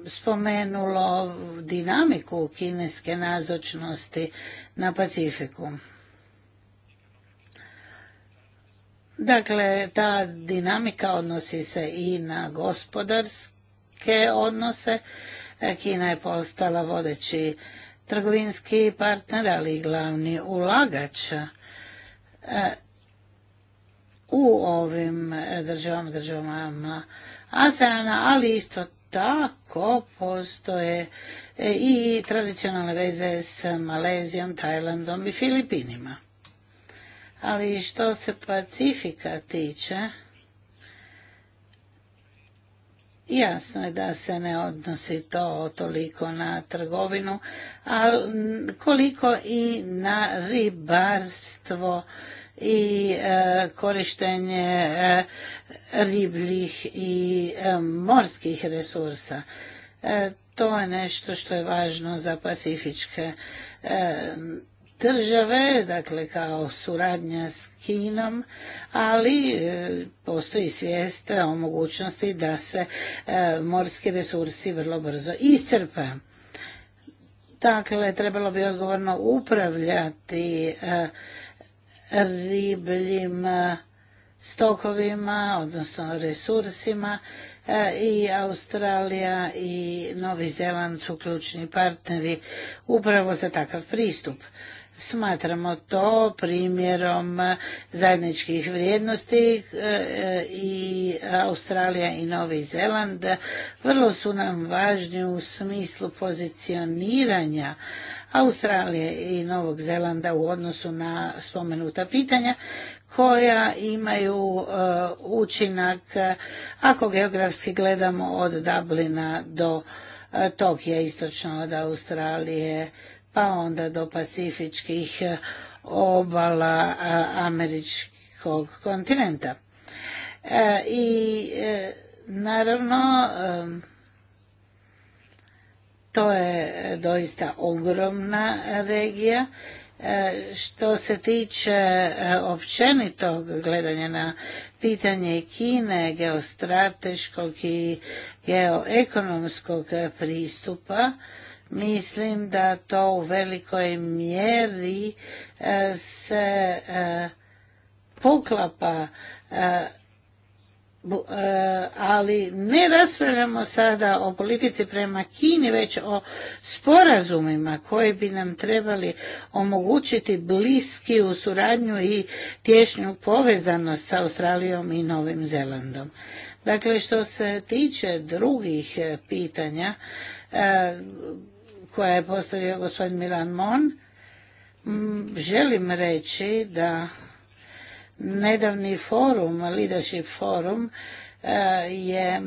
spomenulo dinamiku kineske nazočnosti na Pacifiku. Dakle, ta dinamika odnosi se i na gospodarske odnose. Kina je postala vodeći trgovinski partner, ali i glavni ulagač e, u ovim e, državama, državama ASEANA, ali isto tako postoje e, i tradicionalne veze s Malezijom, Tajlandom i Filipinima. Ali što se Pacifika tiče, Jasno je da se ne odnosi to toliko na trgovinu, ali koliko i na ribarstvo i e, korištenje e, ribljih i e, morskih resursa. To je nešto što je važno za pacifičke države, dakle kao suradnja s Kinom, ali postoji svijest o mogućnosti da se morski resursi vrlo brzo iscrpe. Dakle, trebalo bi odgovorno upravljati ribljim e, stokovima, odnosno resursima e, i Australija i Novi Zeland su ključni partneri upravo za takav pristup. Smatramo to primjerom zajedničkih vrijednosti e, i Australija i Novi Zeland vrlo su nam važni u smislu pozicioniranja Australije i Novog Zelanda u odnosu na spomenuta pitanja koja imaju uh, učinak, uh, ako geografski gledamo, od Dublina do uh, Tokija, istočno od Australije, pa onda do pacifičkih obala američkog kontinenta. I naravno um, to je doista ogromna regija. E, što se tiče e, općenitog gledanja na pitanje Kine, geostrateškog i geoekonomskog pristupa, mislim da to u velikoj mjeri e, se poklapa E, ali ne raspravljamo sada o politici prema Kini, već o sporazumima koji bi nam trebali omogućiti bliski u suradnju i tješnju povezanost sa Australijom i Novim Zelandom. Dakle, što se tiče drugih e, pitanja e, koja je postavio gospodin Milan Mon, želim reći da Nedavni forum, Leadership forum, eh, je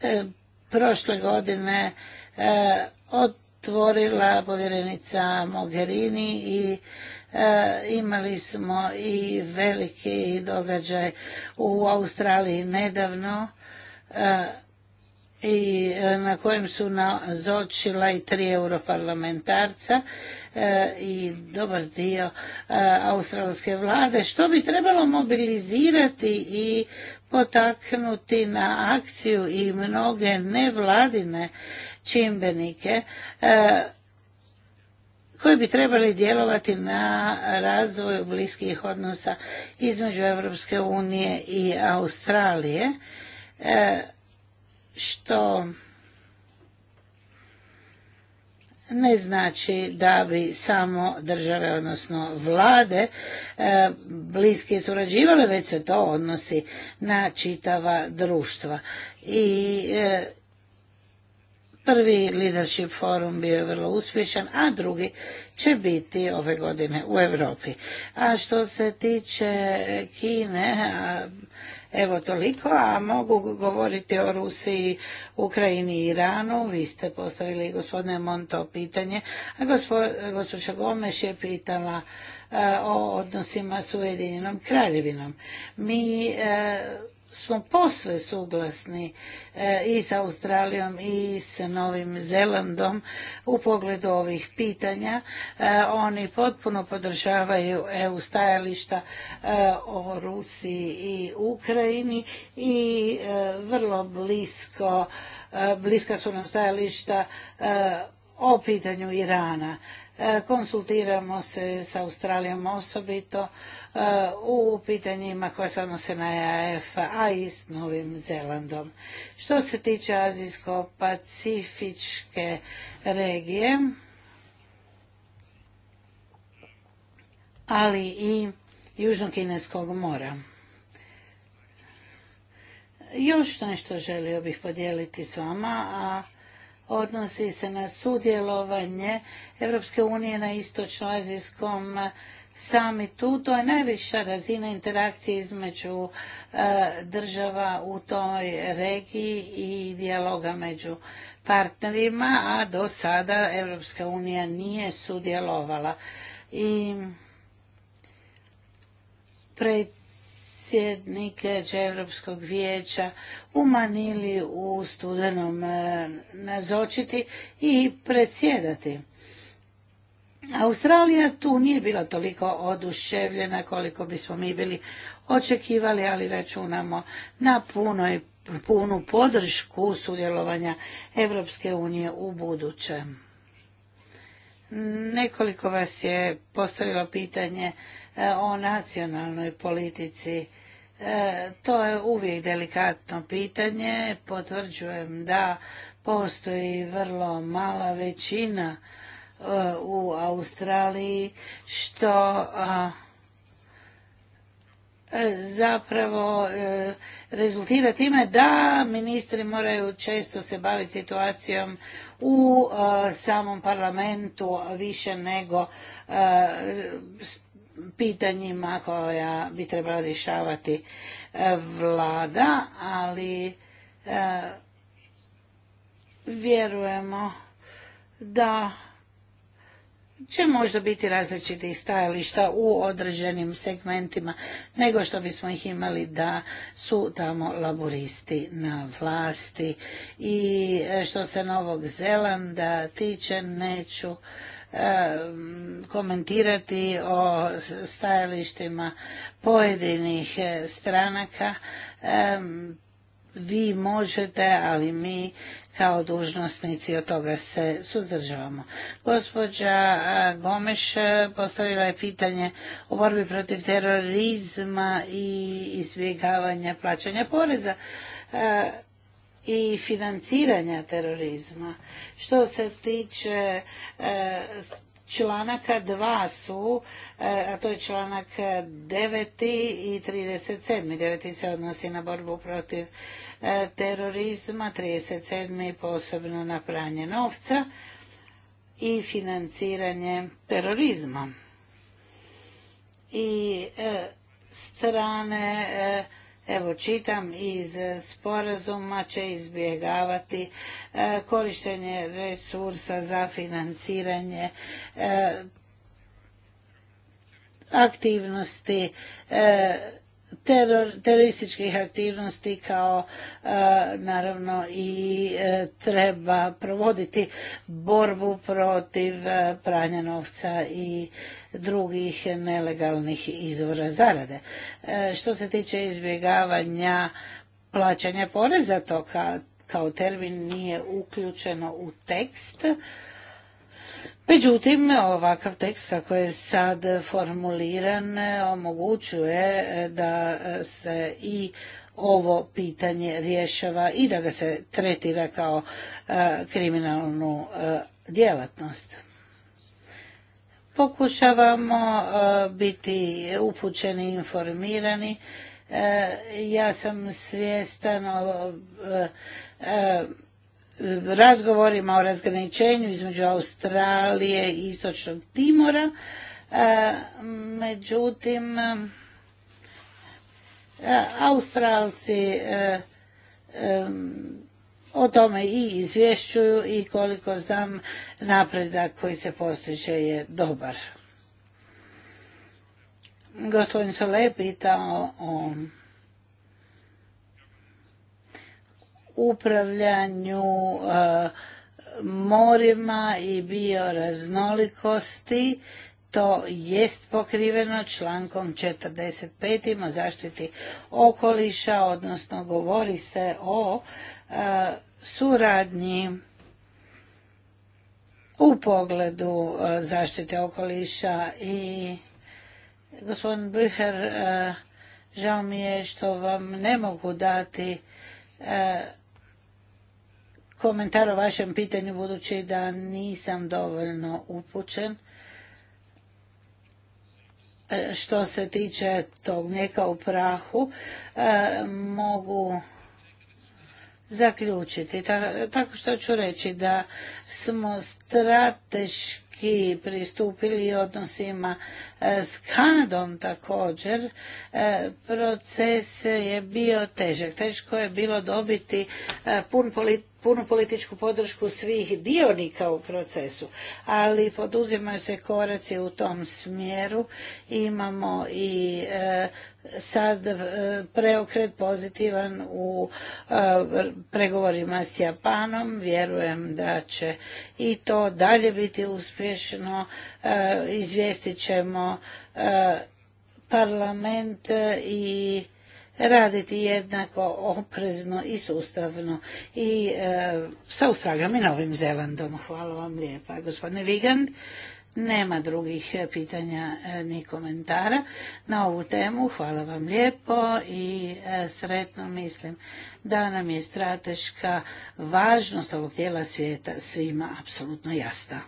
eh, prošle godine eh, otvorila povjerenica Mogherini i imali smo i veliki događaj u Australiji nedavno i e, na kojem su nazočila i tri europarlamentarca e, i dobar dio e, australske vlade, što bi trebalo mobilizirati i potaknuti na akciju i mnoge nevladine čimbenike koji bi trebali djelovati na razvoju bliskih odnosa između Europske unije i Australije što ne znači da bi samo države, odnosno vlade, e, bliski surađivale, već se to odnosi na čitava društva. I e, prvi leadership forum bio je vrlo uspješan, a drugi će biti ove godine u Europi. A što se tiče Kine, Evo toliko, a mogu govoriti o Rusiji, Ukrajini i Iranu. Vi ste postavili gospodine Monto pitanje, a gospođa Gomeš je pitala e, o odnosima s Ujedinjenom kraljevinom. Mi e, smo posve suglasni e, i sa Australijom i sa Novim Zelandom u pogledu ovih pitanja. E, oni potpuno podržavaju EU stajališta e, o Rusiji i Ukrajini i vrlo blisko bliska su nam stajališta o pitanju Irana. E, konsultiramo se s Australijom osobito e, u pitanjima koja se odnose na EAF, a i s Novim Zelandom. Što se tiče Azijsko-Pacifičke regije, ali i južno-kineskog mora. Još nešto želio bih podijeliti s vama, a odnosi se na sudjelovanje Europske unije na istočnoazijskom samitu. To je najviša razina interakcije između e, država u toj regiji i dijaloga među partnerima, a do sada Europska unija nije sudjelovala. I pred sjednike Europskog vijeća u Manili u studenom e, nazočiti i predsjedati. Australija tu nije bila toliko oduševljena koliko bismo mi bili očekivali, ali računamo na punoj, punu podršku sudjelovanja Europske unije u budućem. Nekoliko vas je postavilo pitanje E, o nacionalnoj politici. E, to je uvijek delikatno pitanje. Potvrđujem da postoji vrlo mala većina e, u Australiji što zapravo rezultira time da ministri moraju često se baviti situacijom u samom parlamentu više nego pitanjima koja bi trebala rješavati e, vlada, ali e, vjerujemo da će možda biti različiti stajališta u određenim segmentima nego što bismo ih imali da su tamo laboristi na vlasti. I e, što se Novog Zelanda tiče, neću komentirati o stajalištima pojedinih e, stranaka. Vi možete, ali mi kao dužnosnici od toga se suzdržavamo. Gospođa Gomeš e, postavila je pitanje o borbi protiv terorizma i izbjegavanja plaćanja poreza. E, i financiranja terorizma. Što se tiče e, članaka dva su, e, a to je članak 9. i 37. Deveti se odnosi na borbu protiv e, terorizma, 37. posebno na pranje novca i financiranje terorizma. I strane evo čitam iz sporazuma će izbjegavati e, korištenje resursa za financiranje e, aktivnosti e, terorističkih aktivnosti kao naravno i treba provoditi borbu protiv pranja novca i drugih nelegalnih izvora zarade. E, što se tiče izbjegavanja plaćanja poreza, to kao termin nije uključeno u tekst. Međutim, ovakav tekst kako je sad formuliran omogućuje e, da se i ovo pitanje rješava i da ga se tretira kao e, kriminalnu djelatnost pokušavamo e, biti upućeni, informirani. E, ja sam svjestan o e, razgovorima o razgraničenju između Australije i Istočnog Timora. Međutim, Australci o tome i izvješćuju i koliko znam napredak koji se postiže je dobar. Gospodin Sole pitao o upravljanju e, morima i bioraznolikosti. To jest pokriveno člankom 45. o zaštiti okoliša, odnosno govori se o E, suradnji u pogledu e, zaštite okoliša i gospodin Büher, e, žao mi je što vam ne mogu dati komentar o vašem pitanju budući da nisam dovoljno upućen što se tiče tog mlijeka u prahu mogu zaključiti. Tako što ću reći da smo strateški pristupili odnosima e, s Kanadom također. E, proces je bio težak. Teško je bilo dobiti e, pun politički punu političku podršku svih dionika u procesu, ali poduzimaju se koraci u tom smjeru. Imamo i e, sad e, preokret pozitivan u e, pregovorima s Japanom. Vjerujem da će i to dalje biti uspješno. Izvijestit ćemo parlament i raditi jednako oprezno i sustavno i e, sa Australijom i Novim Zelandom. Hvala vam lijepa. Gospodine Vigand, nema drugih pitanja e, ni komentara na ovu temu. Hvala vam lijepo i e, sretno mislim da nam je strateška važnost ovog dijela svijeta svima apsolutno jasna.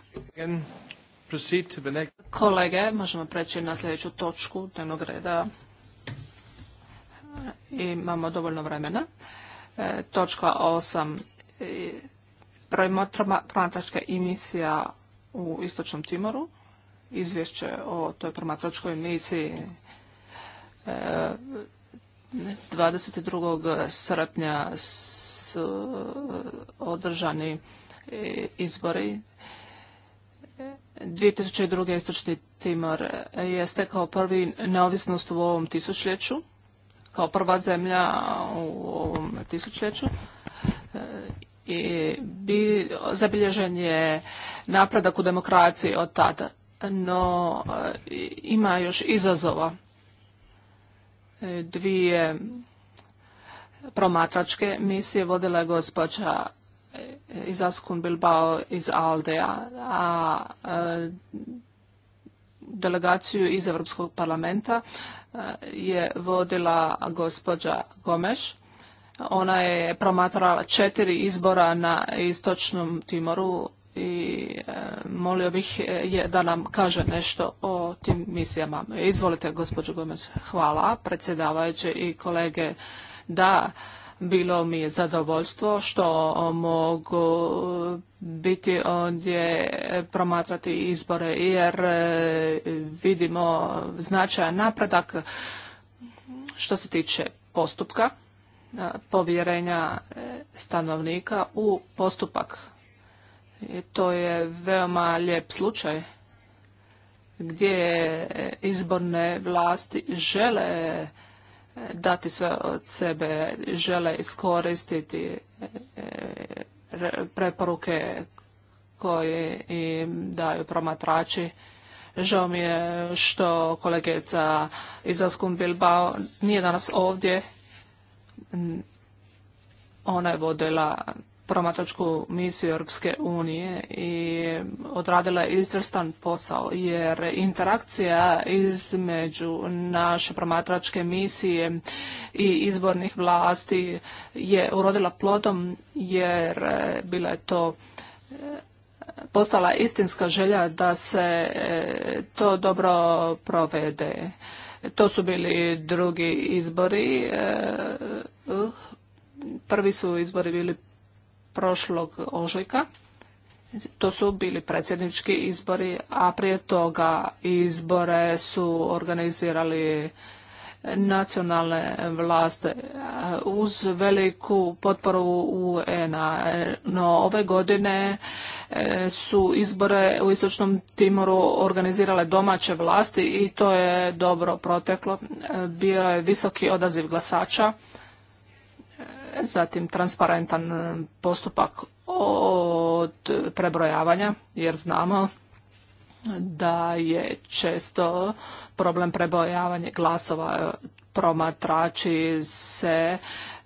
Kolege, možemo preći na sljedeću točku dnevnog reda. Imamo dovoljno vremena. E, točka 8. E, promatračka emisija u Istočnom Timoru. Izvješće o toj promatračkoj emisiji 22. E, srpnja su održani izbori 2002. istočni Timor je stekao prvi neovisnost u ovom tisućljeću kao prva zemlja u ovom tisućljeću e, i zabilježen je napredak u demokraciji od tada. No, e, ima još izazova. E, dvije promatračke misije vodila je gospođa Izaskun Bilbao iz Aldeja, a delegaciju iz Europskog parlamenta je vodila gospođa Gomeš. Ona je promatrala četiri izbora na istočnom Timoru i e, molio bih e, je da nam kaže nešto o tim misijama. Izvolite, gospođo Gomeš, Hvala, predsjedavajući i kolege. Da, bilo mi je zadovoljstvo što mogu biti ondje promatrati izbore jer e, vidimo značajan napredak što se tiče postupka e, povjerenja e, stanovnika u postupak. I to je veoma lijep slučaj gdje izborne vlasti žele dati sve od sebe, žele iskoristiti e, preporuke koje im daju promatrači. Žao mi je što kolegica Izaskun Bilbao nije danas ovdje. Ona je vodila promatračku misiju Europske unije i odradila je izvrstan posao jer interakcija između naše promatračke misije i izbornih vlasti je urodila plodom jer e, bila je to e, postala istinska želja da se e, to dobro provede. To su bili drugi izbori. Uh, prvi su izbori bili prošlog ožujka. To su bili predsjednički izbori, a prije toga izbore su organizirali nacionalne vlasti eh, uz veliku potporu UN-a. No, ove godine eh, su izbore u Istočnom Timoru organizirale domaće vlasti i to je dobro proteklo. Eh, bio je visoki odaziv glasača zatim transparentan e, postupak od prebrojavanja jer znamo da je često problem prebrojavanja glasova promatrači se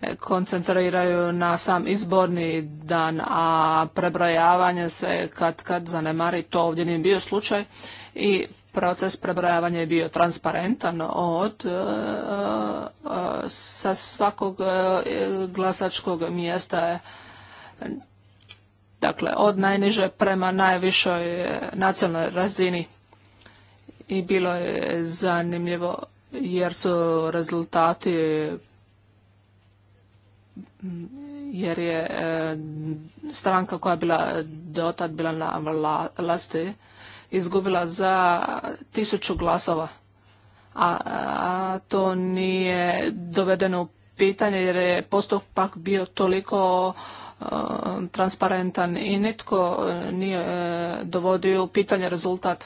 e, koncentriraju na sam izborni dan, a prebrojavanje se kad kad zanemari, to ovdje nije bio slučaj i proces prebrojavanja je bio transparentan od e, e, sa svakog e, glasačkog mjesta je dakle od najniže prema najvišoj nacionalnoj razini i bilo je zanimljivo jer su rezultati jer je stranka koja je bila dotad bila na vlasti izgubila za tisuću glasova. A, to nije dovedeno u pitanje jer je postupak bio toliko e, transparentan i nitko nije e, dovodio u pitanje rezultat.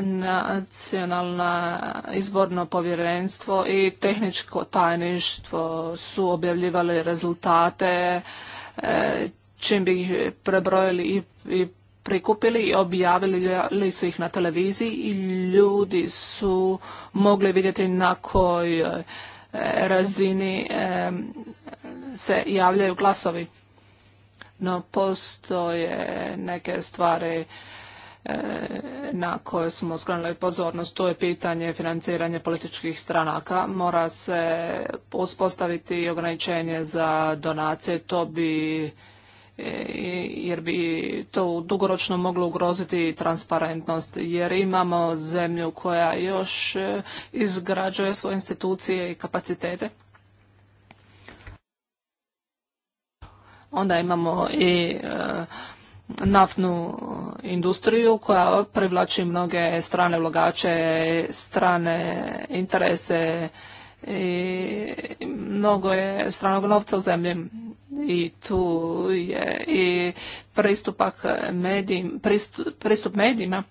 Nacionalna izborno povjerenstvo i tehničko tajništvo su objavljivali rezultate e, čim bi ih prebrojili i, i prikupili i objavili su ih na televiziji i ljudi su mogli vidjeti na kojoj e, razini e, se javljaju glasovi. No postoje neke stvari e, na koje smo skrenuli pozornost. To je pitanje financiranja političkih stranaka. Mora se uspostaviti ograničenje za donacije. To bi E, jer bi to dugoročno moglo ugroziti transparentnost jer imamo zemlju koja još e, izgrađuje svoje institucije i kapacitete. Onda imamo i e, naftnu industriju koja privlači mnoge strane vlogače, strane interese i mnogo je stranog novca u zemlji i tu je i pristupak pristup, pristup medijima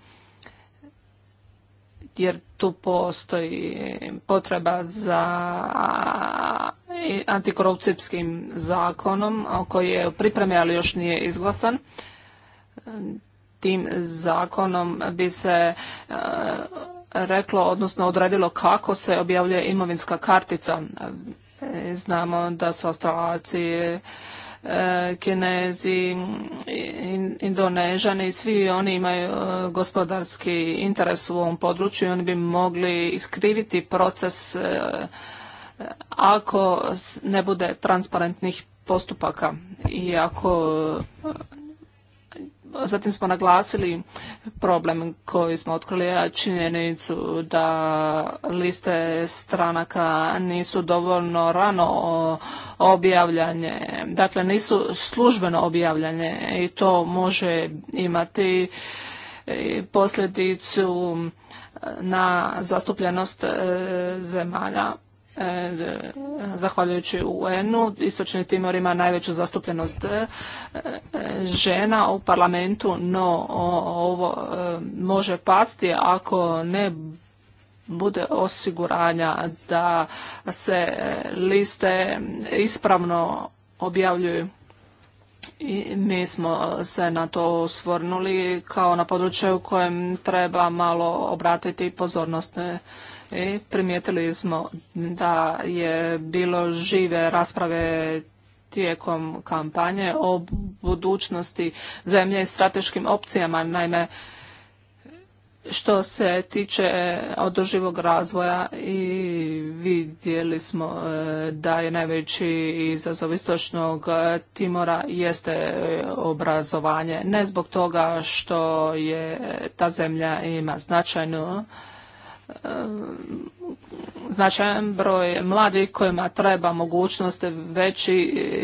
jer tu postoji potreba za antikorupcijskim zakonom koji je u pripremi ali još nije izglasan tim zakonom bi se reklo, odnosno odredilo kako se objavljuje imovinska kartica. E, znamo da su Australaci, e, Kinezi, Indonežani, svi oni imaju e, gospodarski interes u ovom području i oni bi mogli iskriviti proces ako ne bude transparentnih postupaka i ako Zatim smo naglasili problem koji smo otkrili, a činjenicu da liste stranaka nisu dovoljno rano objavljanje, dakle nisu službeno objavljanje i to može imati posljedicu na zastupljenost e, zemalja E, zahvaljujući UN-u, Istočni Timor ima najveću zastupljenost e, žena u parlamentu, no ovo e, može pasti ako ne bude osiguranja da se liste ispravno objavljuju. I mi smo se na to osvrnuli kao na području u kojem treba malo obratiti pozornost. I primijetili smo da je bilo žive rasprave tijekom kampanje o budućnosti zemlje i strateškim opcijama. Naime, što se tiče e, održivog razvoja i vidjeli smo e, da je najveći izazov istočnog e, Timora jeste obrazovanje. Ne zbog toga što je ta zemlja ima značajnu značajan broj mladih kojima treba mogućnost veći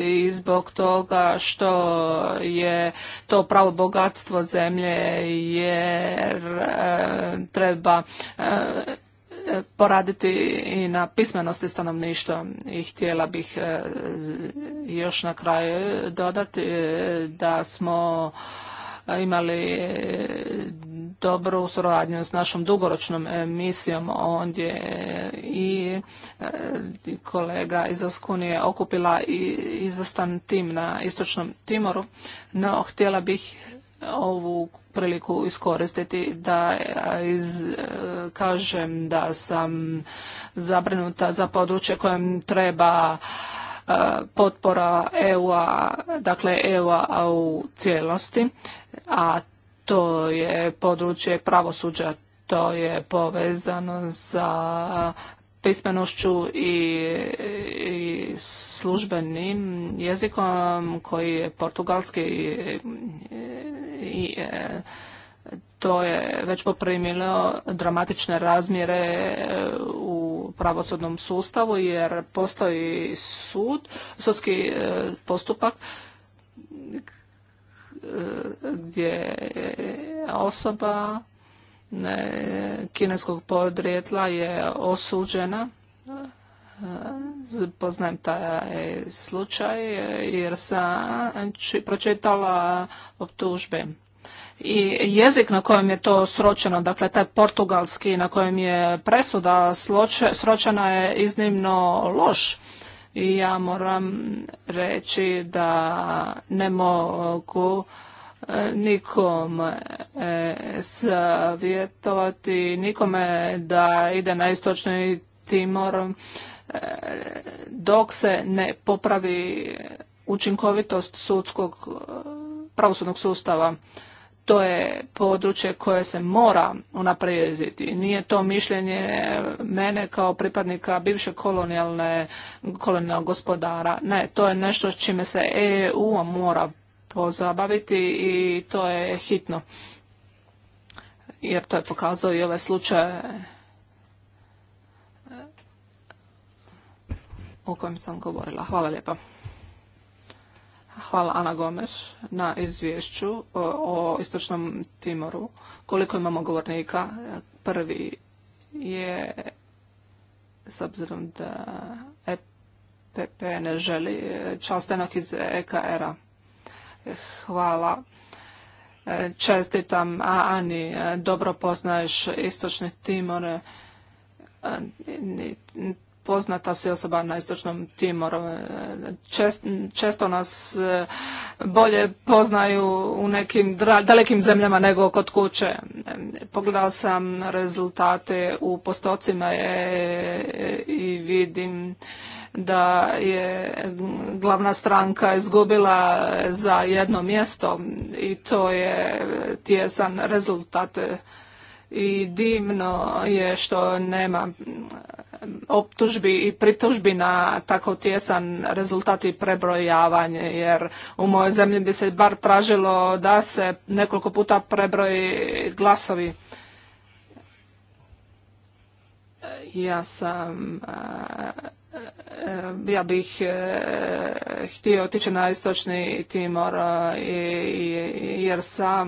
i zbog toga što je to pravo bogatstvo zemlje jer eh, treba eh, poraditi i na pismenosti stanovništva i htjela bih eh, još na kraju dodati da smo imali dobru suradnju s našom dugoročnom e, misijom ondje i e, kolega iz Oskuni je okupila izvrstan tim na Istočnom Timoru, no htjela bih ovu priliku iskoristiti da e, iz, kažem da sam zabrinuta za područje kojem treba potpora EU-a, dakle EU-a u cijelosti, a to je područje pravosuđa, to je povezano sa pismenošću i, službenim jezikom koji je portugalski i, e, to je već poprimilo dramatične razmjere e, u pravosudnom sustavu jer postoji sud, sudski e, postupak gdje osoba kineskog podrijetla je osuđena. Poznajem taj slučaj jer sam pročitala optužbe. I jezik na kojem je to sročeno, dakle taj portugalski na kojem je presuda sročena je iznimno loš i ja moram reći da ne mogu e, nikom e, savjetovati, nikome da ide na istočni Timor e, dok se ne popravi učinkovitost sudskog pravosudnog sustava to je područje koje se mora unaprijediti. Nije to mišljenje mene kao pripadnika bivše kolonijalne kolonijalnog gospodara. Ne, to je nešto čime se EU mora pozabaviti i to je hitno. Jer to je pokazao i ove ovaj slučaje eh, o kojem sam govorila. Hvala lijepa. Hvala Ana Gomes na izvješću e, o Istočnom Timoru. Koliko imamo govornika? E, prvi je, s obzirom da EPP ne želi, častenak e, iz EKR-a. Hvala. Čestitam, Ani, dobro poznaješ Istočni Timor poznata se osoba na istočnom Timoru. često nas e, bolje poznaju u nekim dalekim zemljama nego kod kuće. Pogledao sam rezultate u postocima e, e, i vidim da je glavna stranka izgubila za jedno mjesto i to je tjesan rezultat i divno je što nema mm, optužbi i pritužbi na tako tjesan rezultat i prebrojavanje jer u mojoj zemlji bi se bar tražilo da se nekoliko puta prebroji glasovi. Ja sam eh, ja bih eh, htio otići na istočni Timor eh, jer sam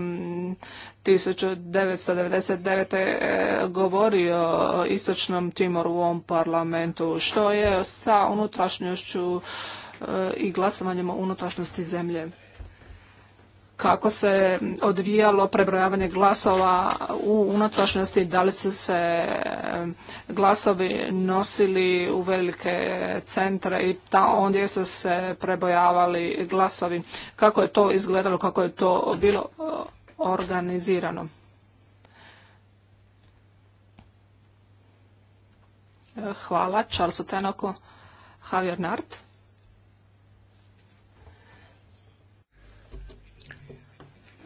1999. E, govorio o istočnom Timoru u ovom parlamentu. Što je sa unutrašnjošću e, i glasovanjem o unutrašnjosti zemlje? kako se odvijalo prebrojavanje glasova u unutrašnjosti, da li su se e, glasovi nosili u velike centre i ta ondje su se prebrojavali glasovi. Kako je to izgledalo, kako je to bilo organizirano. E, hvala Charlesu Tenoku, Javier Nart.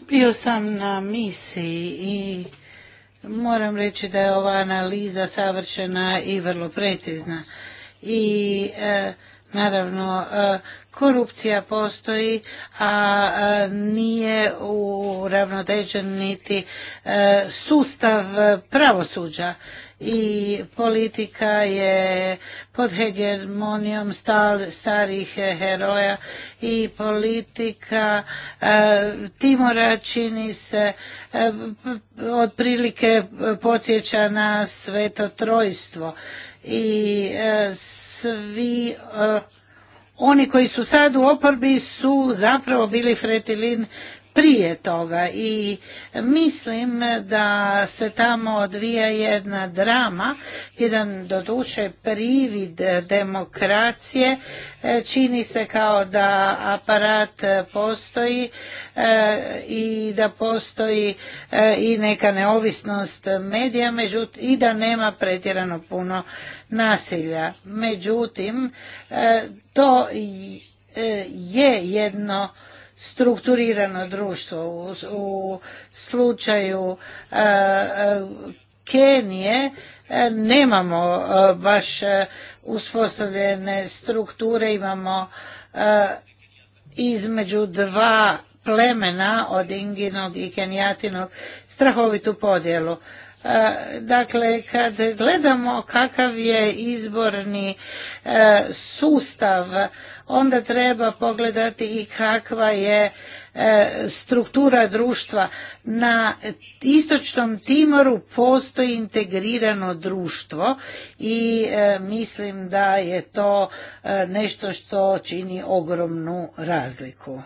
Bio sam na misiji i moram reći da je ova analiza savršena i vrlo precizna. I e, naravno e, korupcija postoji, a nije uravnotežen niti e, sustav pravosuđa i politika je pod hegemonijom starih heroja i politika e, Timora čini se e, otprilike podsjeća na sveto trojstvo i svi oni koji su sad u oporbi su zapravo bili fretilin prije toga i mislim da se tamo odvija jedna drama, jedan doduše privid demokracije, e, čini se kao da aparat postoji e, i da postoji e, i neka neovisnost medija i da nema pretjerano puno nasilja. Međutim, to je jedno strukturirano društvo. U, slučaju e, e, Kenije e, nemamo baš uspostavljene strukture, imamo između dva plemena od Inginog i Kenijatinog strahovitu podjelu. E, dakle, kad gledamo kakav je izborni e, sustav, onda treba pogledati i kakva je e, struktura društva. Na istočnom Timoru postoji integrirano društvo i mislim da je to nešto što čini ogromnu razliku.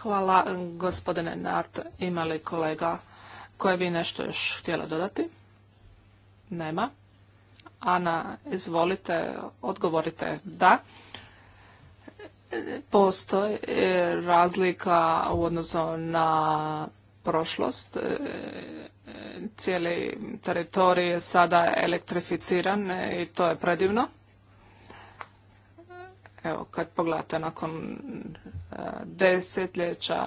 Hvala gospodine Nart. imali kolega koje bi nešto još htjela dodati? Nema. Ana, izvolite, odgovorite da. Postoji e, razlika u odnosu na prošlost. E, e, cijeli teritorij je sada elektrificiran i to je predivno. Evo, kad pogledate nakon e, desetljeća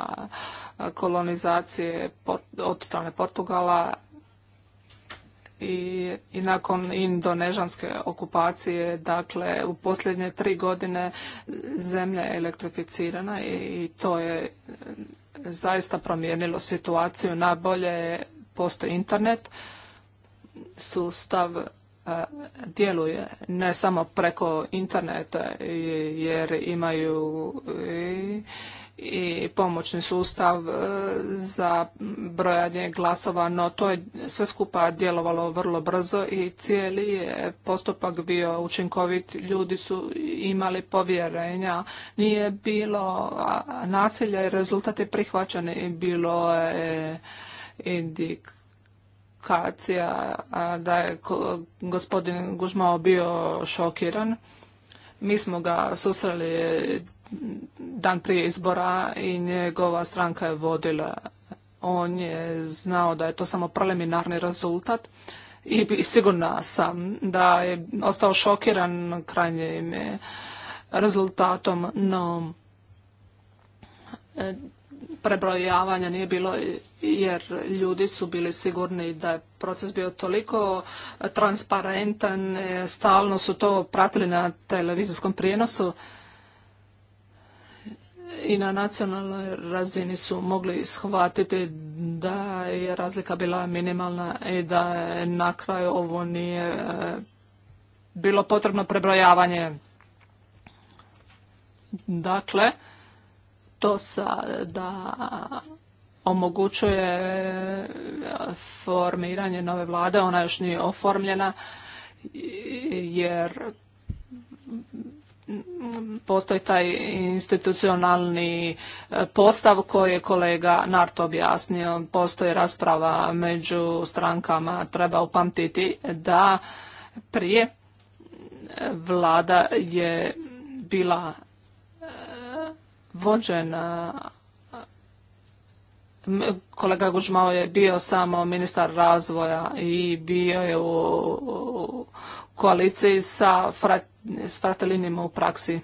e, kolonizacije od strane Portugala i, nakon indonežanske okupacije, dakle u posljednje tri godine zemlja je elektrificirana i to je e, zaista promijenilo situaciju. je postoji internet, sustav djeluje ne samo preko interneta jer imaju i, pomoćni sustav e, za brojanje glasova, no to je sve skupa djelovalo vrlo brzo i cijeli je postupak bio učinkovit, ljudi su imali povjerenja, nije bilo nasilja i rezultat je i bilo je indik komunikacija, da je gospodin Gužmao bio šokiran. Mi smo ga susreli dan prije izbora i njegova stranka je vodila. On je znao da je to samo preliminarni rezultat i sigurna sam da je ostao šokiran krajnjim rezultatom, no e, prebrojavanja nije bilo jer ljudi su bili sigurni da je proces bio toliko transparentan, stalno su to pratili na televizijskom prijenosu i na nacionalnoj razini su mogli shvatiti da je razlika bila minimalna i da na kraju ovo nije eh, bilo potrebno prebrojavanje. Dakle, sa da omogućuje e, formiranje nove vlade. Ona još nije oformljena jer postoji taj institucionalni e, postav koji je kolega Nart objasnio. Postoji rasprava među strankama. Treba upamtiti da prije e, vlada je bila Vođen kolega Gužmao je bio samo ministar razvoja i bio je u koaliciji sa fratelinima u praksi.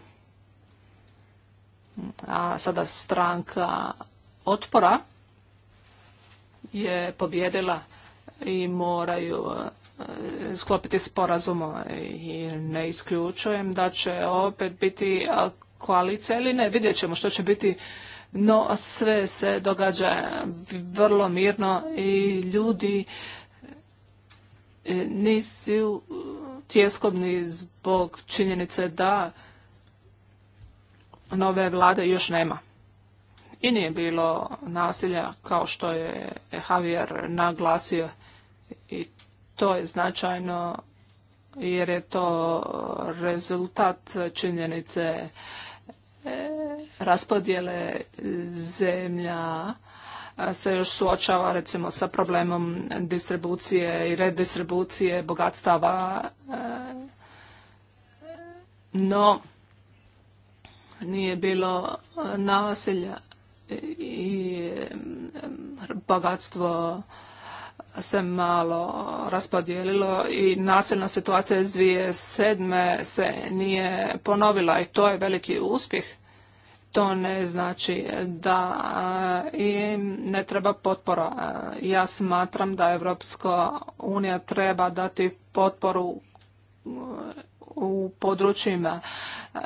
A sada stranka otpora je pobjedila i moraju sklopiti sporazumo. i ne isključujem da će opet biti koalicija ili ne. Vidjet ćemo što će biti. No sve se događa vrlo mirno i ljudi e, nisu tjeskobni zbog činjenice da nove vlade još nema. I nije bilo nasilja kao što je Javier naglasio i to je značajno jer je to rezultat činjenice raspodjele zemlja se još suočava recimo sa problemom distribucije i redistribucije bogatstava. No, nije bilo nasilja i bogatstvo se malo raspodijelilo i nasilna situacija iz 2007. se nije ponovila i to je veliki uspjeh. To ne znači da e, im ne treba potpora. E, ja smatram da Evropska unija treba dati potporu e, u područjima e,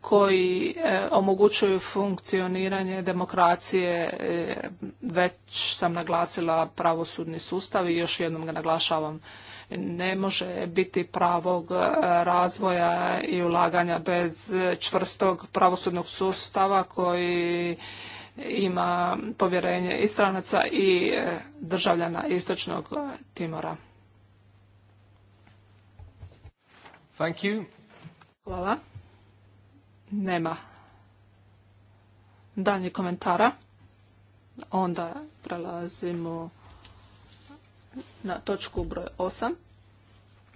koji e, omogućuju funkcioniranje demokracije. E, već sam naglasila pravosudni sustav i još jednom ga naglašavam. Ne može biti pravog razvoja i ulaganja bez čvrstog pravosudnog sustava koji ima povjerenje i stranaca i državljana Istočnog Timora. Thank Hvala. Nema daljnjih komentara. Onda prelazimo na točku broj 8.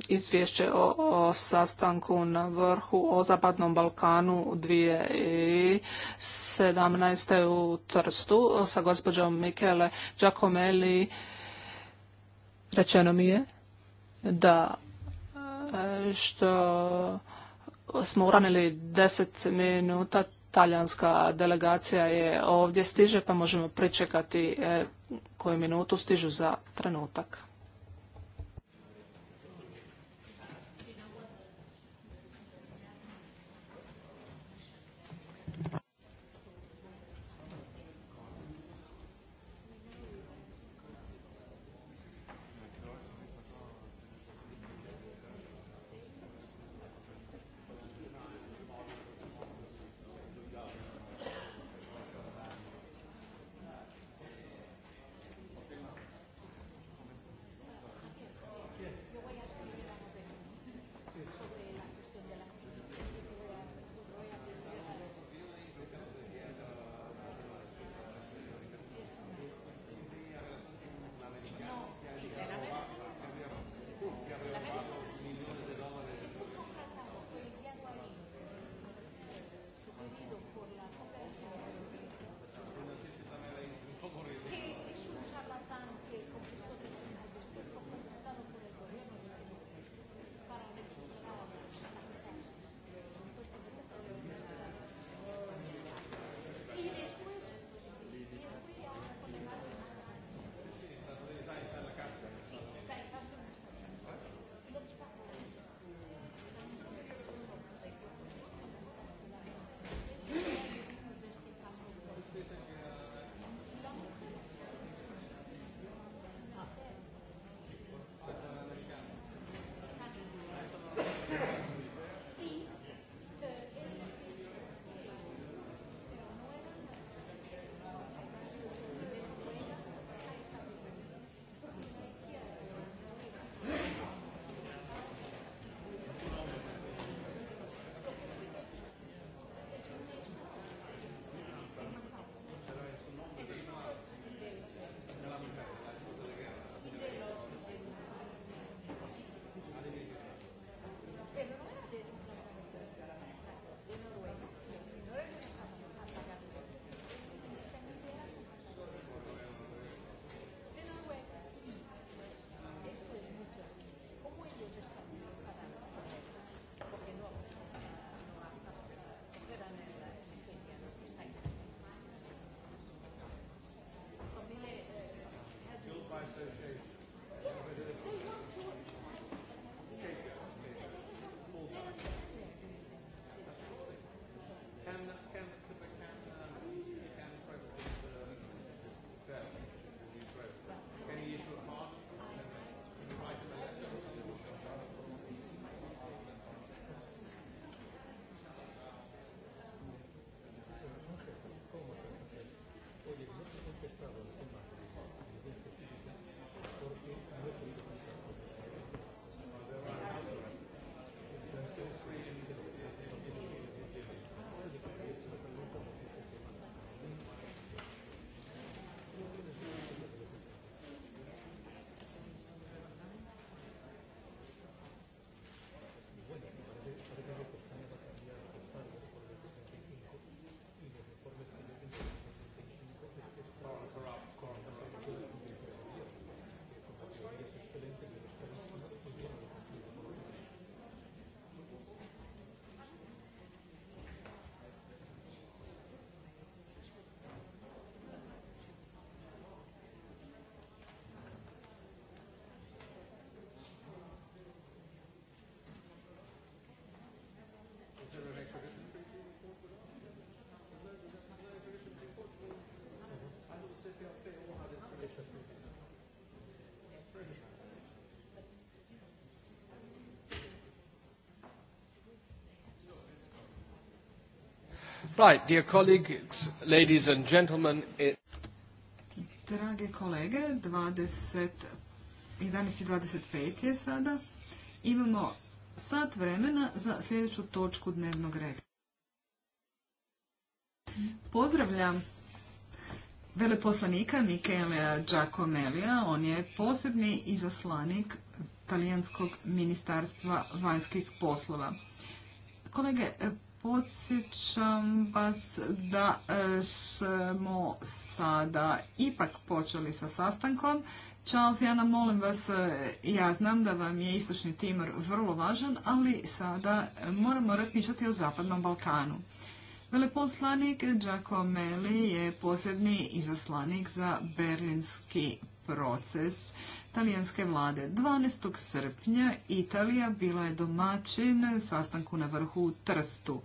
Izvješće o, o sastanku na vrhu o Zapadnom Balkanu 2017. u Trstu sa gospođom Mikele Giacomelli. Rečeno mi je da E, što smo uranili deset minuta. Talijanska delegacija je ovdje stiže, pa možemo pričekati e, koju minutu stižu za trenutak. Right, dear colleagues, ladies and gentlemen. It... Drage kolege, 20, 11.25 je sada. Imamo sat vremena za sljedeću točku dnevnog reda. Pozdravljam veleposlanika Mikelea Giacomelia. On je posebni izaslanik talijanskog ministarstva vanjskih poslova. Kolege, podsjećam vas da e, smo sada ipak počeli sa sastankom. Charles, ja nam molim vas, e, ja znam da vam je istočni timor vrlo važan, ali sada moramo razmišljati o Zapadnom Balkanu. Veleposlanik Giacomelli je posebni izaslanik za berlinski proces talijanske vlade. 12. srpnja Italija bila je domaćin sastanku na vrhu Trstu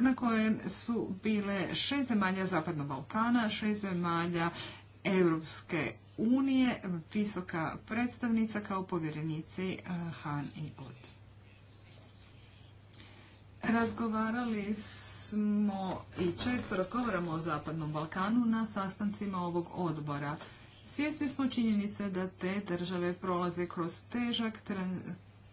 na kojem su bile šest zemalja Zapadnog Balkana, šest zemalja Europske unije, visoka predstavnica kao povjerenici Han i Razgovarali smo i često razgovaramo o Zapadnom Balkanu na sastancima ovog odbora. Svjesni smo činjenice da te države prolaze kroz težak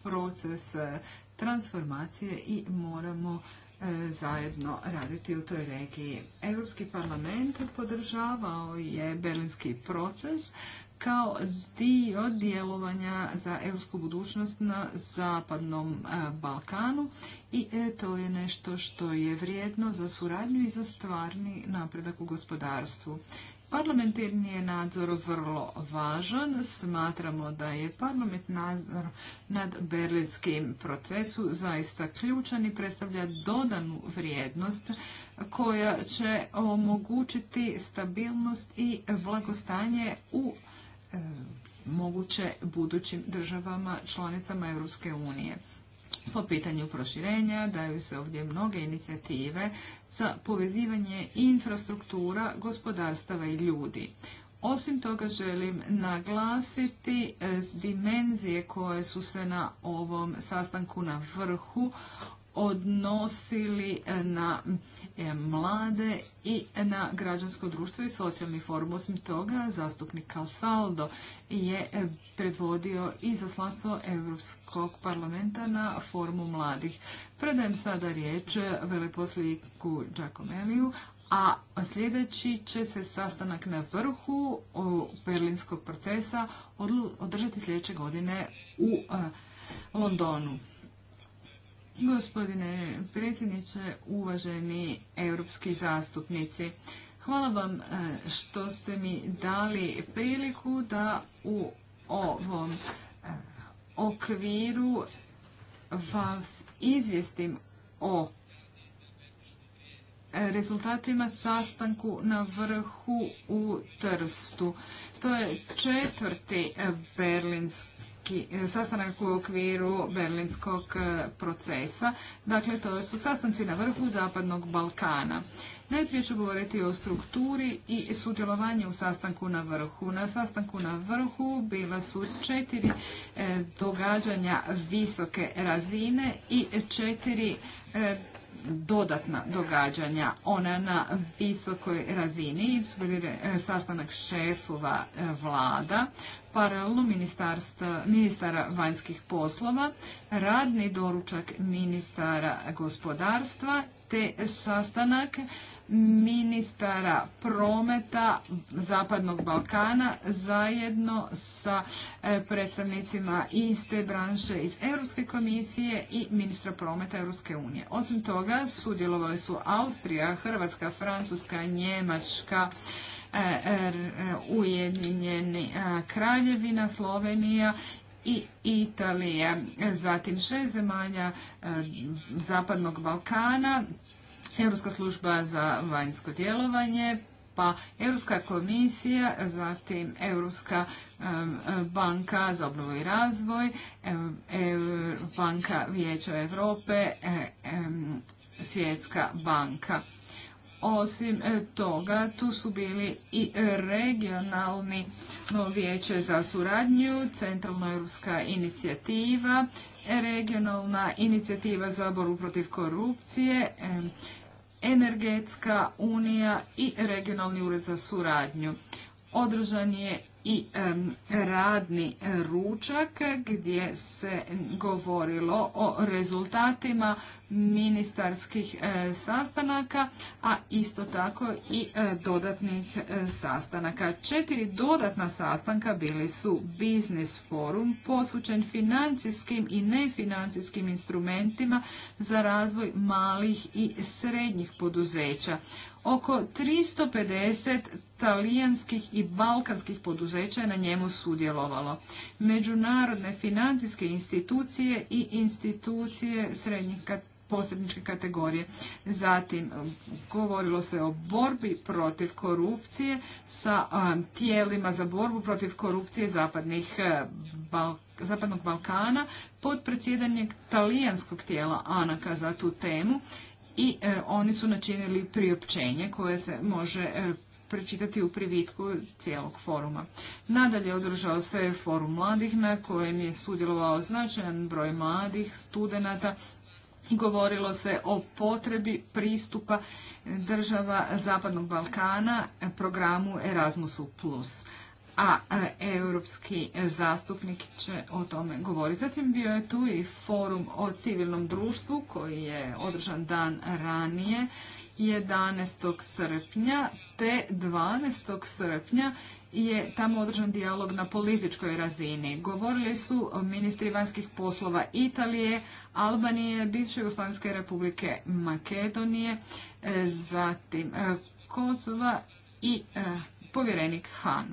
proces e, transformacije i moramo e, zajedno raditi u toj regiji. Europski parlament podržavao je berlinski proces kao dio djelovanja za europsku budućnost na Zapadnom e, Balkanu i e, to je nešto što je vrijedno za suradnju i za stvarni napredak u gospodarstvu. Parlamentarni je nadzor vrlo važan. Smatramo da je parlament nadzor nad berlinskim procesu zaista ključan i predstavlja dodanu vrijednost koja će omogućiti stabilnost i blagostanje u E, moguće budućim državama članicama Europske unije. Po pitanju proširenja daju se ovdje mnoge inicijative za povezivanje infrastruktura, gospodarstava i ljudi. Osim toga želim naglasiti e, dimenzije koje su se na ovom sastanku na vrhu odnosili e, na e, mlade i na građansko društvo i socijalni forum. Osim toga, zastupnik Calsaldo je e, predvodio i zaslanstvo Europskog parlamenta na forumu mladih. Predajem sada riječ veleposlaniku Giacomeliju, a sljedeći će se sastanak na vrhu berlinskog procesa održati sljedeće godine u Londonu. Gospodine predsjedniče, uvaženi europski zastupnici, hvala vam e, što ste mi dali priliku da u ovom e, okviru vas izvijestim o rezultatima sastanku na vrhu u Trstu. To je četvrti berlinski i e, sastanak u okviru berlinskog e, procesa. Dakle, to su sastanci na vrhu Zapadnog Balkana. Najprije ću govoriti o strukturi i sudjelovanju u sastanku na vrhu. Na sastanku na vrhu bila su četiri e, događanja visoke razine i četiri dodatna događanja. Ona na visokoj razini, sastanak šefova vlada, paralelno ministara vanjskih poslova, radni doručak ministara gospodarstva te sastanak ministara prometa Zapadnog Balkana zajedno sa e, predstavnicima iste branše iz Europske komisije i ministra prometa Europske unije. Osim toga, sudjelovali su Austrija, Hrvatska, Francuska, Njemačka, E, e, Ujedinjeni e, Kraljevina, Slovenija i Italija. Zatim šest zemalja Zapadnog Balkana, Europska služba za vanjsko djelovanje, pa Europska komisija, zatim Europska banka za obnovu i razvoj, Banka Vijeća Europe, Svjetska banka. Osim e, toga, tu su bili i regionalni vijeće za suradnju, europska inicijativa, regionalna inicijativa za borbu protiv korupcije, energetska unija i regionalni ured za suradnju. Održan je i radni ručak gdje se govorilo o rezultatima ministarskih e, sastanaka, a isto tako i e, dodatnih e, sastanaka. Četiri dodatna sastanka bili su biznis forum posučen financijskim i nefinancijskim instrumentima za razvoj malih i srednjih poduzeća. Oko 350 talijanskih i balkanskih poduzeća je na njemu sudjelovalo. Međunarodne financijske institucije i institucije srednjih posredničke kategorije. Zatim govorilo se o borbi protiv korupcije sa tijelima za borbu protiv korupcije zapadnih e, Zapadnog Balkana pod predsjedanjem talijanskog tijela Anaka za tu temu i e, oni su načinili priopćenje koje se može e, prečitati u privitku cijelog foruma. Nadalje održao se forum mladih na kojem je sudjelovao značajan broj mladih studenata i govorilo se o potrebi pristupa država Zapadnog Balkana programu Erasmusu+ a europski zastupnik će o tome govoriti. Zatim bio je tu i forum o civilnom društvu koji je održan dan ranije 11. srpnja te 12. srpnja je tamo održan dijalog na političkoj razini. Govorili su ministri vanjskih poslova Italije, Albanije, bivše Jugoslavijske republike Makedonije, e, zatim e, Kosova i e, povjerenik Han.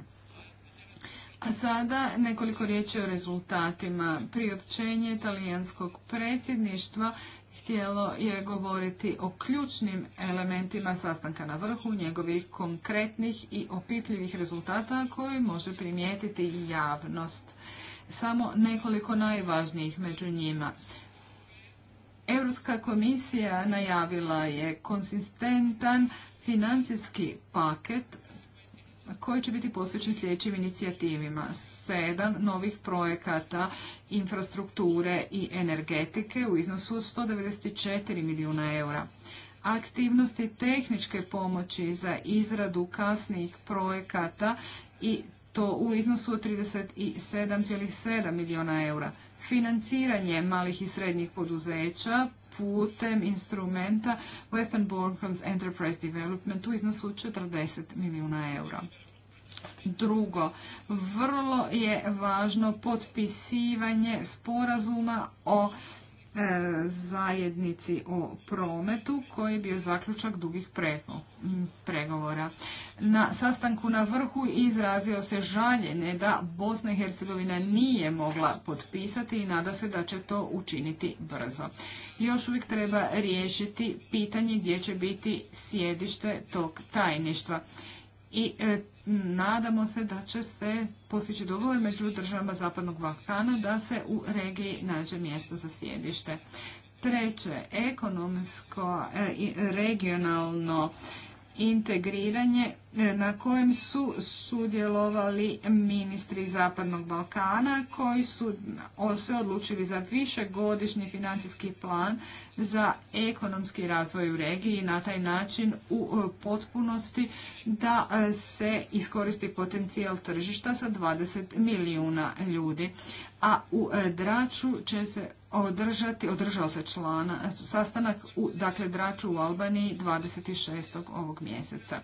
Sada nekoliko riječi o rezultatima. Priopćenje talijanskog predsjedništva htjelo je govoriti o ključnim elementima sastanka na vrhu, njegovih konkretnih i opipljivih rezultata koje može primijetiti javnost. Samo nekoliko najvažnijih među njima. Europska komisija najavila je konsistentan financijski paket koji će biti posvećen sljedećim inicijativima. Sedam novih projekata infrastrukture i energetike u iznosu od 194 milijuna eura. Aktivnosti tehničke pomoći za izradu kasnijih projekata i to u iznosu od 37,7 milijuna eura. Financiranje malih i srednjih poduzeća putem instrumenta Western Balkans Enterprise Development u iznosu 40 milijuna eura. Drugo, vrlo je važno potpisivanje sporazuma o E, zajednici o prometu koji je bio zaključak dugih pregovora. Na sastanku na vrhu izrazio se žaljenje da Bosna i Hercegovina nije mogla potpisati i nada se da će to učiniti brzo. Još uvijek treba riješiti pitanje gdje će biti sjedište tog tajništva i e, nadamo se da će se postići dogovor među državama Zapadnog Balkana da se u regiji nađe mjesto za sjedište. Treće, ekonomsko e, i regionalno integriranje e, na kojem su sudjelovali ministri Zapadnog Balkana koji su se odlučili za višegodišnji financijski plan za ekonomski razvoj u regiji na taj način u e, potpunosti da e, se iskoristi potencijal tržišta sa 20 milijuna ljudi. A u Draču će se održati, održao se člana sastanak u dakle, Draču u Albaniji 26. ovog mjeseca.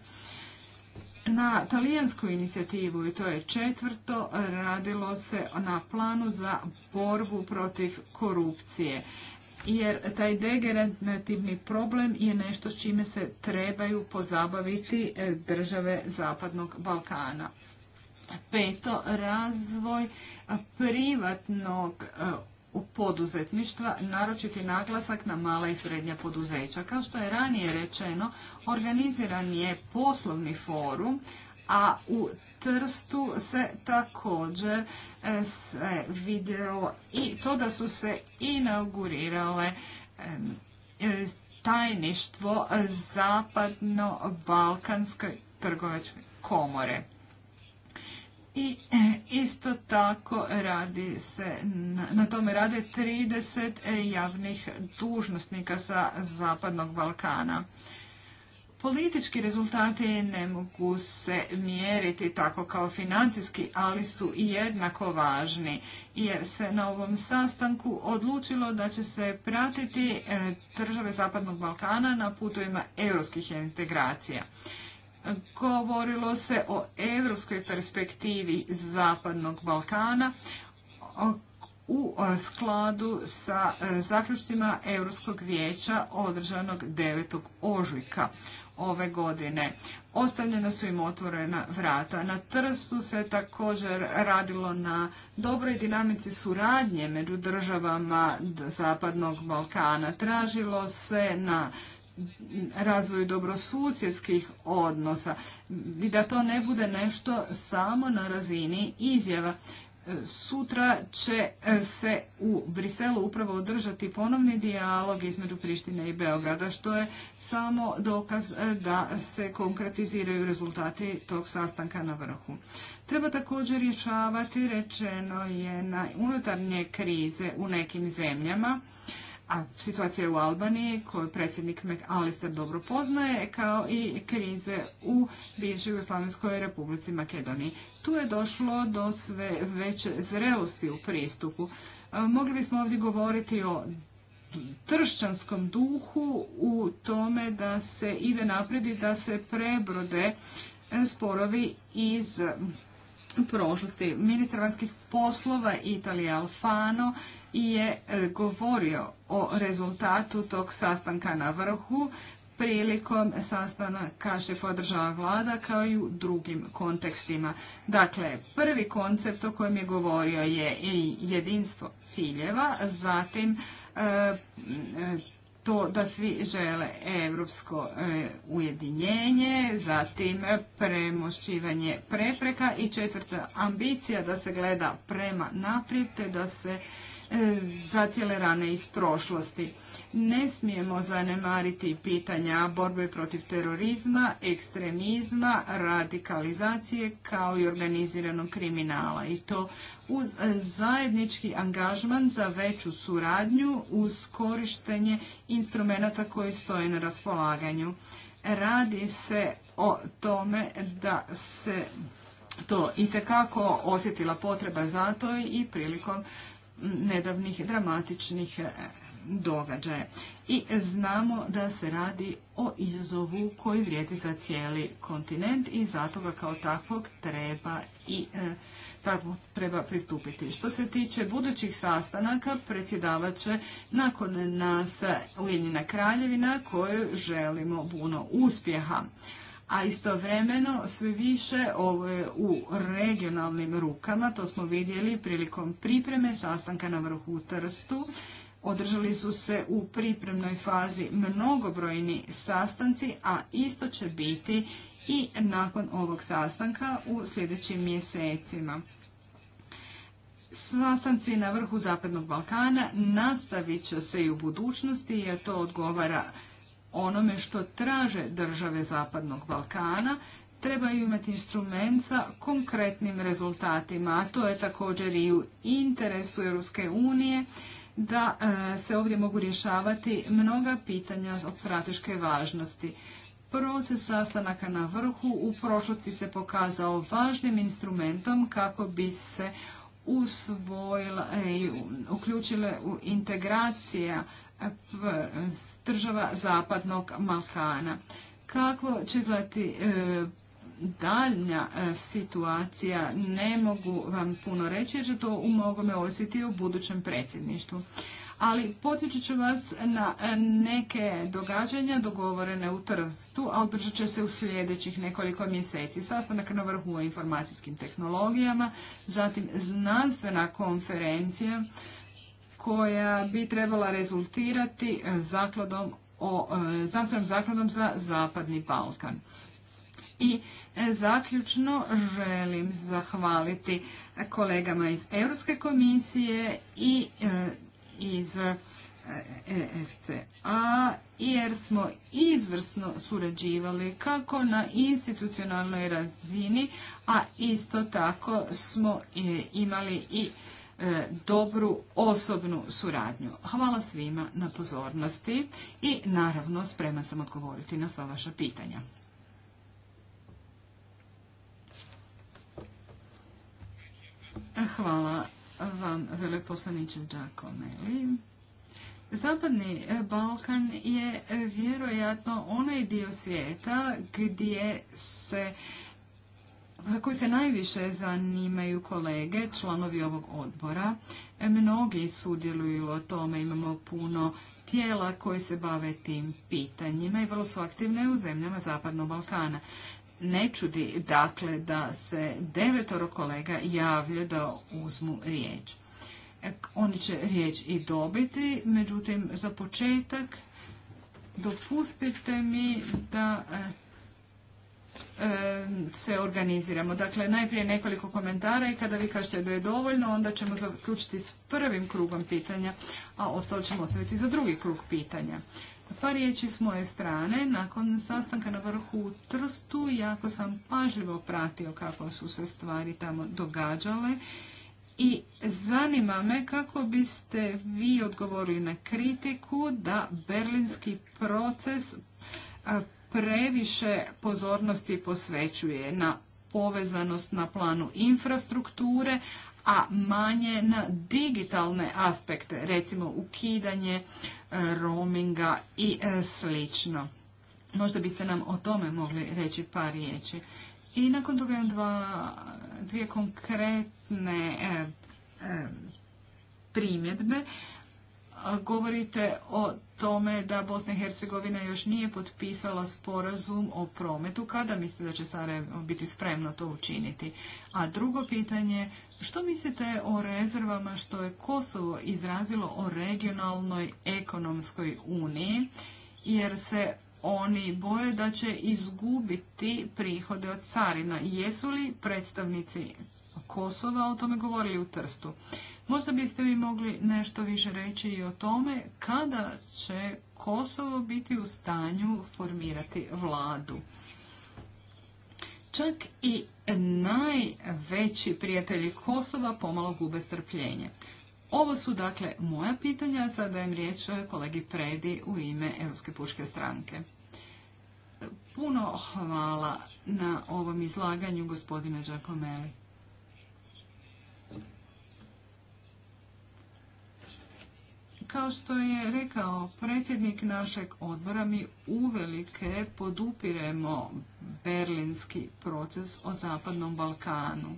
Na talijansku inicijativu, i to je četvrto, radilo se na planu za borbu protiv korupcije. Jer taj degenerativni problem je nešto s čime se trebaju pozabaviti e, države Zapadnog Balkana. Peto, razvoj privatnog e, u poduzetništva, naročiti naglasak na mala i srednja poduzeća. Kao što je ranije rečeno, organiziran je poslovni forum, a u Trstu se također e, se vidjelo i to da su se inaugurirale e, tajništvo zapadno-balkanske trgovačke komore. I e, isto tako radi se, na tome rade 30 e, javnih dužnosnika sa Zapadnog Balkana. Politički rezultati ne mogu se mjeriti tako kao financijski, ali su i jednako važni, jer se na ovom sastanku odlučilo da će se pratiti e, države Zapadnog Balkana na putovima europskih integracija govorilo se o europskoj perspektivi Zapadnog Balkana u skladu sa e, zaključcima Europskog vijeća održanog 9. ožujka ove godine. Ostavljena su im otvorena vrata. Na Trstu se također radilo na dobroj dinamici suradnje među državama Zapadnog Balkana. Tražilo se na razvoju dobrosusjedskih odnosa i da to ne bude nešto samo na razini izjava. E, sutra će e, se u Briselu upravo održati ponovni dijalog između Prištine i Beograda, što je samo dokaz e, da se konkretiziraju rezultati tog sastanka na vrhu. Treba također rješavati, rečeno je, na unutarnje krize u nekim zemljama a situacija u Albaniji koju predsjednik McAllister dobro poznaje, kao i krize u bivšoj Jugoslavenskoj republici Makedoniji. Tu je došlo do sve veće zrelosti u pristupu. E, mogli bismo ovdje govoriti o tršćanskom duhu u tome da se ide naprijed i da se prebrode sporovi iz prošlosti. Ministar vanjskih poslova Italije Alfano je e, govorio o rezultatu tog sastanka na vrhu prilikom sastanaka šef održava vlada kao i u drugim kontekstima. Dakle, prvi koncept o kojem je govorio je jedinstvo ciljeva, zatim e, e, to da svi žele europsko ujedinjenje, zatim premošćivanje prepreka i četvrta ambicija da se gleda prema naprijed te da se za cijele rane iz prošlosti. Ne smijemo zanemariti pitanja borbe protiv terorizma, ekstremizma, radikalizacije kao i organiziranog kriminala i to uz zajednički angažman za veću suradnju uz korištenje instrumenta koji stoje na raspolaganju. Radi se o tome da se to itekako osjetila potreba za to i prilikom nedavnih dramatičnih e, događaja. I znamo da se radi o izazovu koji vrijedi za cijeli kontinent i zato ga kao takvog treba i e, tako treba pristupiti. Što se tiče budućih sastanaka, predsjedavat će nakon nas Ujedinjena kraljevina koju želimo puno uspjeha a istovremeno sve više ovo u regionalnim rukama, to smo vidjeli prilikom pripreme sastanka na vrhu Trstu. Održali su se u pripremnoj fazi mnogobrojni sastanci, a isto će biti i nakon ovog sastanka u sljedećim mjesecima. Sastanci na vrhu Zapadnog Balkana nastavit će se i u budućnosti jer to odgovara onome što traže države Zapadnog Balkana, trebaju imati instrument sa konkretnim rezultatima, a to je također i u interesu Europske unije da e, se ovdje mogu rješavati mnoga pitanja od strateške važnosti. Proces sastanaka na vrhu u prošlosti se pokazao važnim instrumentom kako bi se usvojila, e, uključile u integracija država zapadnog Malkana. Kako će izgledati e, daljnja e, situacija ne mogu vam puno reći jer će to u mogome osjeti u budućem predsjedništvu. Ali podsjećat ću vas na e, neke događanja dogovorene u Trstu, a održat će se u sljedećih nekoliko mjeseci. Sastanak na vrhu o informacijskim tehnologijama, zatim znanstvena konferencija koja bi trebala rezultirati e, zakladom o, e, znanstvenom zakladom za Zapadni Balkan. I e, zaključno želim zahvaliti kolegama iz Europske komisije i iz EFCA jer smo izvrsno surađivali kako na institucionalnoj razini, a isto tako smo imali i E, dobru osobnu suradnju. Hvala svima na pozornosti i naravno spreman sam odgovoriti na sva vaša pitanja. E, hvala vam, veleposlaniče Giacomelli. Zapadni e, Balkan je vjerojatno onaj dio svijeta gdje se za koju se najviše zanimaju kolege, članovi ovog odbora. E, mnogi sudjeluju o tome, imamo puno tijela koji se bave tim pitanjima i vrlo su aktivne u zemljama Zapadnog Balkana. Ne čudi dakle da se devetoro kolega javlja da uzmu riječ. E, oni će riječ i dobiti, međutim za početak dopustite mi da e, se organiziramo. Dakle, najprije nekoliko komentara i kada vi kažete da je dovoljno, onda ćemo zaključiti s prvim krugom pitanja, a ostalo ćemo ostaviti za drugi krug pitanja. Pa riječi s moje strane, nakon sastanka na vrhu u Trstu, jako sam pažljivo pratio kako su se stvari tamo događale i zanima me kako biste vi odgovorili na kritiku da berlinski proces previše pozornosti posvećuje na povezanost na planu infrastrukture, a manje na digitalne aspekte, recimo ukidanje e, roaminga i e, slično. Možda bi se nam o tome mogli reći par riječi. I nakon toga imam dvije konkretne e, primjedbe govorite o tome da Bosna i Hercegovina još nije potpisala sporazum o prometu. Kada mislite da će Sarajevo biti spremno to učiniti? A drugo pitanje, što mislite o rezervama što je Kosovo izrazilo o regionalnoj ekonomskoj uniji? Jer se oni boje da će izgubiti prihode od carina. Jesu li predstavnici Kosova o tome govorili u Trstu? Možda biste vi mogli nešto više reći i o tome kada će Kosovo biti u stanju formirati vladu. Čak i najveći prijatelji Kosova pomalo gube strpljenje. Ovo su dakle moja pitanja, sada im riječ kolegi Predi u ime Europske puške stranke. Puno hvala na ovom izlaganju gospodine Giacomelli. Kao što je rekao predsjednik našeg odbora, mi uvelike podupiremo berlinski proces o Zapadnom Balkanu.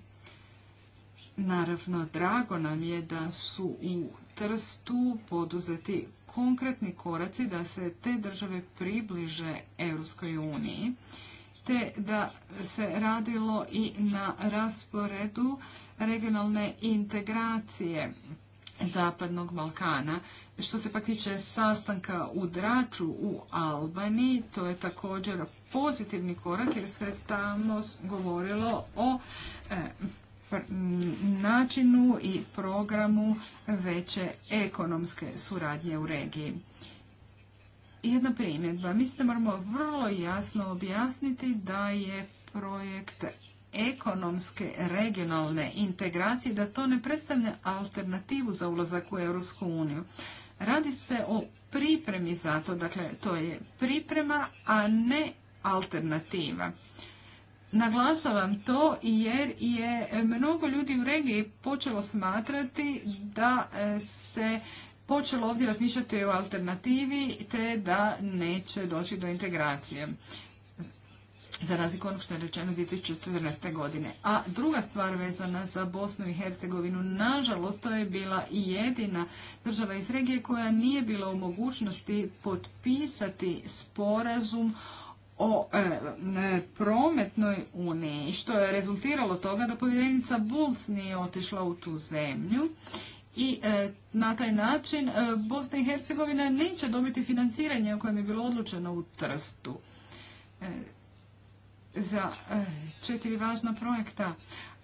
Naravno, drago nam je da su u Trstu poduzeti konkretni koraci da se te države približe Europskoj uniji, te da se radilo i na rasporedu regionalne integracije Zapadnog Balkana. Što se pak tiče sastanka u Draču u Albaniji, to je također pozitivni korak jer se tamo govorilo o e, načinu i programu veće ekonomske suradnje u regiji. Jedna primjedba. Mislim da moramo vrlo jasno objasniti da je projekt ekonomske regionalne integracije da to ne predstavlja alternativu za ulazak u Europsku uniju. Radi se o pripremi za to, dakle to je priprema, a ne alternativa. Naglašavam to jer je mnogo ljudi u regiji počelo smatrati da e, se počelo ovdje razmišljati o alternativi te da neće doći do integracije za razliku onog što je rečeno 2014. godine. A druga stvar vezana za Bosnu i Hercegovinu, nažalost, to je bila i jedina država iz regije koja nije bila u mogućnosti potpisati sporazum o e, e, prometnoj uniji, što je rezultiralo toga da povjerenica Bulc nije otišla u tu zemlju i e, na taj način Bosna i Hercegovina neće dobiti financiranje o kojem je bilo odlučeno u Trstu za e, četiri važna projekta.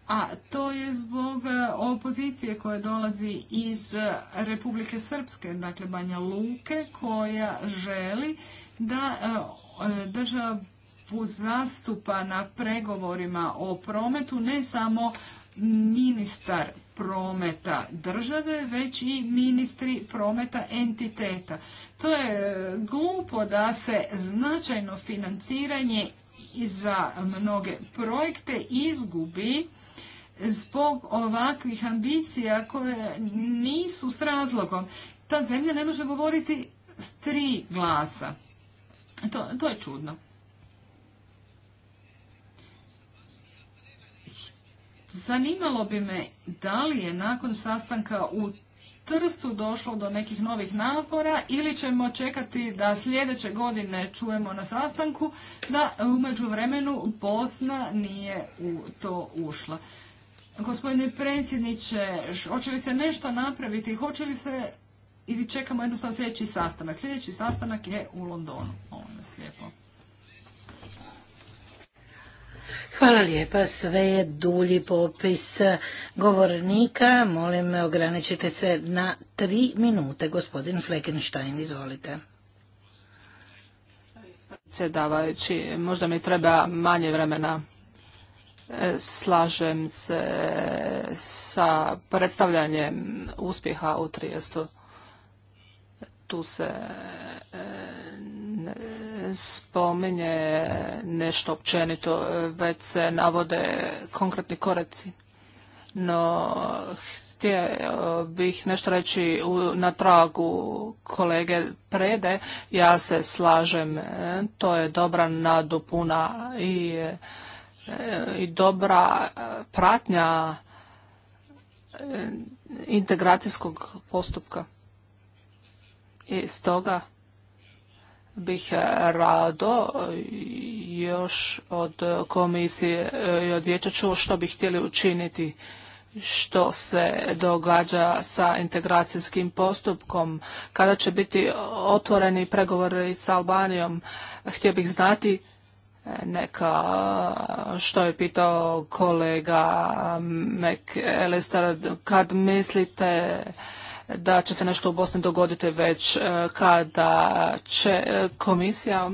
A to je zbog e, opozicije koja dolazi iz e, Republike Srpske, dakle Banja Luke, koja želi da državu zastupa na pregovorima o prometu ne samo ministar prometa države, već i ministri prometa entiteta. To je glupo da se značajno financiranje za mnoge projekte izgubi zbog ovakvih ambicija koje nisu s razlogom. Ta zemlja ne može govoriti s tri glasa. To, to je čudno. Zanimalo bi me da li je nakon sastanka u Trstu došlo do nekih novih napora ili ćemo čekati da sljedeće godine čujemo na sastanku da umeđu vremenu Bosna nije u to ušla. Gospodine predsjedniče, hoće li se nešto napraviti? Hoće li se ili čekamo jednostavno sljedeći sastanak? Sljedeći sastanak je u Londonu. Ovo nas lijepo. Hvala lijepa. Sve je dulji popis govornika. Molim me ograničite se na tri minute. Gospodin Fleckenstein, izvolite. Predsjedavajući, možda mi treba manje vremena. E, slažem se sa predstavljanjem uspjeha u Trijestu. Tu se e, spominje nešto općenito, već se navode konkretni koreci. No, htio bih nešto reći na tragu kolege Prede. Ja se slažem, e, to je dobra nadopuna i, e, i dobra pratnja e, integracijskog postupka. I stoga bih eh, rado eh, još od komisije eh, i od vječa čuo što bi htjeli učiniti što se događa sa integracijskim postupkom, kada će biti otvoreni pregovori s Albanijom. Htio bih znati neka, što je pitao kolega Mek kad mislite da će se nešto u Bosni dogoditi već e, kada će e, komisija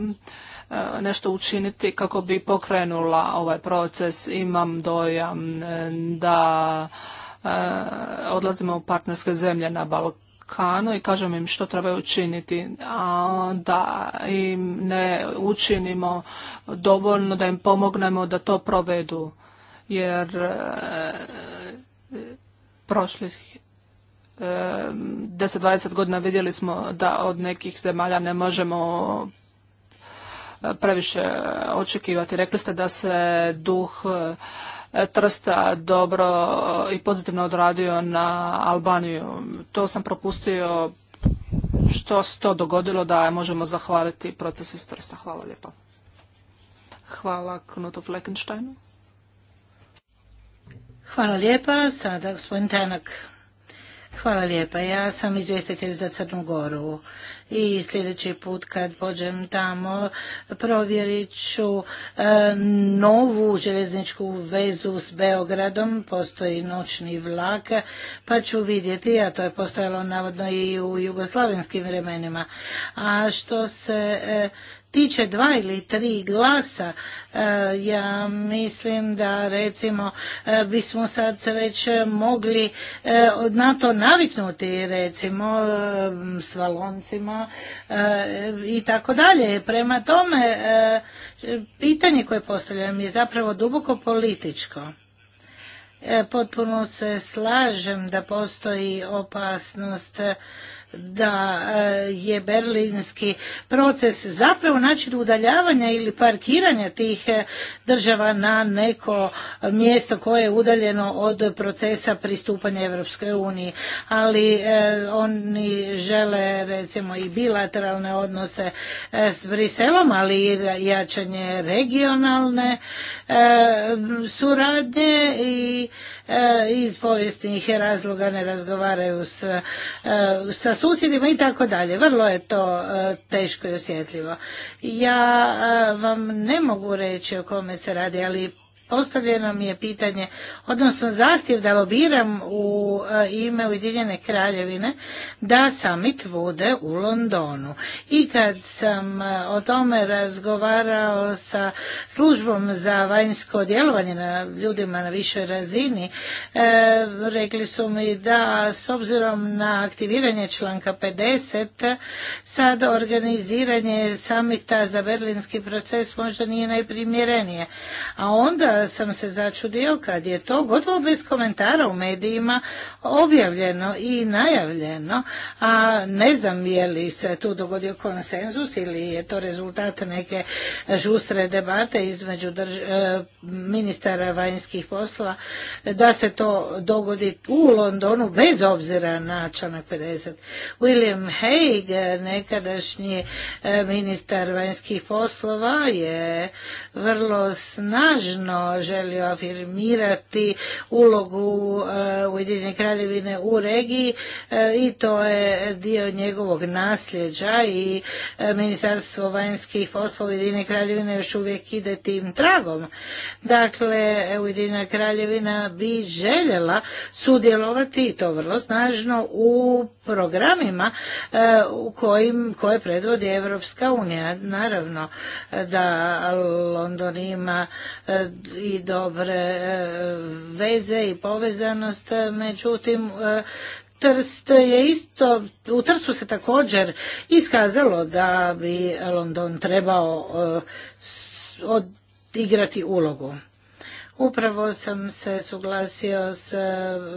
e, nešto učiniti kako bi pokrenula ovaj proces. Imam dojam da odlazimo u partnerske zemlje na Balkanu i kažem im što treba učiniti, a da im ne učinimo dovoljno, da im pomognemo da to provedu. Jer prošlih 10-20 ehm, godina vidjeli smo da od nekih zemalja ne možemo e, previše očekivati. Rekli ste da se duh e, Trsta dobro i pozitivno odradio na Albaniju. To sam propustio što se to dogodilo da možemo zahvaliti procesu iz Trsta. Hvala lijepo. Hvala Knutu Fleckensteinu. Hvala lijepa. Sada gospodin Hvala lijepa. Ja sam izvjestitelj za Crnu Goru i sljedeći put kad pođem tamo provjerit ću e, novu željezničku vezu s Beogradom, postoji noćni vlak, pa ću vidjeti, a to je postojalo navodno i u jugoslavenskim vremenima. A što se e, tiče dva ili tri glasa, e, ja mislim da recimo e, bismo sad već mogli e, na to naviknuti recimo s valoncima i tako dalje. Prema tome, pitanje koje postavljam je zapravo duboko političko. Potpuno se slažem da postoji opasnost da e, je berlinski proces zapravo način udaljavanja ili parkiranja tih e, država na neko mjesto koje je udaljeno od procesa pristupanja Europskoj uniji. Ali e, oni žele recimo i bilateralne odnose s Briselom, ali i jačanje regionalne suradnje i E, iz povijesnih razloga ne razgovaraju s, e, sa susjedima i tako dalje. Vrlo je to e, teško i osjetljivo. Ja vam ne mogu reći o kome se radi, ali postavljeno mi je pitanje, odnosno zahtjev da lobiram u e, ime Ujedinjene kraljevine da summit bude u Londonu. I kad sam e, o tome razgovarao sa službom za vanjsko djelovanje na ljudima na višoj razini, e, rekli su mi da s obzirom na aktiviranje članka 50, sad organiziranje samita za berlinski proces možda nije najprimjerenije. A onda sam se začudio kad je to gotovo bez komentara u medijima objavljeno i najavljeno, a ne znam je li se tu dogodio konsenzus ili je to rezultat neke žustre debate između e, ministara vanjskih poslova da se to dogodi u Londonu bez obzira na članak 50. William Haig, nekadašnji e, ministar vanjskih poslova je vrlo snažno želio afirmirati ulogu e, Ujedinjene kraljevine u regiji e, i to je dio njegovog nasljeđa i e, Ministarstvo vanjskih poslova Ujedinjene kraljevine još uvijek ide tim tragom. Dakle, Ujedinjena kraljevina bi željela sudjelovati i to vrlo snažno u programima u kojim, koje predvodi Evropska unija. Naravno da London ima i dobre e, veze i povezanost, e, međutim e, Trst je isto, u Trstu se također iskazalo da bi London trebao odigrati ulogu. Upravo sam se suglasio s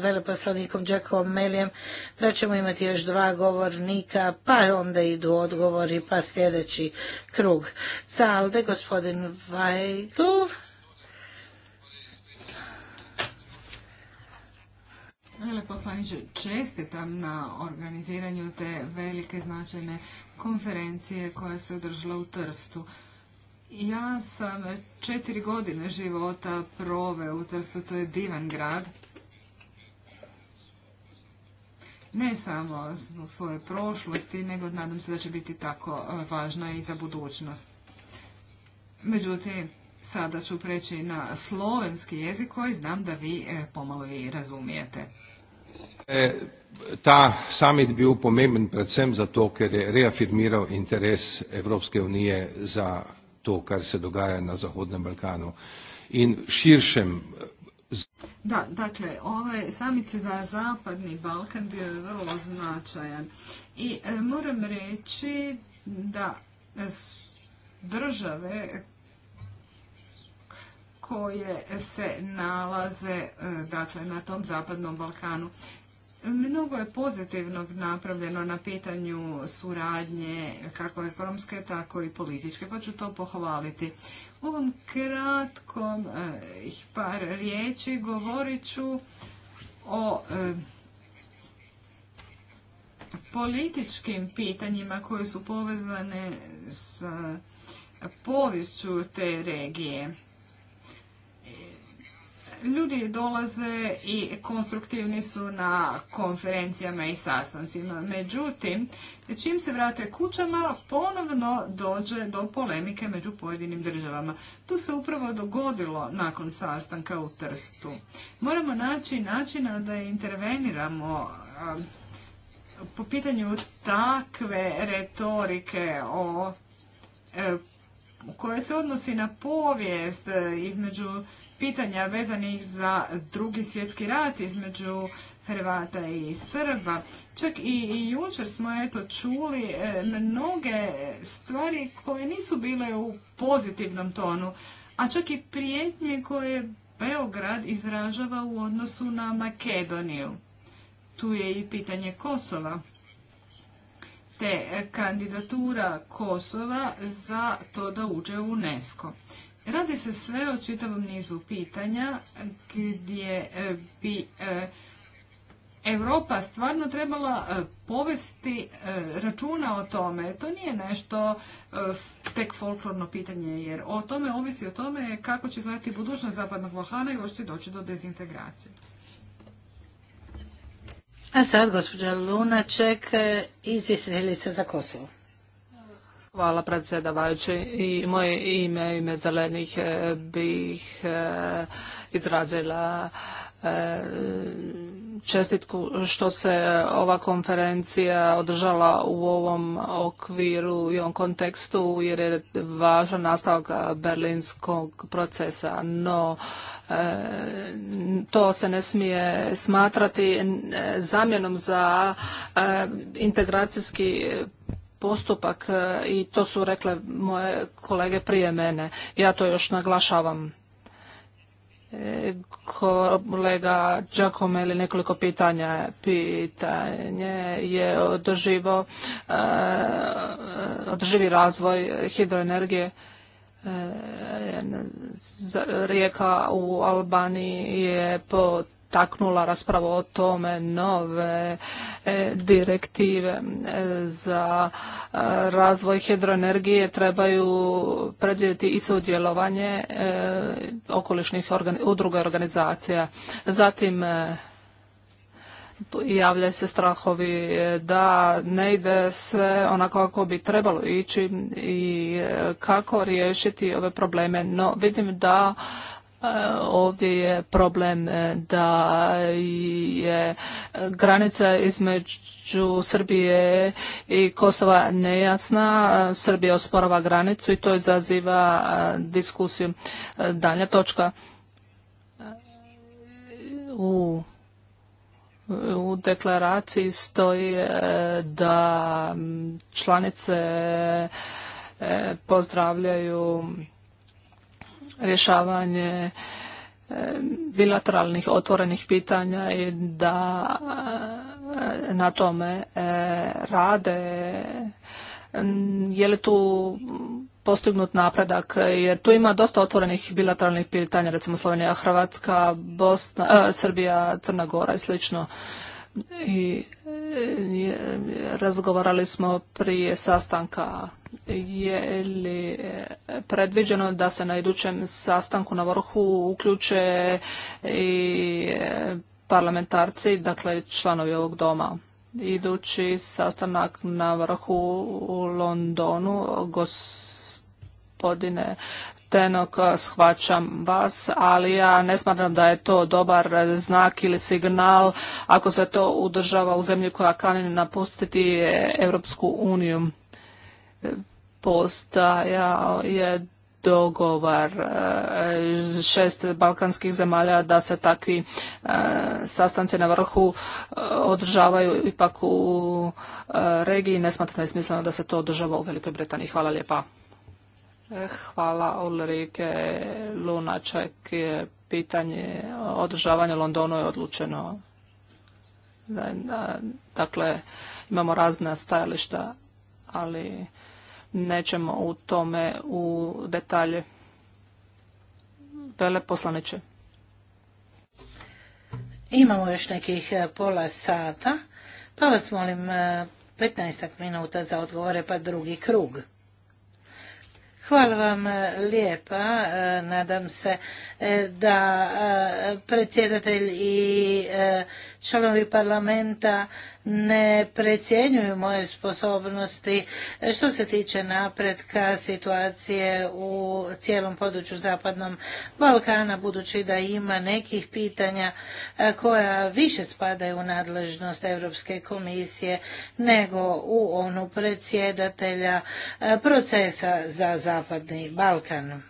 veleposlanikom Jackom Melijem da ćemo imati još dva govornika, pa onda idu odgovori, pa sljedeći krug. Salde, gospodin Vajglov. Veleposlaniče, čestitam na organiziranju te velike značajne konferencije koja se održala u Trstu. Ja sam četiri godine života prove u Trstu, to je divan grad. Ne samo zbog svoje prošlosti, nego nadam se da će biti tako e, važna i za budućnost. Međutim, sada ću preći na slovenski jezik koji znam da vi e, pomalo i razumijete. E, ta summit bil pomemben predvsem zato, ker je reafirmiral interes Evropske unije za to, kar se dogaja na Zahodnem Balkanu in širšem. Da, dakle, ovaj samit za Zapadni Balkan bio je vrlo značajan i e, moram reći da države koje se nalaze e, dakle, na tom zapadnom Balkanu Mnogo je pozitivnog napravljeno na pitanju suradnje kako ekonomske, tako i političke, pa ću to pohvaliti. U ovom kratkom e, par riječi govorit ću o e, političkim pitanjima koje su povezane sa poviješću te regije. Ljudi dolaze i konstruktivni su na konferencijama i sastancima. Međutim, čim se vrate kućama, ponovno dođe do polemike među pojedinim državama. To se upravo dogodilo nakon sastanka u Trstu. Moramo naći načina da interveniramo po pitanju takve retorike o e, koje se odnosi na povijest između pitanja vezanih za drugi svjetski rat između Hrvata i Srba. Čak i, jučer smo eto čuli e, mnoge stvari koje nisu bile u pozitivnom tonu, a čak i prijetnje koje Beograd izražava u odnosu na Makedoniju. Tu je i pitanje Kosova te kandidatura Kosova za to da uđe u UNESCO. Radi se sve o čitavom nizu pitanja gdje e, bi e, Europa stvarno trebala e, povesti računa o tome. To nije nešto tek folklorno pitanje, jer o tome ovisi o tome kako će izgledati budućnost Zapadnog Balkana i još će doći do dezintegracije. A sad, gospođa Lunaček, izvjestiteljica za Kosovo. Hvala predsjedavajući. I moje ime, ime zelenih, eh, bih eh, izrazila eh, čestitku što se ova konferencija održala u ovom okviru i ovom kontekstu jer je važan nastavak berlinskog procesa. No, to se ne smije smatrati zamjenom za integracijski postupak e, i to su rekle moje kolege prije mene. Ja to još naglašavam. E, kolega Giacomo ili nekoliko pitanja. Pitanje je održivo, e, održivi razvoj hidroenergije rijeka u Albaniji je pod taknula raspravu o tome nove e, direktive e, za e, razvoj hidroenergije trebaju predvidjeti i sudjelovanje okolišnih udruga i organizacija. Zatim javljaju se strahovi da ne ide sve onako kako bi trebalo ići i kako riješiti ove probleme. No vidim da E, ovdje je problem e, da je granica između Srbije i Kosova nejasna. Srbija osporava granicu i to izaziva e, diskusiju. Dalja točka u u deklaraciji stoji da članice pozdravljaju rješavanje e, bilateralnih otvorenih pitanja i da e, na tome e, rade. Je li tu postignut napredak? Jer tu ima dosta otvorenih bilateralnih pitanja, recimo Slovenija, Hrvatska, Bosna, Srbija, Crna Gora i slično. I razgovarali smo prije sastanka je li predviđeno da se na idućem sastanku na vrhu uključe i parlamentarci, dakle članovi ovog doma. Idući sastanak na vrhu u Londonu, gospodine Tenok, shvaćam vas, ali ja ne smatram da je to dobar znak ili signal ako se to udržava u zemlji koja kani napustiti Europsku uniju. E, Postaja je dogovar e, šest balkanskih zemalja da se takvi e, sastanci na vrhu održavaju ipak u regiji. Ne smatram da je smisleno da se to održava u Velikoj Britaniji. Hvala lijepa. Hvala Ulrike je Pitanje održavanje Londonu je odlučeno. Dakle, imamo razna stajališta, ali nećemo u tome u detalje. Veleposlaniče. Imamo još nekih e, pola sata, pa vas molim 15 e, minuta za odgovore, pa drugi krug. Hvala vam e, lijepa. E, nadam se e, da predsjedatelj i članovi parlamenta ne precjenjuju moje sposobnosti što se tiče napretka situacije u cijelom području Zapadnom Balkana, budući da ima nekih pitanja koja više spadaju u nadležnost Europske komisije nego u onu predsjedatelja procesa za Zapadni Balkan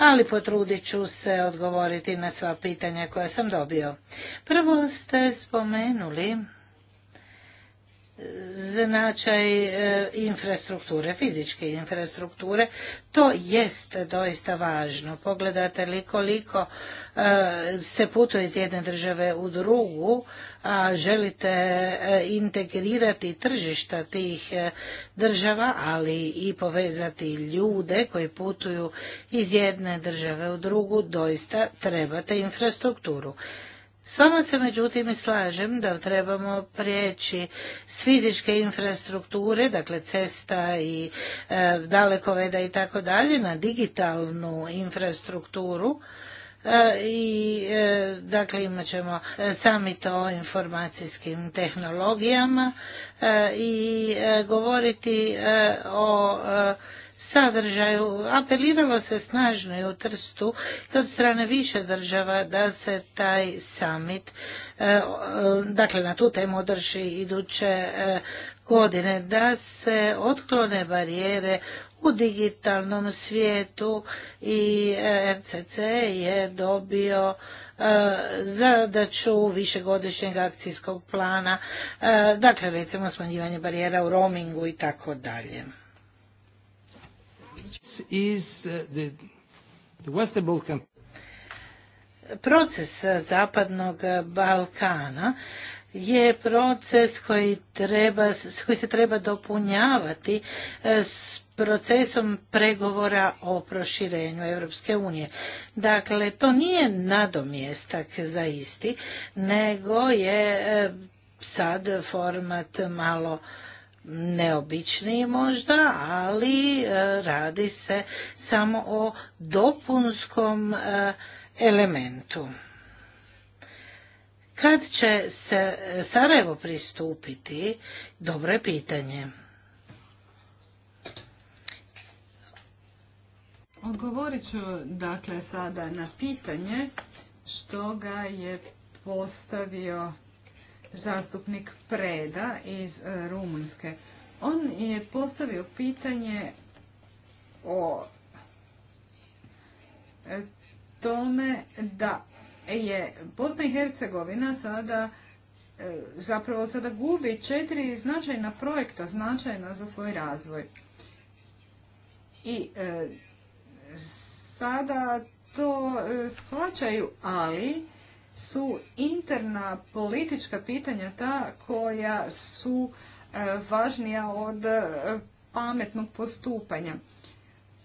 ali potrudit ću se odgovoriti na sva pitanja koja sam dobio. Prvo ste spomenuli značaj e, infrastrukture, fizičke infrastrukture. To jest doista važno. Pogledate li koliko e, se putuje iz jedne države u drugu, a želite e, integrirati tržišta tih država, ali i povezati ljude koji putuju iz jedne države u drugu, doista trebate infrastrukturu. S vama se međutim slažem da trebamo prijeći s fizičke infrastrukture, dakle cesta i e, dalekoveda i tako dalje, na digitalnu infrastrukturu e, i e, dakle imat ćemo to o informacijskim tehnologijama i govoriti o sadržaju. Apeliralo se snažno i u Trstu i od strane više država da se taj summit, e, e, dakle na tu temu održi iduće e, godine, da se otklone barijere u digitalnom svijetu i RCC je dobio zadaću višegodišnjeg akcijskog plana, dakle recimo smanjivanje barijera u roamingu i tako dalje is uh, the, proces zapadnog Balkana je proces koji, treba, koji se treba dopunjavati e, s procesom pregovora o proširenju Europske unije. Dakle, to nije nadomjestak za isti, nego je e, sad format malo neobičniji možda, ali e, radi se samo o dopunskom e, elementu. Kad će se Sarajevo pristupiti, dobro je pitanje. Odgovorit ću dakle sada na pitanje što ga je postavio zastupnik Preda iz e, Rumunjske. On je postavio pitanje o e, tome da je Bosna i Hercegovina sada e, zapravo sada gubi četiri značajna projekta značajna za svoj razvoj. I sada to shvaćaju, ali su interna politička pitanja ta koja su e, važnija od e, pametnog postupanja.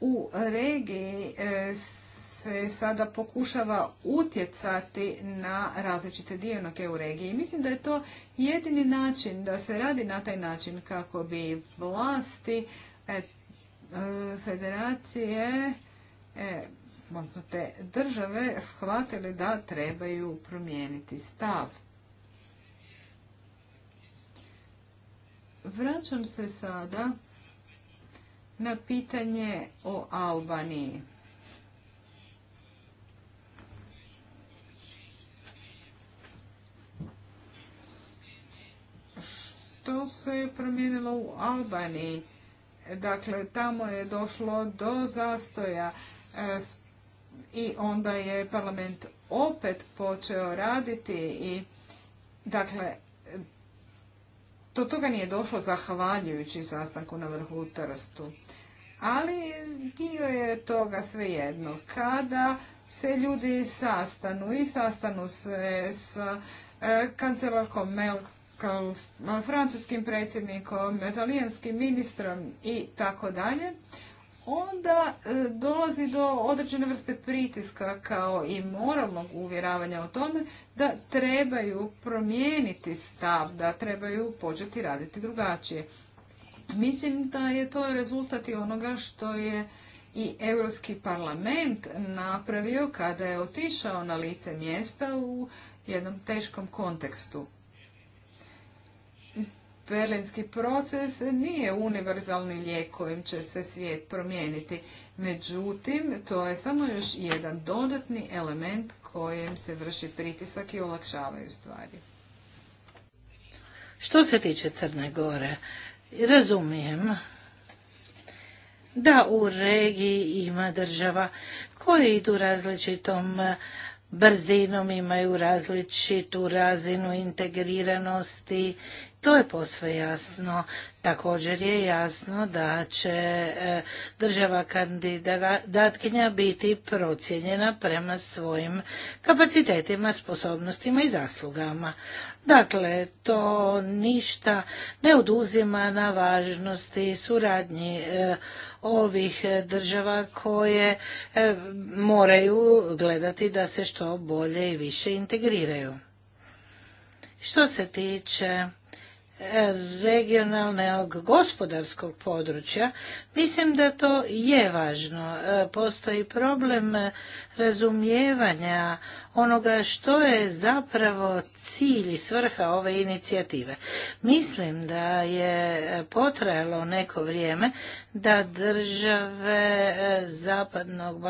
U regiji e, se sada pokušava utjecati na različite dionake u regiji. Mislim da je to jedini način da se radi na taj način kako bi vlasti federacije odnosno te države shvatili da trebaju promijeniti stav. Vraćam se sada na pitanje o Albaniji. Što se je promijenilo u Albaniji? Dakle, tamo je došlo do zastoja e, i onda je parlament opet počeo raditi i dakle do toga nije došlo zahvaljujući sastanku na vrhu Trstu. Ali dio je toga svejedno. Kada se ljudi sastanu i sastanu se s e, kancelarkom francuskim predsjednikom, italijanskim ministrom i tako dalje, onda e, dolazi do određene vrste pritiska kao i moralnog uvjeravanja o tome da trebaju promijeniti stav, da trebaju početi raditi drugačije. Mislim da je to rezultat i onoga što je i Europski parlament napravio kada je otišao na lice mjesta u jednom teškom kontekstu. Berlinski proces nije univerzalni lijek kojim će se svijet promijeniti. Međutim, to je samo još jedan dodatni element kojem se vrši pritisak i olakšavaju stvari. Što se tiče Crne Gore, razumijem da u regiji ima država koje idu različitom brzinom, imaju različitu razinu integriranosti to je posve jasno. Također je jasno da će e, država kandidatkinja biti procijenjena prema svojim kapacitetima, sposobnostima i zaslugama. Dakle, to ništa ne oduzima na važnosti suradnji e, ovih država koje e, moraju gledati da se što bolje i više integriraju. Što se tiče regionalnog gospodarskog područja, mislim da to je važno. E, postoji problem e, razumijevanja onoga što je zapravo cilj i svrha ove inicijative. Mislim da je potrajalo neko vrijeme da države e, Zapadnog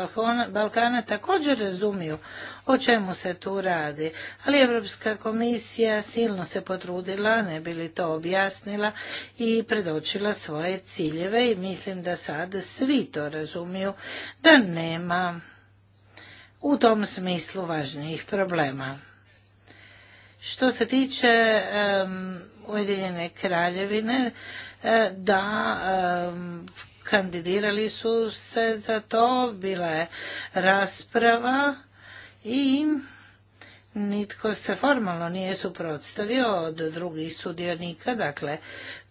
Balkana također razumiju o čemu se tu radi, ali Europska komisija silno se potrudila, ne bi li to objasnila i predočila svoje ciljeve i mislim da sad svi to razumiju da nema u tom smislu važnijih problema. Što se tiče Ujedinjene kraljevine, eh, da kandidirali su se za to, bila je rasprava i nitko se formalno nije suprotstavio od drugih sudionika, dakle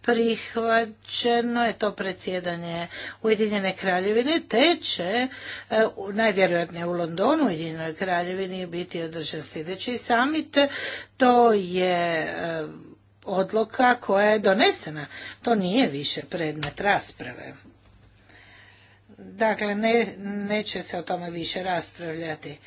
prihvaćeno je to predsjedanje Ujedinjene kraljevine, te će e, najvjerojatnije u Londonu Ujedinjenoj kraljevini biti održan sljedeći summit. To je e, odluka koja je donesena. To nije više predmet rasprave. Dakle, neće se o tome više raspravljati.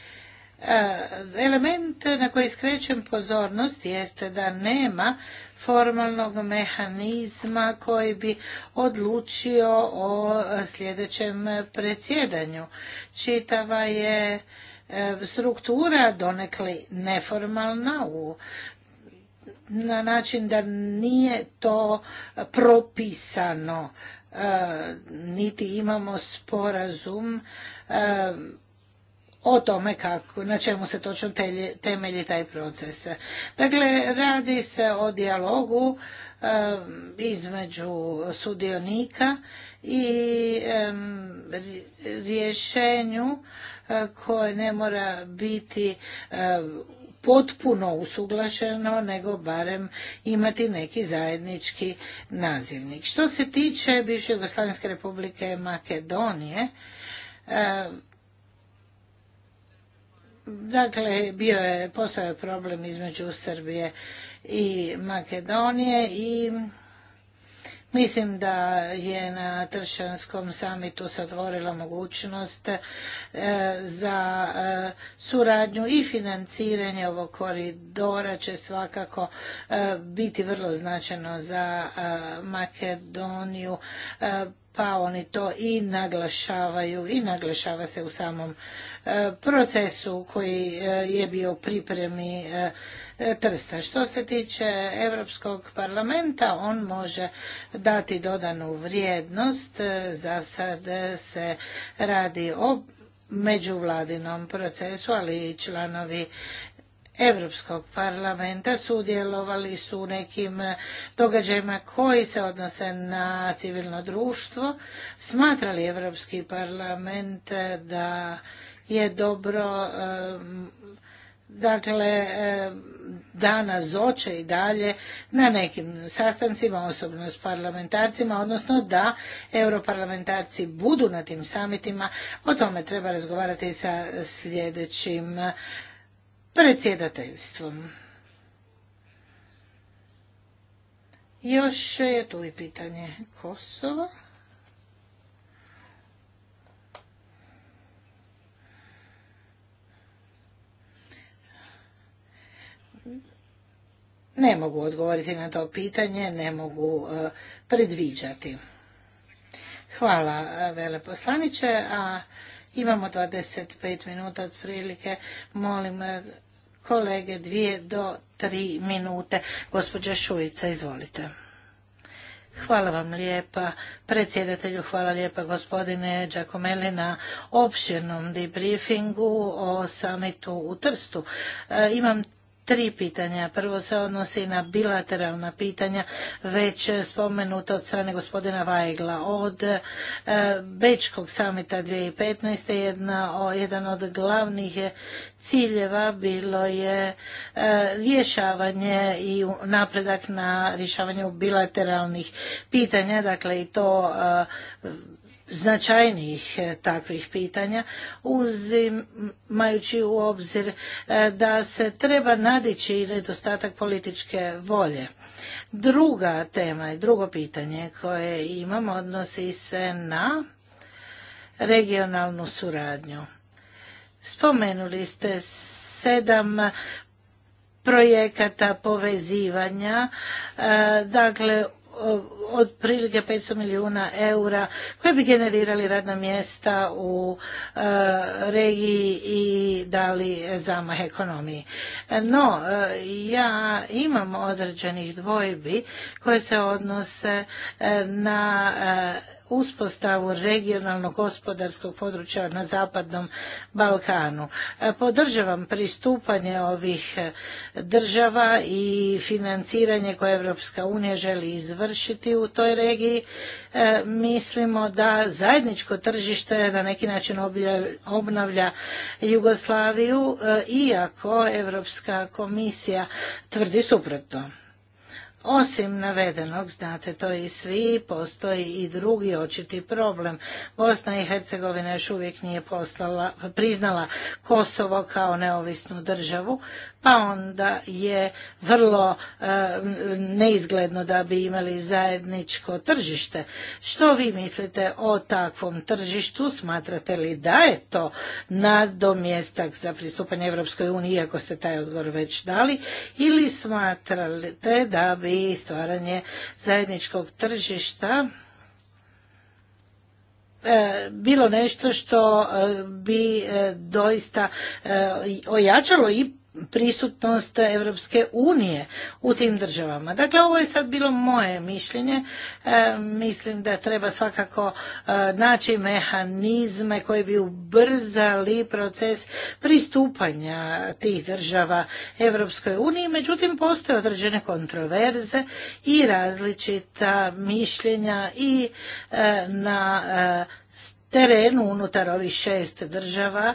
E, element na koji skrećem pozornost jeste da nema formalnog mehanizma koji bi odlučio o sljedećem predsjedanju. Čitava je e, struktura donekli neformalna u na način da nije to propisano e, niti imamo sporazum o tome kako, na čemu se točno telje, temelji taj proces. Dakle, radi se o dijalogu između sudionika i rješenju e, koje ne mora biti potpuno usuglašeno, nego barem imati neki zajednički nazivnik. Što se tiče bivše Jugoslavenske republike Makedonije, Dakle, bio je, postojao problem između Srbije i Makedonije i Mislim da je na Tršanskom samitu se otvorila mogućnost e, za e, suradnju i financiranje ovog koridora će svakako e, biti vrlo značajno za Makedoniju pa oni to i naglašavaju i naglašava se u samom e, procesu koji e, je bio pripremi e, Trsta. Što se tiče Europskog parlamenta, on može dati dodanu vrijednost. Za sad se radi o međuvladinom procesu, ali i članovi Europskog parlamenta sudjelovali su u nekim eh, događajima koji se odnose na civilno društvo. Smatrali Europski parlament eh, da je dobro eh, dakle dana zoče i dalje na nekim sastancima osobno s parlamentarcima odnosno da europarlamentarci budu na tim samitima o tome treba razgovarati sa sljedećim predsjedateljstvom. Još je tu i pitanje Kosova. Ne mogu odgovoriti na to pitanje, ne mogu e, predviđati. Hvala e, veleposlaniče, a imamo 25 minuta otprilike. Molim e, kolege dvije do tri minute. Gospođa Šujica, izvolite. Hvala vam lijepa predsjedatelju, hvala lijepa gospodine Đakomeli na opširnom debriefingu o samitu u Trstu. E, imam tri pitanja. Prvo se odnosi na bilateralna pitanja, već spomenuta od strane gospodina Vajgla. Od e, Bečkog samita 2015. Jedna, jedan od glavnih ciljeva bilo je e, rješavanje i napredak na rješavanju bilateralnih pitanja, dakle i to e, značajnijih e, takvih pitanja, uzimajući u obzir e, da se treba nadići nedostatak političke volje. Druga tema i drugo pitanje koje imamo odnosi se na regionalnu suradnju. Spomenuli ste sedam projekata povezivanja, e, dakle od prilike 500 milijuna eura koje bi generirali radna mjesta u e, regiji i dali zamah ekonomiji. No, e, ja imam određenih dvojbi koje se odnose e, na uspostavu regionalnog gospodarskog područja na Zapadnom Balkanu. E, podržavam pristupanje ovih e, država i financiranje koje Evropska unija želi izvršiti u toj regiji. E, mislimo da zajedničko tržište na neki način obnavlja Jugoslaviju, iako Evropska komisija tvrdi suprotno. Osim navedenog, znate to i svi, postoji i drugi očiti problem. Bosna i Hercegovina još uvijek nije poslala, priznala Kosovo kao neovisnu državu, pa onda je vrlo e, neizgledno da bi imali zajedničko tržište. Što vi mislite o takvom tržištu? Smatrate li da je to nadomjestak za pristupanje Europskoj uniji, iako ste taj odgovor već dali, ili smatrate da bi stvaranje zajedničkog tržišta e, bilo nešto što e, bi doista ojačalo i prisutnost Europske unije u tim državama. Dakle, ovo je sad bilo moje mišljenje. E, mislim da treba svakako e, naći mehanizme koji bi ubrzali proces pristupanja tih država Europskoj uniji. Međutim, postoje određene kontroverze i različita mišljenja i e, na terenu unutar ovih šest država e,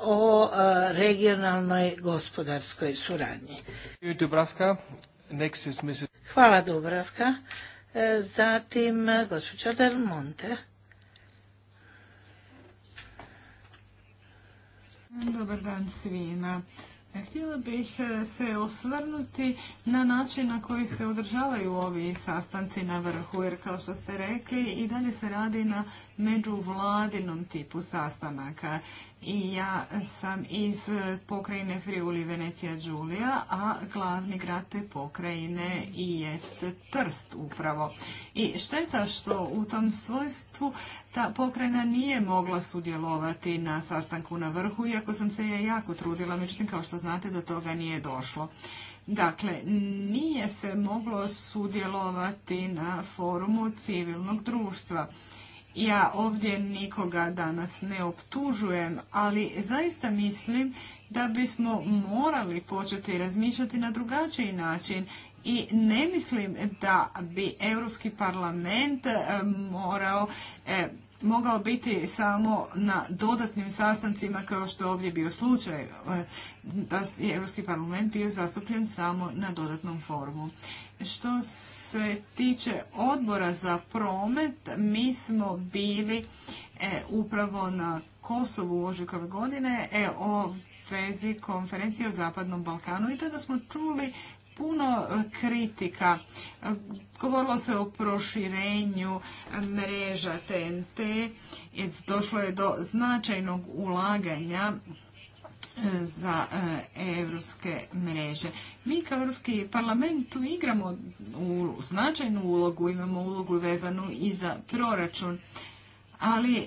o e, regionalnoj gospodarskoj suradnji. Hvala Dubravka. E, zatim gospođa Del Monte. Dobar dan svima. Htjela bih e, se osvrnuti na način na koji se održavaju ovi sastanci na vrhu, jer kao što ste rekli i dalje se radi na međuvladinom tipu sastanaka. I ja sam iz pokrajine Friuli Venecija Đulija, a glavni grad te pokrajine i jest Trst upravo. I šteta što u tom svojstvu ta pokrajina nije mogla sudjelovati na sastanku na vrhu, iako sam se ja jako trudila, međutim kao što znate do toga nije došlo. Dakle, nije se moglo sudjelovati na forumu civilnog društva. Ja ovdje nikoga danas ne optužujem, ali zaista mislim da bismo morali početi razmišljati na drugačiji način i ne mislim da bi Europski parlament eh, morao eh, mogao biti samo na dodatnim sastancima kao što je ovdje bio slučaj eh, da je Europski parlament bio zastupljen samo na dodatnom forumu. Što se tiče odbora za promet, mi smo bili eh, upravo na Kosovu u godine e, o vezi konferencije o Zapadnom Balkanu i tada smo čuli puno e, kritika. E, govorilo se o proširenju mreža TNT. E, došlo je do značajnog ulaganja za europske mreže. Mi kao Europski parlament tu igramo u značajnu ulogu, imamo ulogu vezanu i za proračun, ali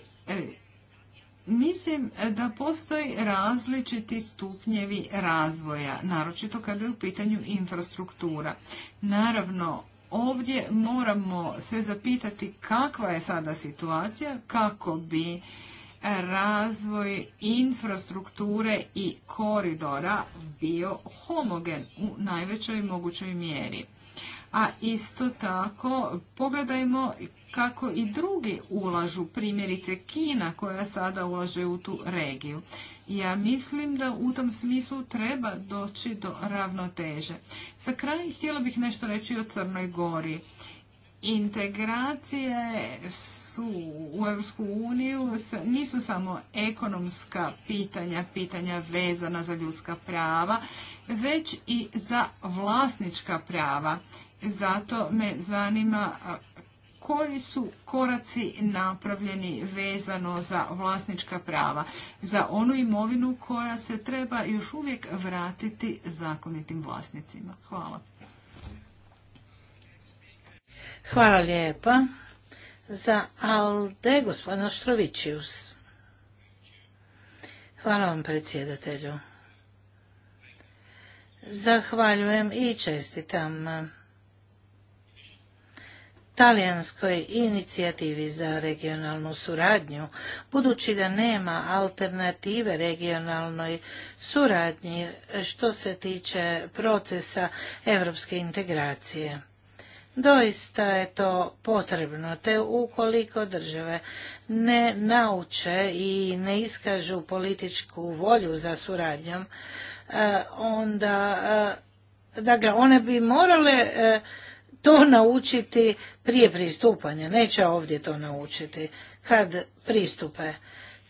Mislim da postoji različiti stupnjevi razvoja, naročito kada je u pitanju infrastruktura. Naravno, ovdje moramo se zapitati kakva je sada situacija kako bi razvoj infrastrukture i koridora bio homogen u najvećoj mogućoj mjeri. A isto tako pogledajmo kako i drugi ulažu, primjerice Kina koja sada ulaže u tu regiju. Ja mislim da u tom smislu treba doći do ravnoteže. Za kraj htjela bih nešto reći o Crnoj Gori. Integracije su u Europsku uniju nisu samo ekonomska pitanja, pitanja vezana za ljudska prava, već i za vlasnička prava. Zato me zanima koji su koraci napravljeni vezano za vlasnička prava, za onu imovinu koja se treba još uvijek vratiti zakonitim vlasnicima. Hvala. Hvala lijepa. Za Alde, gospodin Oštrovićius. Hvala vam, predsjedatelju. Zahvaljujem i čestitam talijanskoj inicijativi za regionalnu suradnju, budući da nema alternative regionalnoj suradnji što se tiče procesa europske integracije. Doista je to potrebno, te ukoliko države ne nauče i ne iskažu političku volju za suradnjom, eh, onda, eh, dakle, one bi morale eh, to naučiti prije pristupanja, neće ovdje to naučiti kad pristupe.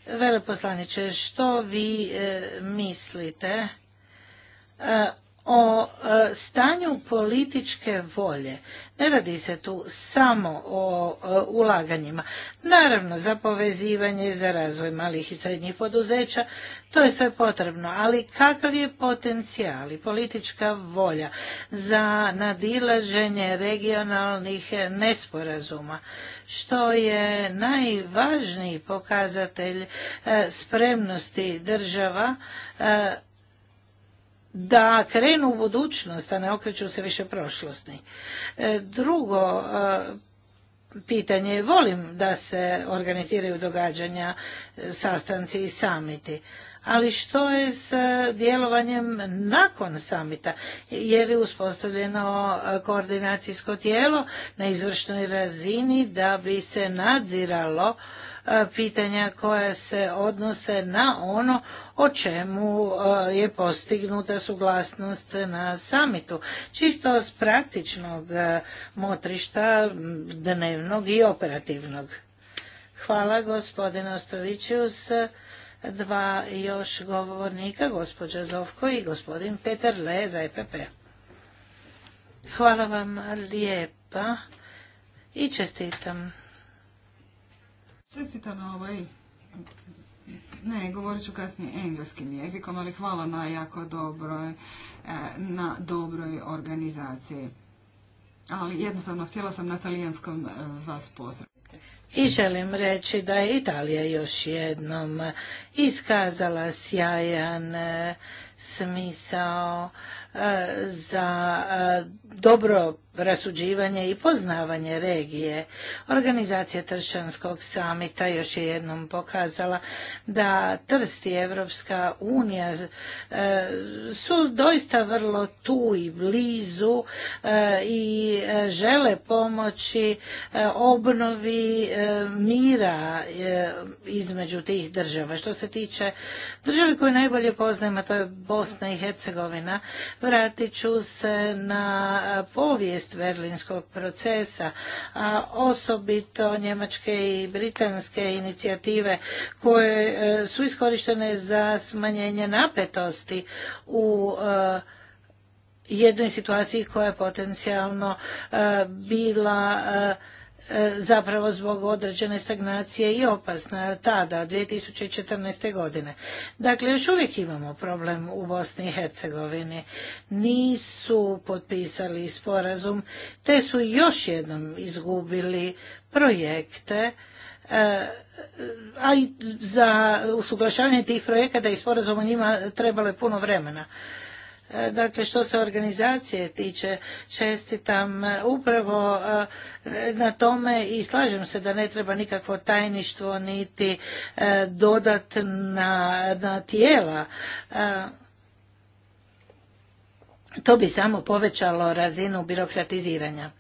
Veleposlaniče, što vi e, mislite e, o e, stanju političke volje? Ne radi se tu samo o ulaganjima. Naravno, za povezivanje, za razvoj malih i srednjih poduzeća, to je sve potrebno, ali kakav je potencijal i politička volja za nadilaženje regionalnih nesporazuma, što je najvažniji pokazatelj e, spremnosti država e, da krenu u budućnost, a ne okreću se više prošlosti. E, drugo pitanje, volim da se organiziraju događanja, sastanci i samiti, ali što je s e, djelovanjem nakon samita? Jer je uspostavljeno e, koordinacijsko tijelo na izvršnoj razini da bi se nadziralo e, pitanja koja se odnose na ono o čemu je postignuta suglasnost na samitu. Čisto s praktičnog motrišta dnevnog i operativnog. Hvala gospodine s dva još govornika, gospođa Zovko i gospodin Peter Le za EPP. Hvala vam lijepa i čestitam. Čestitam ovaj... Ne, govorit ću kasnije engleskim jezikom, ali hvala na jako dobroj, e, na dobroj organizaciji. Ali jednostavno, htjela sam na talijanskom e, vas pozdraviti i želim reći da je Italija još jednom iskazala sjajan e, smisao e, za e, dobro rasuđivanje i poznavanje regije. Organizacija Tršćanskog samita još je jednom pokazala da Trst i Evropska unija e, su doista vrlo tu i blizu e, i e, žele pomoći obnovi mira između tih država. Što se tiče države koje najbolje poznajem, a to je Bosna i Hercegovina, vratit ću se na povijest berlinskog procesa, a osobito njemačke i britanske inicijative koje e, su iskorištene za smanjenje napetosti u e, jednoj situaciji koja je potencijalno e, bila E, zapravo zbog određene stagnacije i opasna tada 2014. godine. Dakle, još uvijek imamo problem u Bosni i Hercegovini. Nisu potpisali sporazum, te su još jednom izgubili projekte e, a za usuglašavanje tih projekata i sporazuma njima trebalo je puno vremena. E, dakle, što se organizacije tiče, čestitam e, upravo e, na tome i slažem se da ne treba nikakvo tajništvo niti dodat na, na tijela to bi samo povećalo razinu birokratiziranja.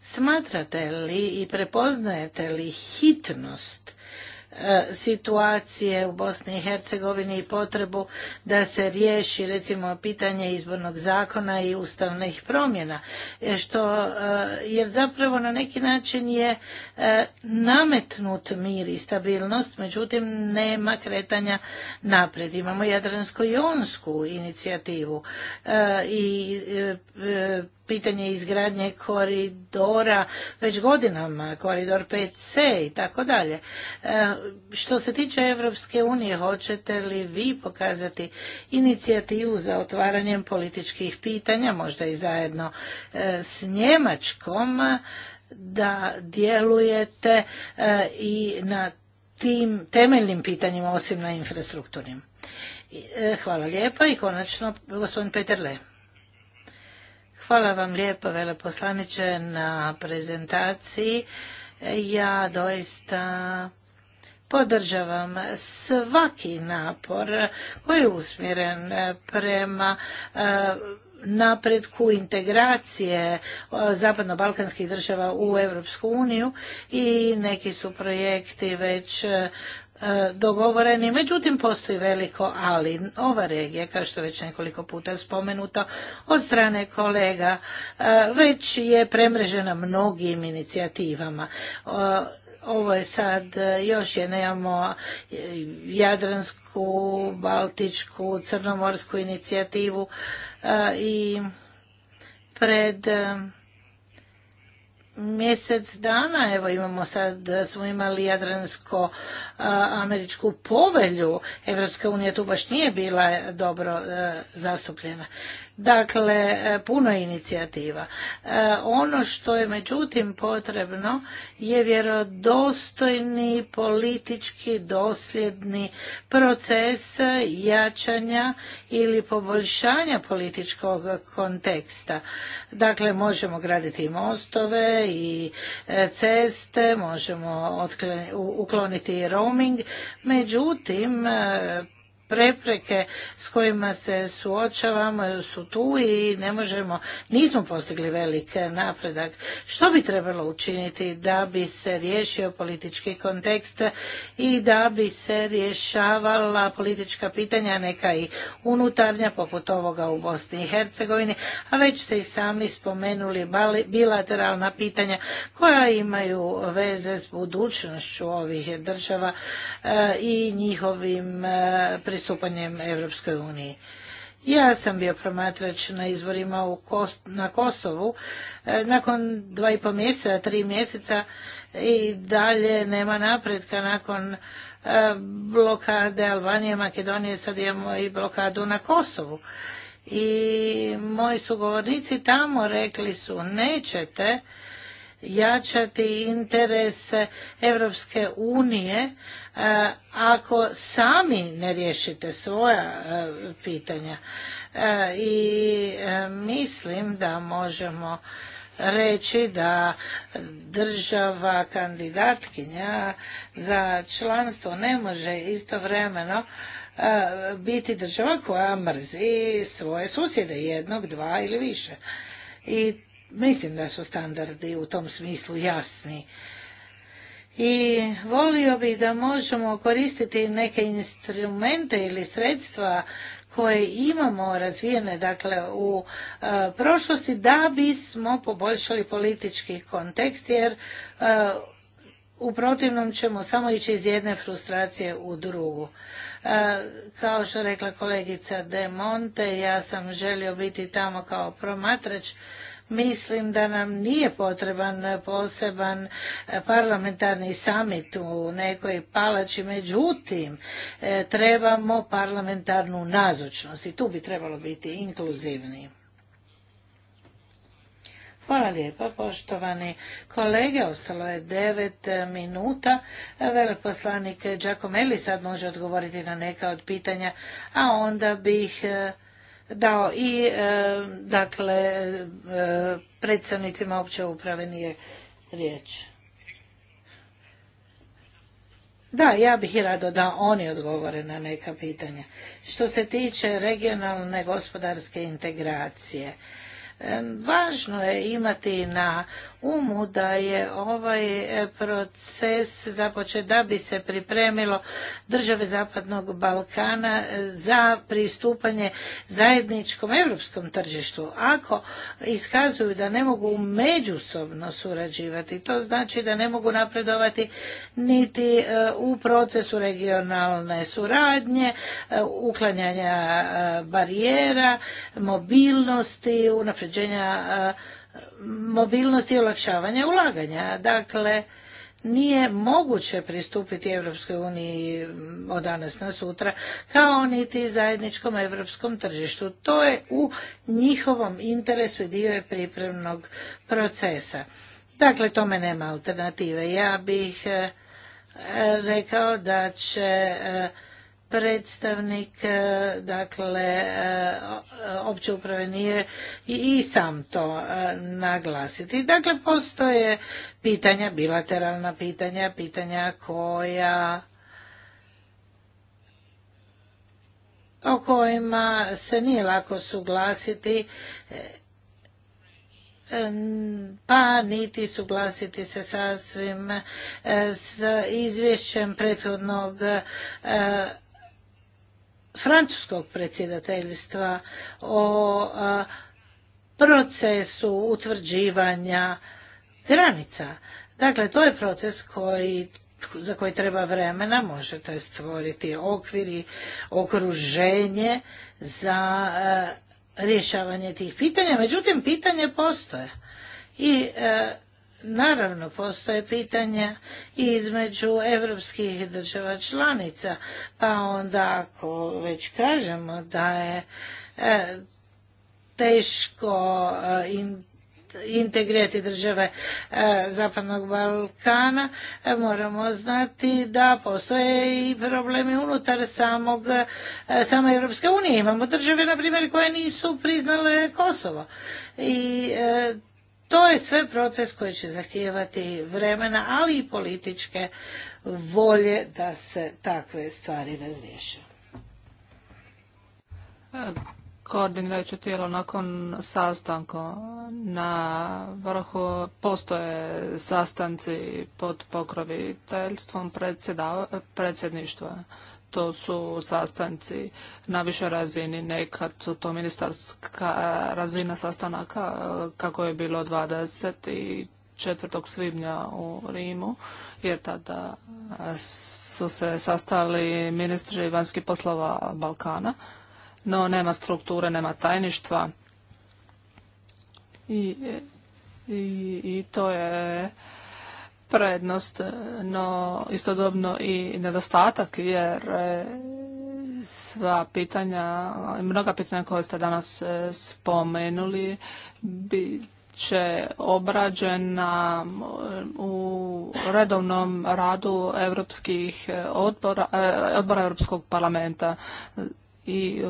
Smatrate li i prepoznajete li hitnost E, situacije u Bosni i Hercegovini i potrebu da se riješi recimo pitanje izbornog zakona i ustavnih promjena e, što e, jer zapravo na neki način je nametnut mir i stabilnost međutim nema kretanja napred. imamo jadransko jonsku inicijativu i pitanje izgradnje koridora već godinama, koridor PC i tako dalje. E, što se tiče Europske unije, hoćete li vi pokazati inicijativu za otvaranjem političkih pitanja, možda i zajedno e, s Njemačkom, da djelujete e, i na tim temeljnim pitanjima osim na infrastrukturnim. Hvala lijepa i konačno gospodin Peter Le. Hvala vam lijepo, veleposlaniče, na prezentaciji. Ja doista podržavam svaki napor koji je usmjeren prema e, napretku integracije e, zapadno-balkanskih država u Europsku uniju i neki su projekti već e, E, dogovoreni. Međutim, postoji veliko ali. Ova regija, kao što je već nekoliko puta spomenuto od strane kolega, e, već je premrežena mnogim inicijativama ovo je sad e, još je nemamo jadransku, baltičku, crnomorsku inicijativu i pred mjesec dana, evo imamo sad, smo imali Jadransko-američku povelju, Evropska unija tu baš nije bila dobro e, zastupljena. Dakle, e, puno inicijativa. E, ono što je međutim potrebno je vjerodostojni, politički, dosljedni proces jačanja ili poboljšanja političkog konteksta. Dakle, možemo graditi mostove i e, ceste, možemo ukloniti roaming, međutim, prepreke s kojima se suočavamo su tu i ne možemo, nismo postigli velik napredak. Što bi trebalo učiniti da bi se riješio politički kontekst i da bi se rješavala politička pitanja, neka i unutarnja, poput ovoga u Bosni i Hercegovini, a već ste i sami spomenuli bilateralna pitanja koja imaju veze s budućnošću ovih država e, i njihovim prisutnostima e, pristupanjem Europskoj uniji. Ja sam bio promatrač na izvorima u na Kosovu. E, nakon dva i pol mjeseca, tri mjeseca i dalje nema napretka nakon e, blokade Albanije, Makedonije, sad imamo i blokadu na Kosovu. I moji sugovornici tamo rekli su nećete jačati interese Europske unije e, ako sami ne riješite svoja e, pitanja. E, I mislim da možemo reći da država kandidatkinja za članstvo ne može istovremeno biti država koja mrzi svoje susjede jednog, dva ili više. I Mislim da su standardi u tom smislu jasni. I volio bih da možemo koristiti neke instrumente ili sredstva koje imamo razvijene dakle u e, prošlosti da bismo poboljšali politički kontekst jer e, u protivnom ćemo samo ići iz jedne frustracije u drugu. E, kao što rekla kolegica De Monte, ja sam želio biti tamo kao promatrač mislim da nam nije potreban poseban parlamentarni samit u nekoj palači, međutim e, trebamo parlamentarnu nazočnost i tu bi trebalo biti inkluzivni. Hvala lijepa, poštovani kolege. Ostalo je devet minuta. Veleposlanik Giacomelli sad može odgovoriti na neka od pitanja, a onda bih e, dao i e, dakle e, predstavnicima opće uprave nije riječ. Da, ja bih i rado da oni odgovore na neka pitanja. Što se tiče regionalne gospodarske integracije, Važno je imati na umu da je ovaj e, proces započet da bi se pripremilo države Zapadnog Balkana e, za pristupanje zajedničkom europskom tržištu. Ako iskazuju da ne mogu međusobno surađivati, to znači da ne mogu napredovati niti e, u procesu regionalne suradnje, uklanjanja barijera, mobilnosti, unapređenja mobilnosti i olakšavanja ulaganja. Dakle, nije moguće pristupiti Europskoj uniji od danas na sutra kao niti zajedničkom europskom tržištu. To je u njihovom interesu i dio je pripremnog procesa. Dakle, tome nema alternative. Ja bih e, rekao da će e, predstavnik e, dakle e, opće uprave nije i sam to e, naglasiti. Dakle postoje pitanja, bilateralna pitanja, pitanja koja o kojima se nije lako suglasiti pa niti suglasiti se sasvim s izvješćem prethodnog francuskog predsjedateljstva o procesu utvrđivanja granica. Dakle, to je proces koji za koji treba vremena, možete stvoriti okviri, okruženje za rješavanje tih pitanja. Međutim, pitanje postoje. I Naravno, postoje pitanja između evropskih država članica, pa onda ako već kažemo da je e, teško e, integrirati države e, Zapadnog Balkana, moramo znati da postoje i problemi unutar samog, same Europske unije. Imamo države, na primjer, koje nisu priznale Kosovo. I to je sve proces koji će zahtijevati vremena, ali i političke volje da se takve stvari razriješe. E, koordinirajuće tijelo nakon sastanka na vrhu postoje sastanci pod pokroviteljstvom predsjedništva to su sastanci na višoj razini, nekad su to ministarska razina sastanaka kako je bilo 24. svibnja u Rimu, jer tada su se sastali ministri vanjskih poslova Balkana, no nema strukture, nema tajništva i, i to je prednost, eh, no istodobno i nedostatak jer eh, sva pitanja, eh, mnoga pitanja koja ste danas spomenuli bi će obrađena u redovnom radu europskih odbora, odbora Europskog parlamenta i e,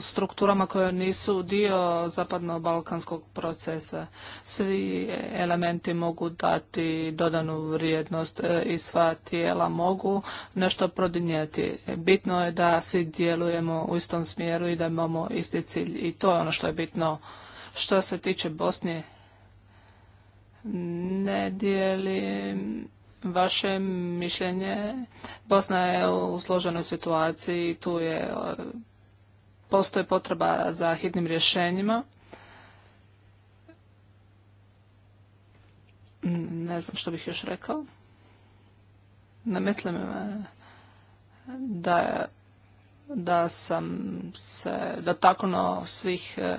strukturama koje nisu dio zapadno-balkanskog procesa. Svi elementi mogu dati dodanu vrijednost e, i sva tijela mogu nešto prodinjeti. Bitno je da svi djelujemo u istom smjeru i da imamo isti cilj i to je ono što je bitno. Što se tiče Bosne, ne dijelim vaše mišljenje. Bosna je u složenoj situaciji, tu je, postoje potreba za hitnim rješenjima. Ne znam što bih još rekao. Ne mislim eh, da, da sam se dotaknuo svih eh,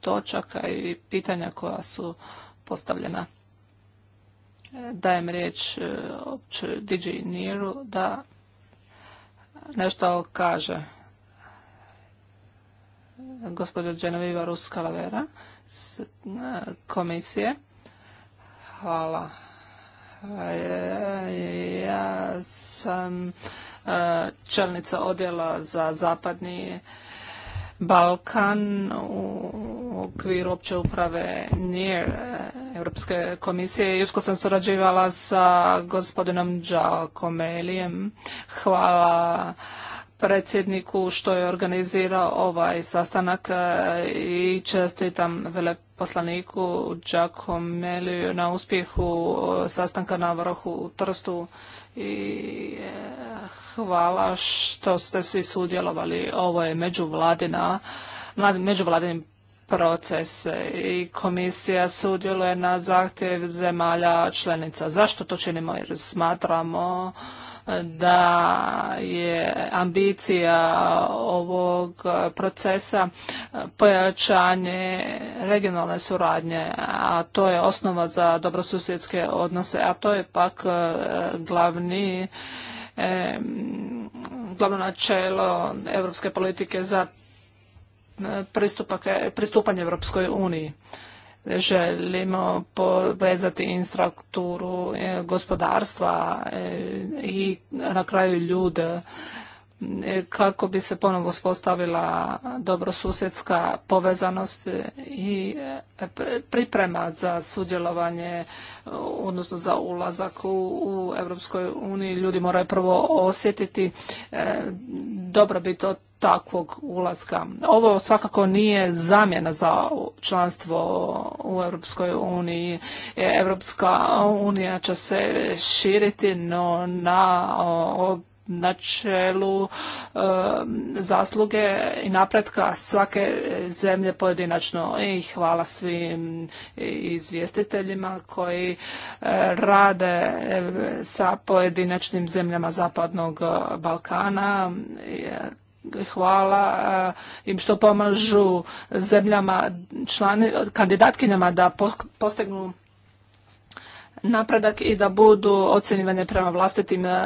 točaka i pitanja koja su postavljena dajem riječ e, opće Niru da nešto kaže. Gospođa Genoviva Ruskalavera s e, komisije. Hvala. E, ja sam čelnica odjela za zapadni Balkan u okviru opće uprave NIR e, Europske komisije. Jusko sam surađivala sa gospodinom Đakomelijem. Hvala predsjedniku što je organizirao ovaj sastanak e, i čestitam veleposlaniku Đakomeliju na uspjehu e, sastanka na vrhu u Trstu i e, hvala što ste svi sudjelovali. Ovo je međuvladina, međuvladin proces i komisija sudjeluje na zahtjev zemalja članica. Zašto to činimo? Jer smatramo da je ambicija ovog procesa pojačanje regionalne suradnje, a to je osnova za dobrosusjedske odnose, a to je pak e, glavni e, glavno načelo europske politike za e, pristupanje Europskoj uniji želimo povezati infrastrukturu e, gospodarstva e, i na kraju ljude E, kako bi se ponovo uspostavila dobrosusjedska povezanost i e, priprema za sudjelovanje, odnosno za ulazak u, EU. Europskoj uniji. Ljudi moraju prvo osjetiti e, dobrobit od takvog ulaska. Ovo svakako nije zamjena za članstvo u Europskoj uniji. Europska unija će se širiti no na načelu um, zasluge i napretka svake zemlje pojedinačno i hvala svim izvjestiteljima koji eh, rade eh, sa pojedinačnim zemljama Zapadnog eh, Balkana hvala im što pomažu zemljama kandidatkinjama da postegnu napredak i da budu ocjenjivane prema vlastitim e,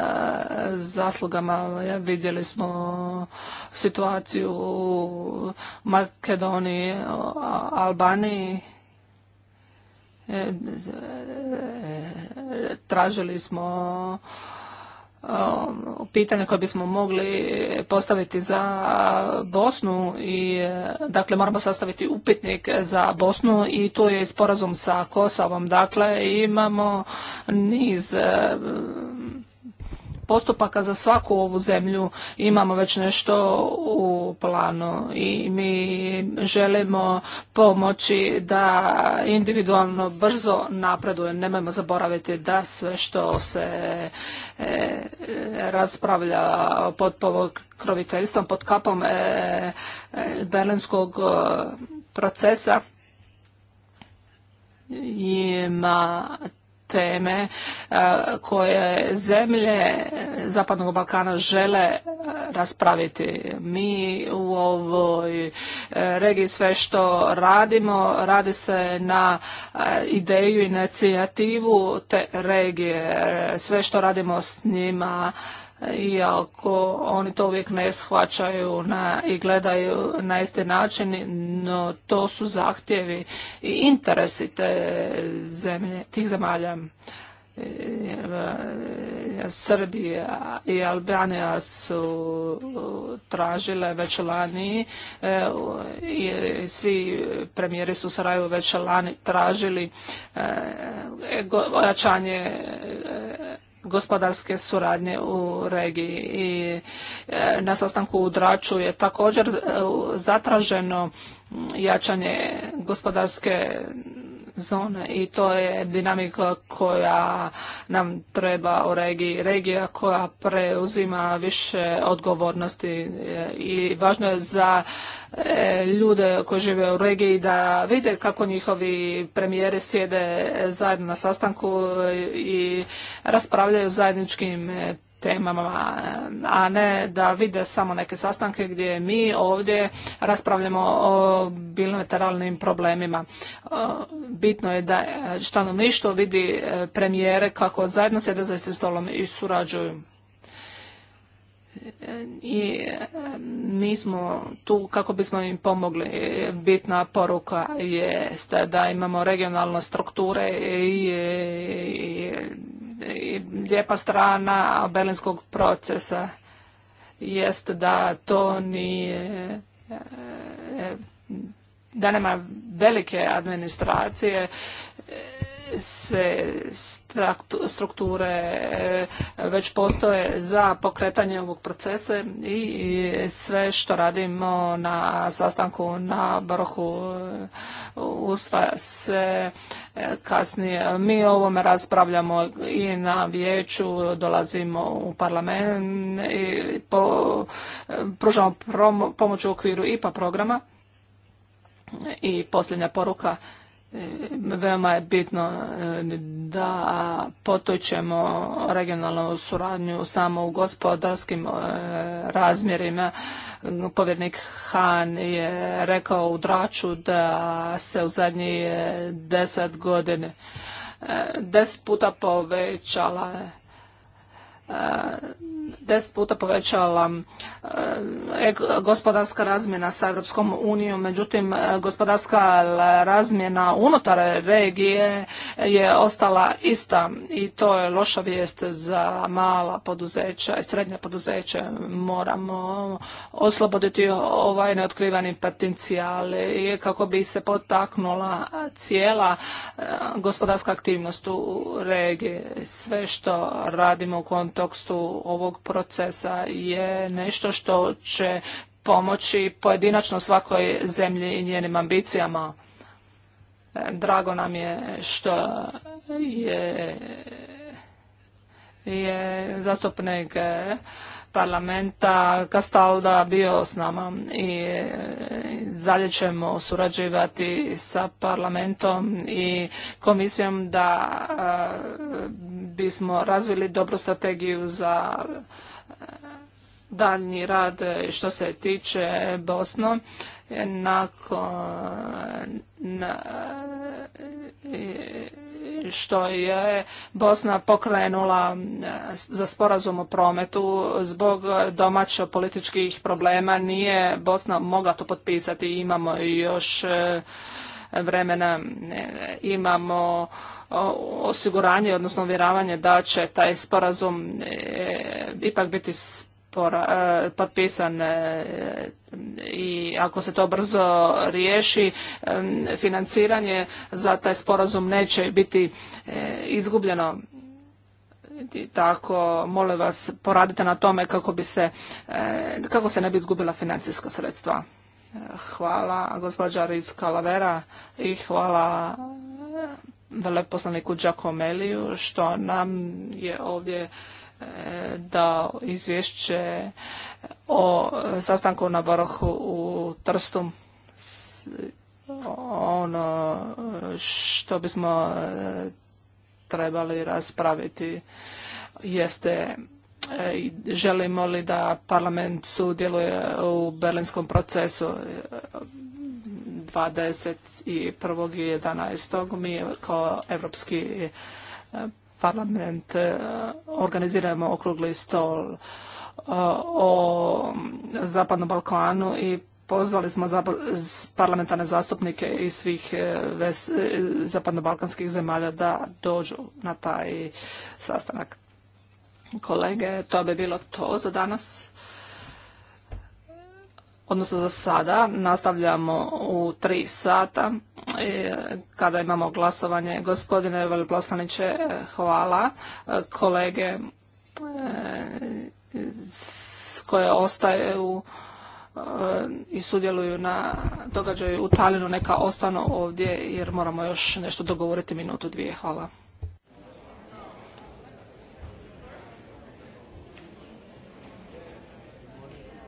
zaslugama. Vidjeli smo situaciju u Makedoniji, Albaniji. E, e, tražili smo Um, pitanja koje bismo mogli postaviti za Bosnu i e, dakle moramo sastaviti upitnik za Bosnu i tu je sporazum sa Kosovom. Dakle imamo niz e, postupaka za svaku ovu zemlju imamo već nešto u planu i mi želimo pomoći da individualno brzo napreduje. Nemojmo zaboraviti da sve što se e, raspravlja pod pokroviteljstvom, pod kapom e, e, berlinskog procesa ima teme e, koje zemlje Zapadnog Balkana žele raspraviti. Mi u ovoj e, regiji sve što radimo, radi se na e, ideju i inicijativu te regije. Sve što radimo s njima iako oni to uvijek ne shvaćaju na, i gledaju na isti način, no to su zahtjevi i interesi te zemlje, tih zemalja. E, e, Srbija i Albanija su tražile već lani e, i svi premijeri su Sarajevo već lani tražili ojačanje gospodarske suradnje u regiji i e, na sastanku u Draču je također e, zatraženo jačanje gospodarske zone i to je dinamika koja nam treba u regiji. Regija koja preuzima više odgovornosti e, i važno je za e, ljude koji žive u regiji da vide kako njihovi premijeri sjede zajedno na sastanku e, i raspravljaju zajedničkim temama, a ne da vide samo neke sastanke gdje mi ovdje raspravljamo o bilateralnim problemima. E, bitno je da stanovništvo vidi e, premijere kako zajedno sjede za stolom i surađuju e, i mi smo tu kako bismo im pomogli. Bitna poruka je da imamo regionalne strukture i lijepa strana berlinskog procesa jest da to nije e, e, da nema velike administracije sve strukture e, već postoje za pokretanje ovog procesa i sve što radimo na sastanku na vrhu e, ustva se e, kasnije. Mi o ovome raspravljamo i na vijeću, dolazimo u parlament i pružamo pomoć u okviru IPA programa i posljednja poruka E, veoma je bitno e, da potočemo regionalnu suradnju samo u gospodarskim e, razmjerima. Povjernik Han je rekao u Draču da se u zadnjih deset godine deset puta povećala E, deset puta povećala e, gospodarska razmjena sa Europskom unijom, međutim e, gospodarska razmjena unutar regije je ostala ista i to je loša vijest za mala poduzeća i srednja poduzeća. Moramo osloboditi ovaj neotkrivani potencijal kako bi se potaknula cijela gospodarska aktivnost u regiji. Sve što radimo u kontekstu kontekstu ovog procesa je nešto što će pomoći pojedinačno svakoj zemlji i njenim ambicijama. Drago nam je što je, je zastupnik parlamenta Kastalda bio s nama i e, dalje ćemo surađivati sa parlamentom i komisijom da e, bismo razvili dobru strategiju za e, daljnji rad što se tiče Bosno nakon što je Bosna pokrenula za sporazum o prometu zbog domaćo političkih problema nije Bosna mogla to potpisati. Imamo još e, vremena, e, imamo osiguranje, odnosno uvjeravanje da će taj sporazum e, ipak biti E, potpisan e, i ako se to brzo riješi, e, financiranje za taj sporazum neće biti izgubljeno. tako, molim vas, poradite na tome kako bi se, kako se ne bi izgubila financijska sredstva. Hvala gospođa Riz Kalavera i hvala veleposlaniku Giacomeliju što nam je ovdje da izvješće o sastanku na Barohu u Trstu ono što bismo e, trebali raspraviti jeste e, želimo li da parlament sudjeluje u berlinskom procesu e, i 11. mi kao Europski parlament e, organiziramo okrugli stol e, o Zapadnom Balkanu i pozvali smo parlamentarne zastupnike iz svih e, zapadnobalkanskih zemalja da dođu na taj sastanak. Kolege, to bi bilo to za danas odnosno za sada nastavljamo u tri sata e, kada imamo glasovanje. Gospodine veliplastaniće, hvala. E, kolege e, koje ostaju i sudjeluju na događaju u Talinu neka ostanu ovdje jer moramo još nešto dogovoriti minutu dvije. Hvala.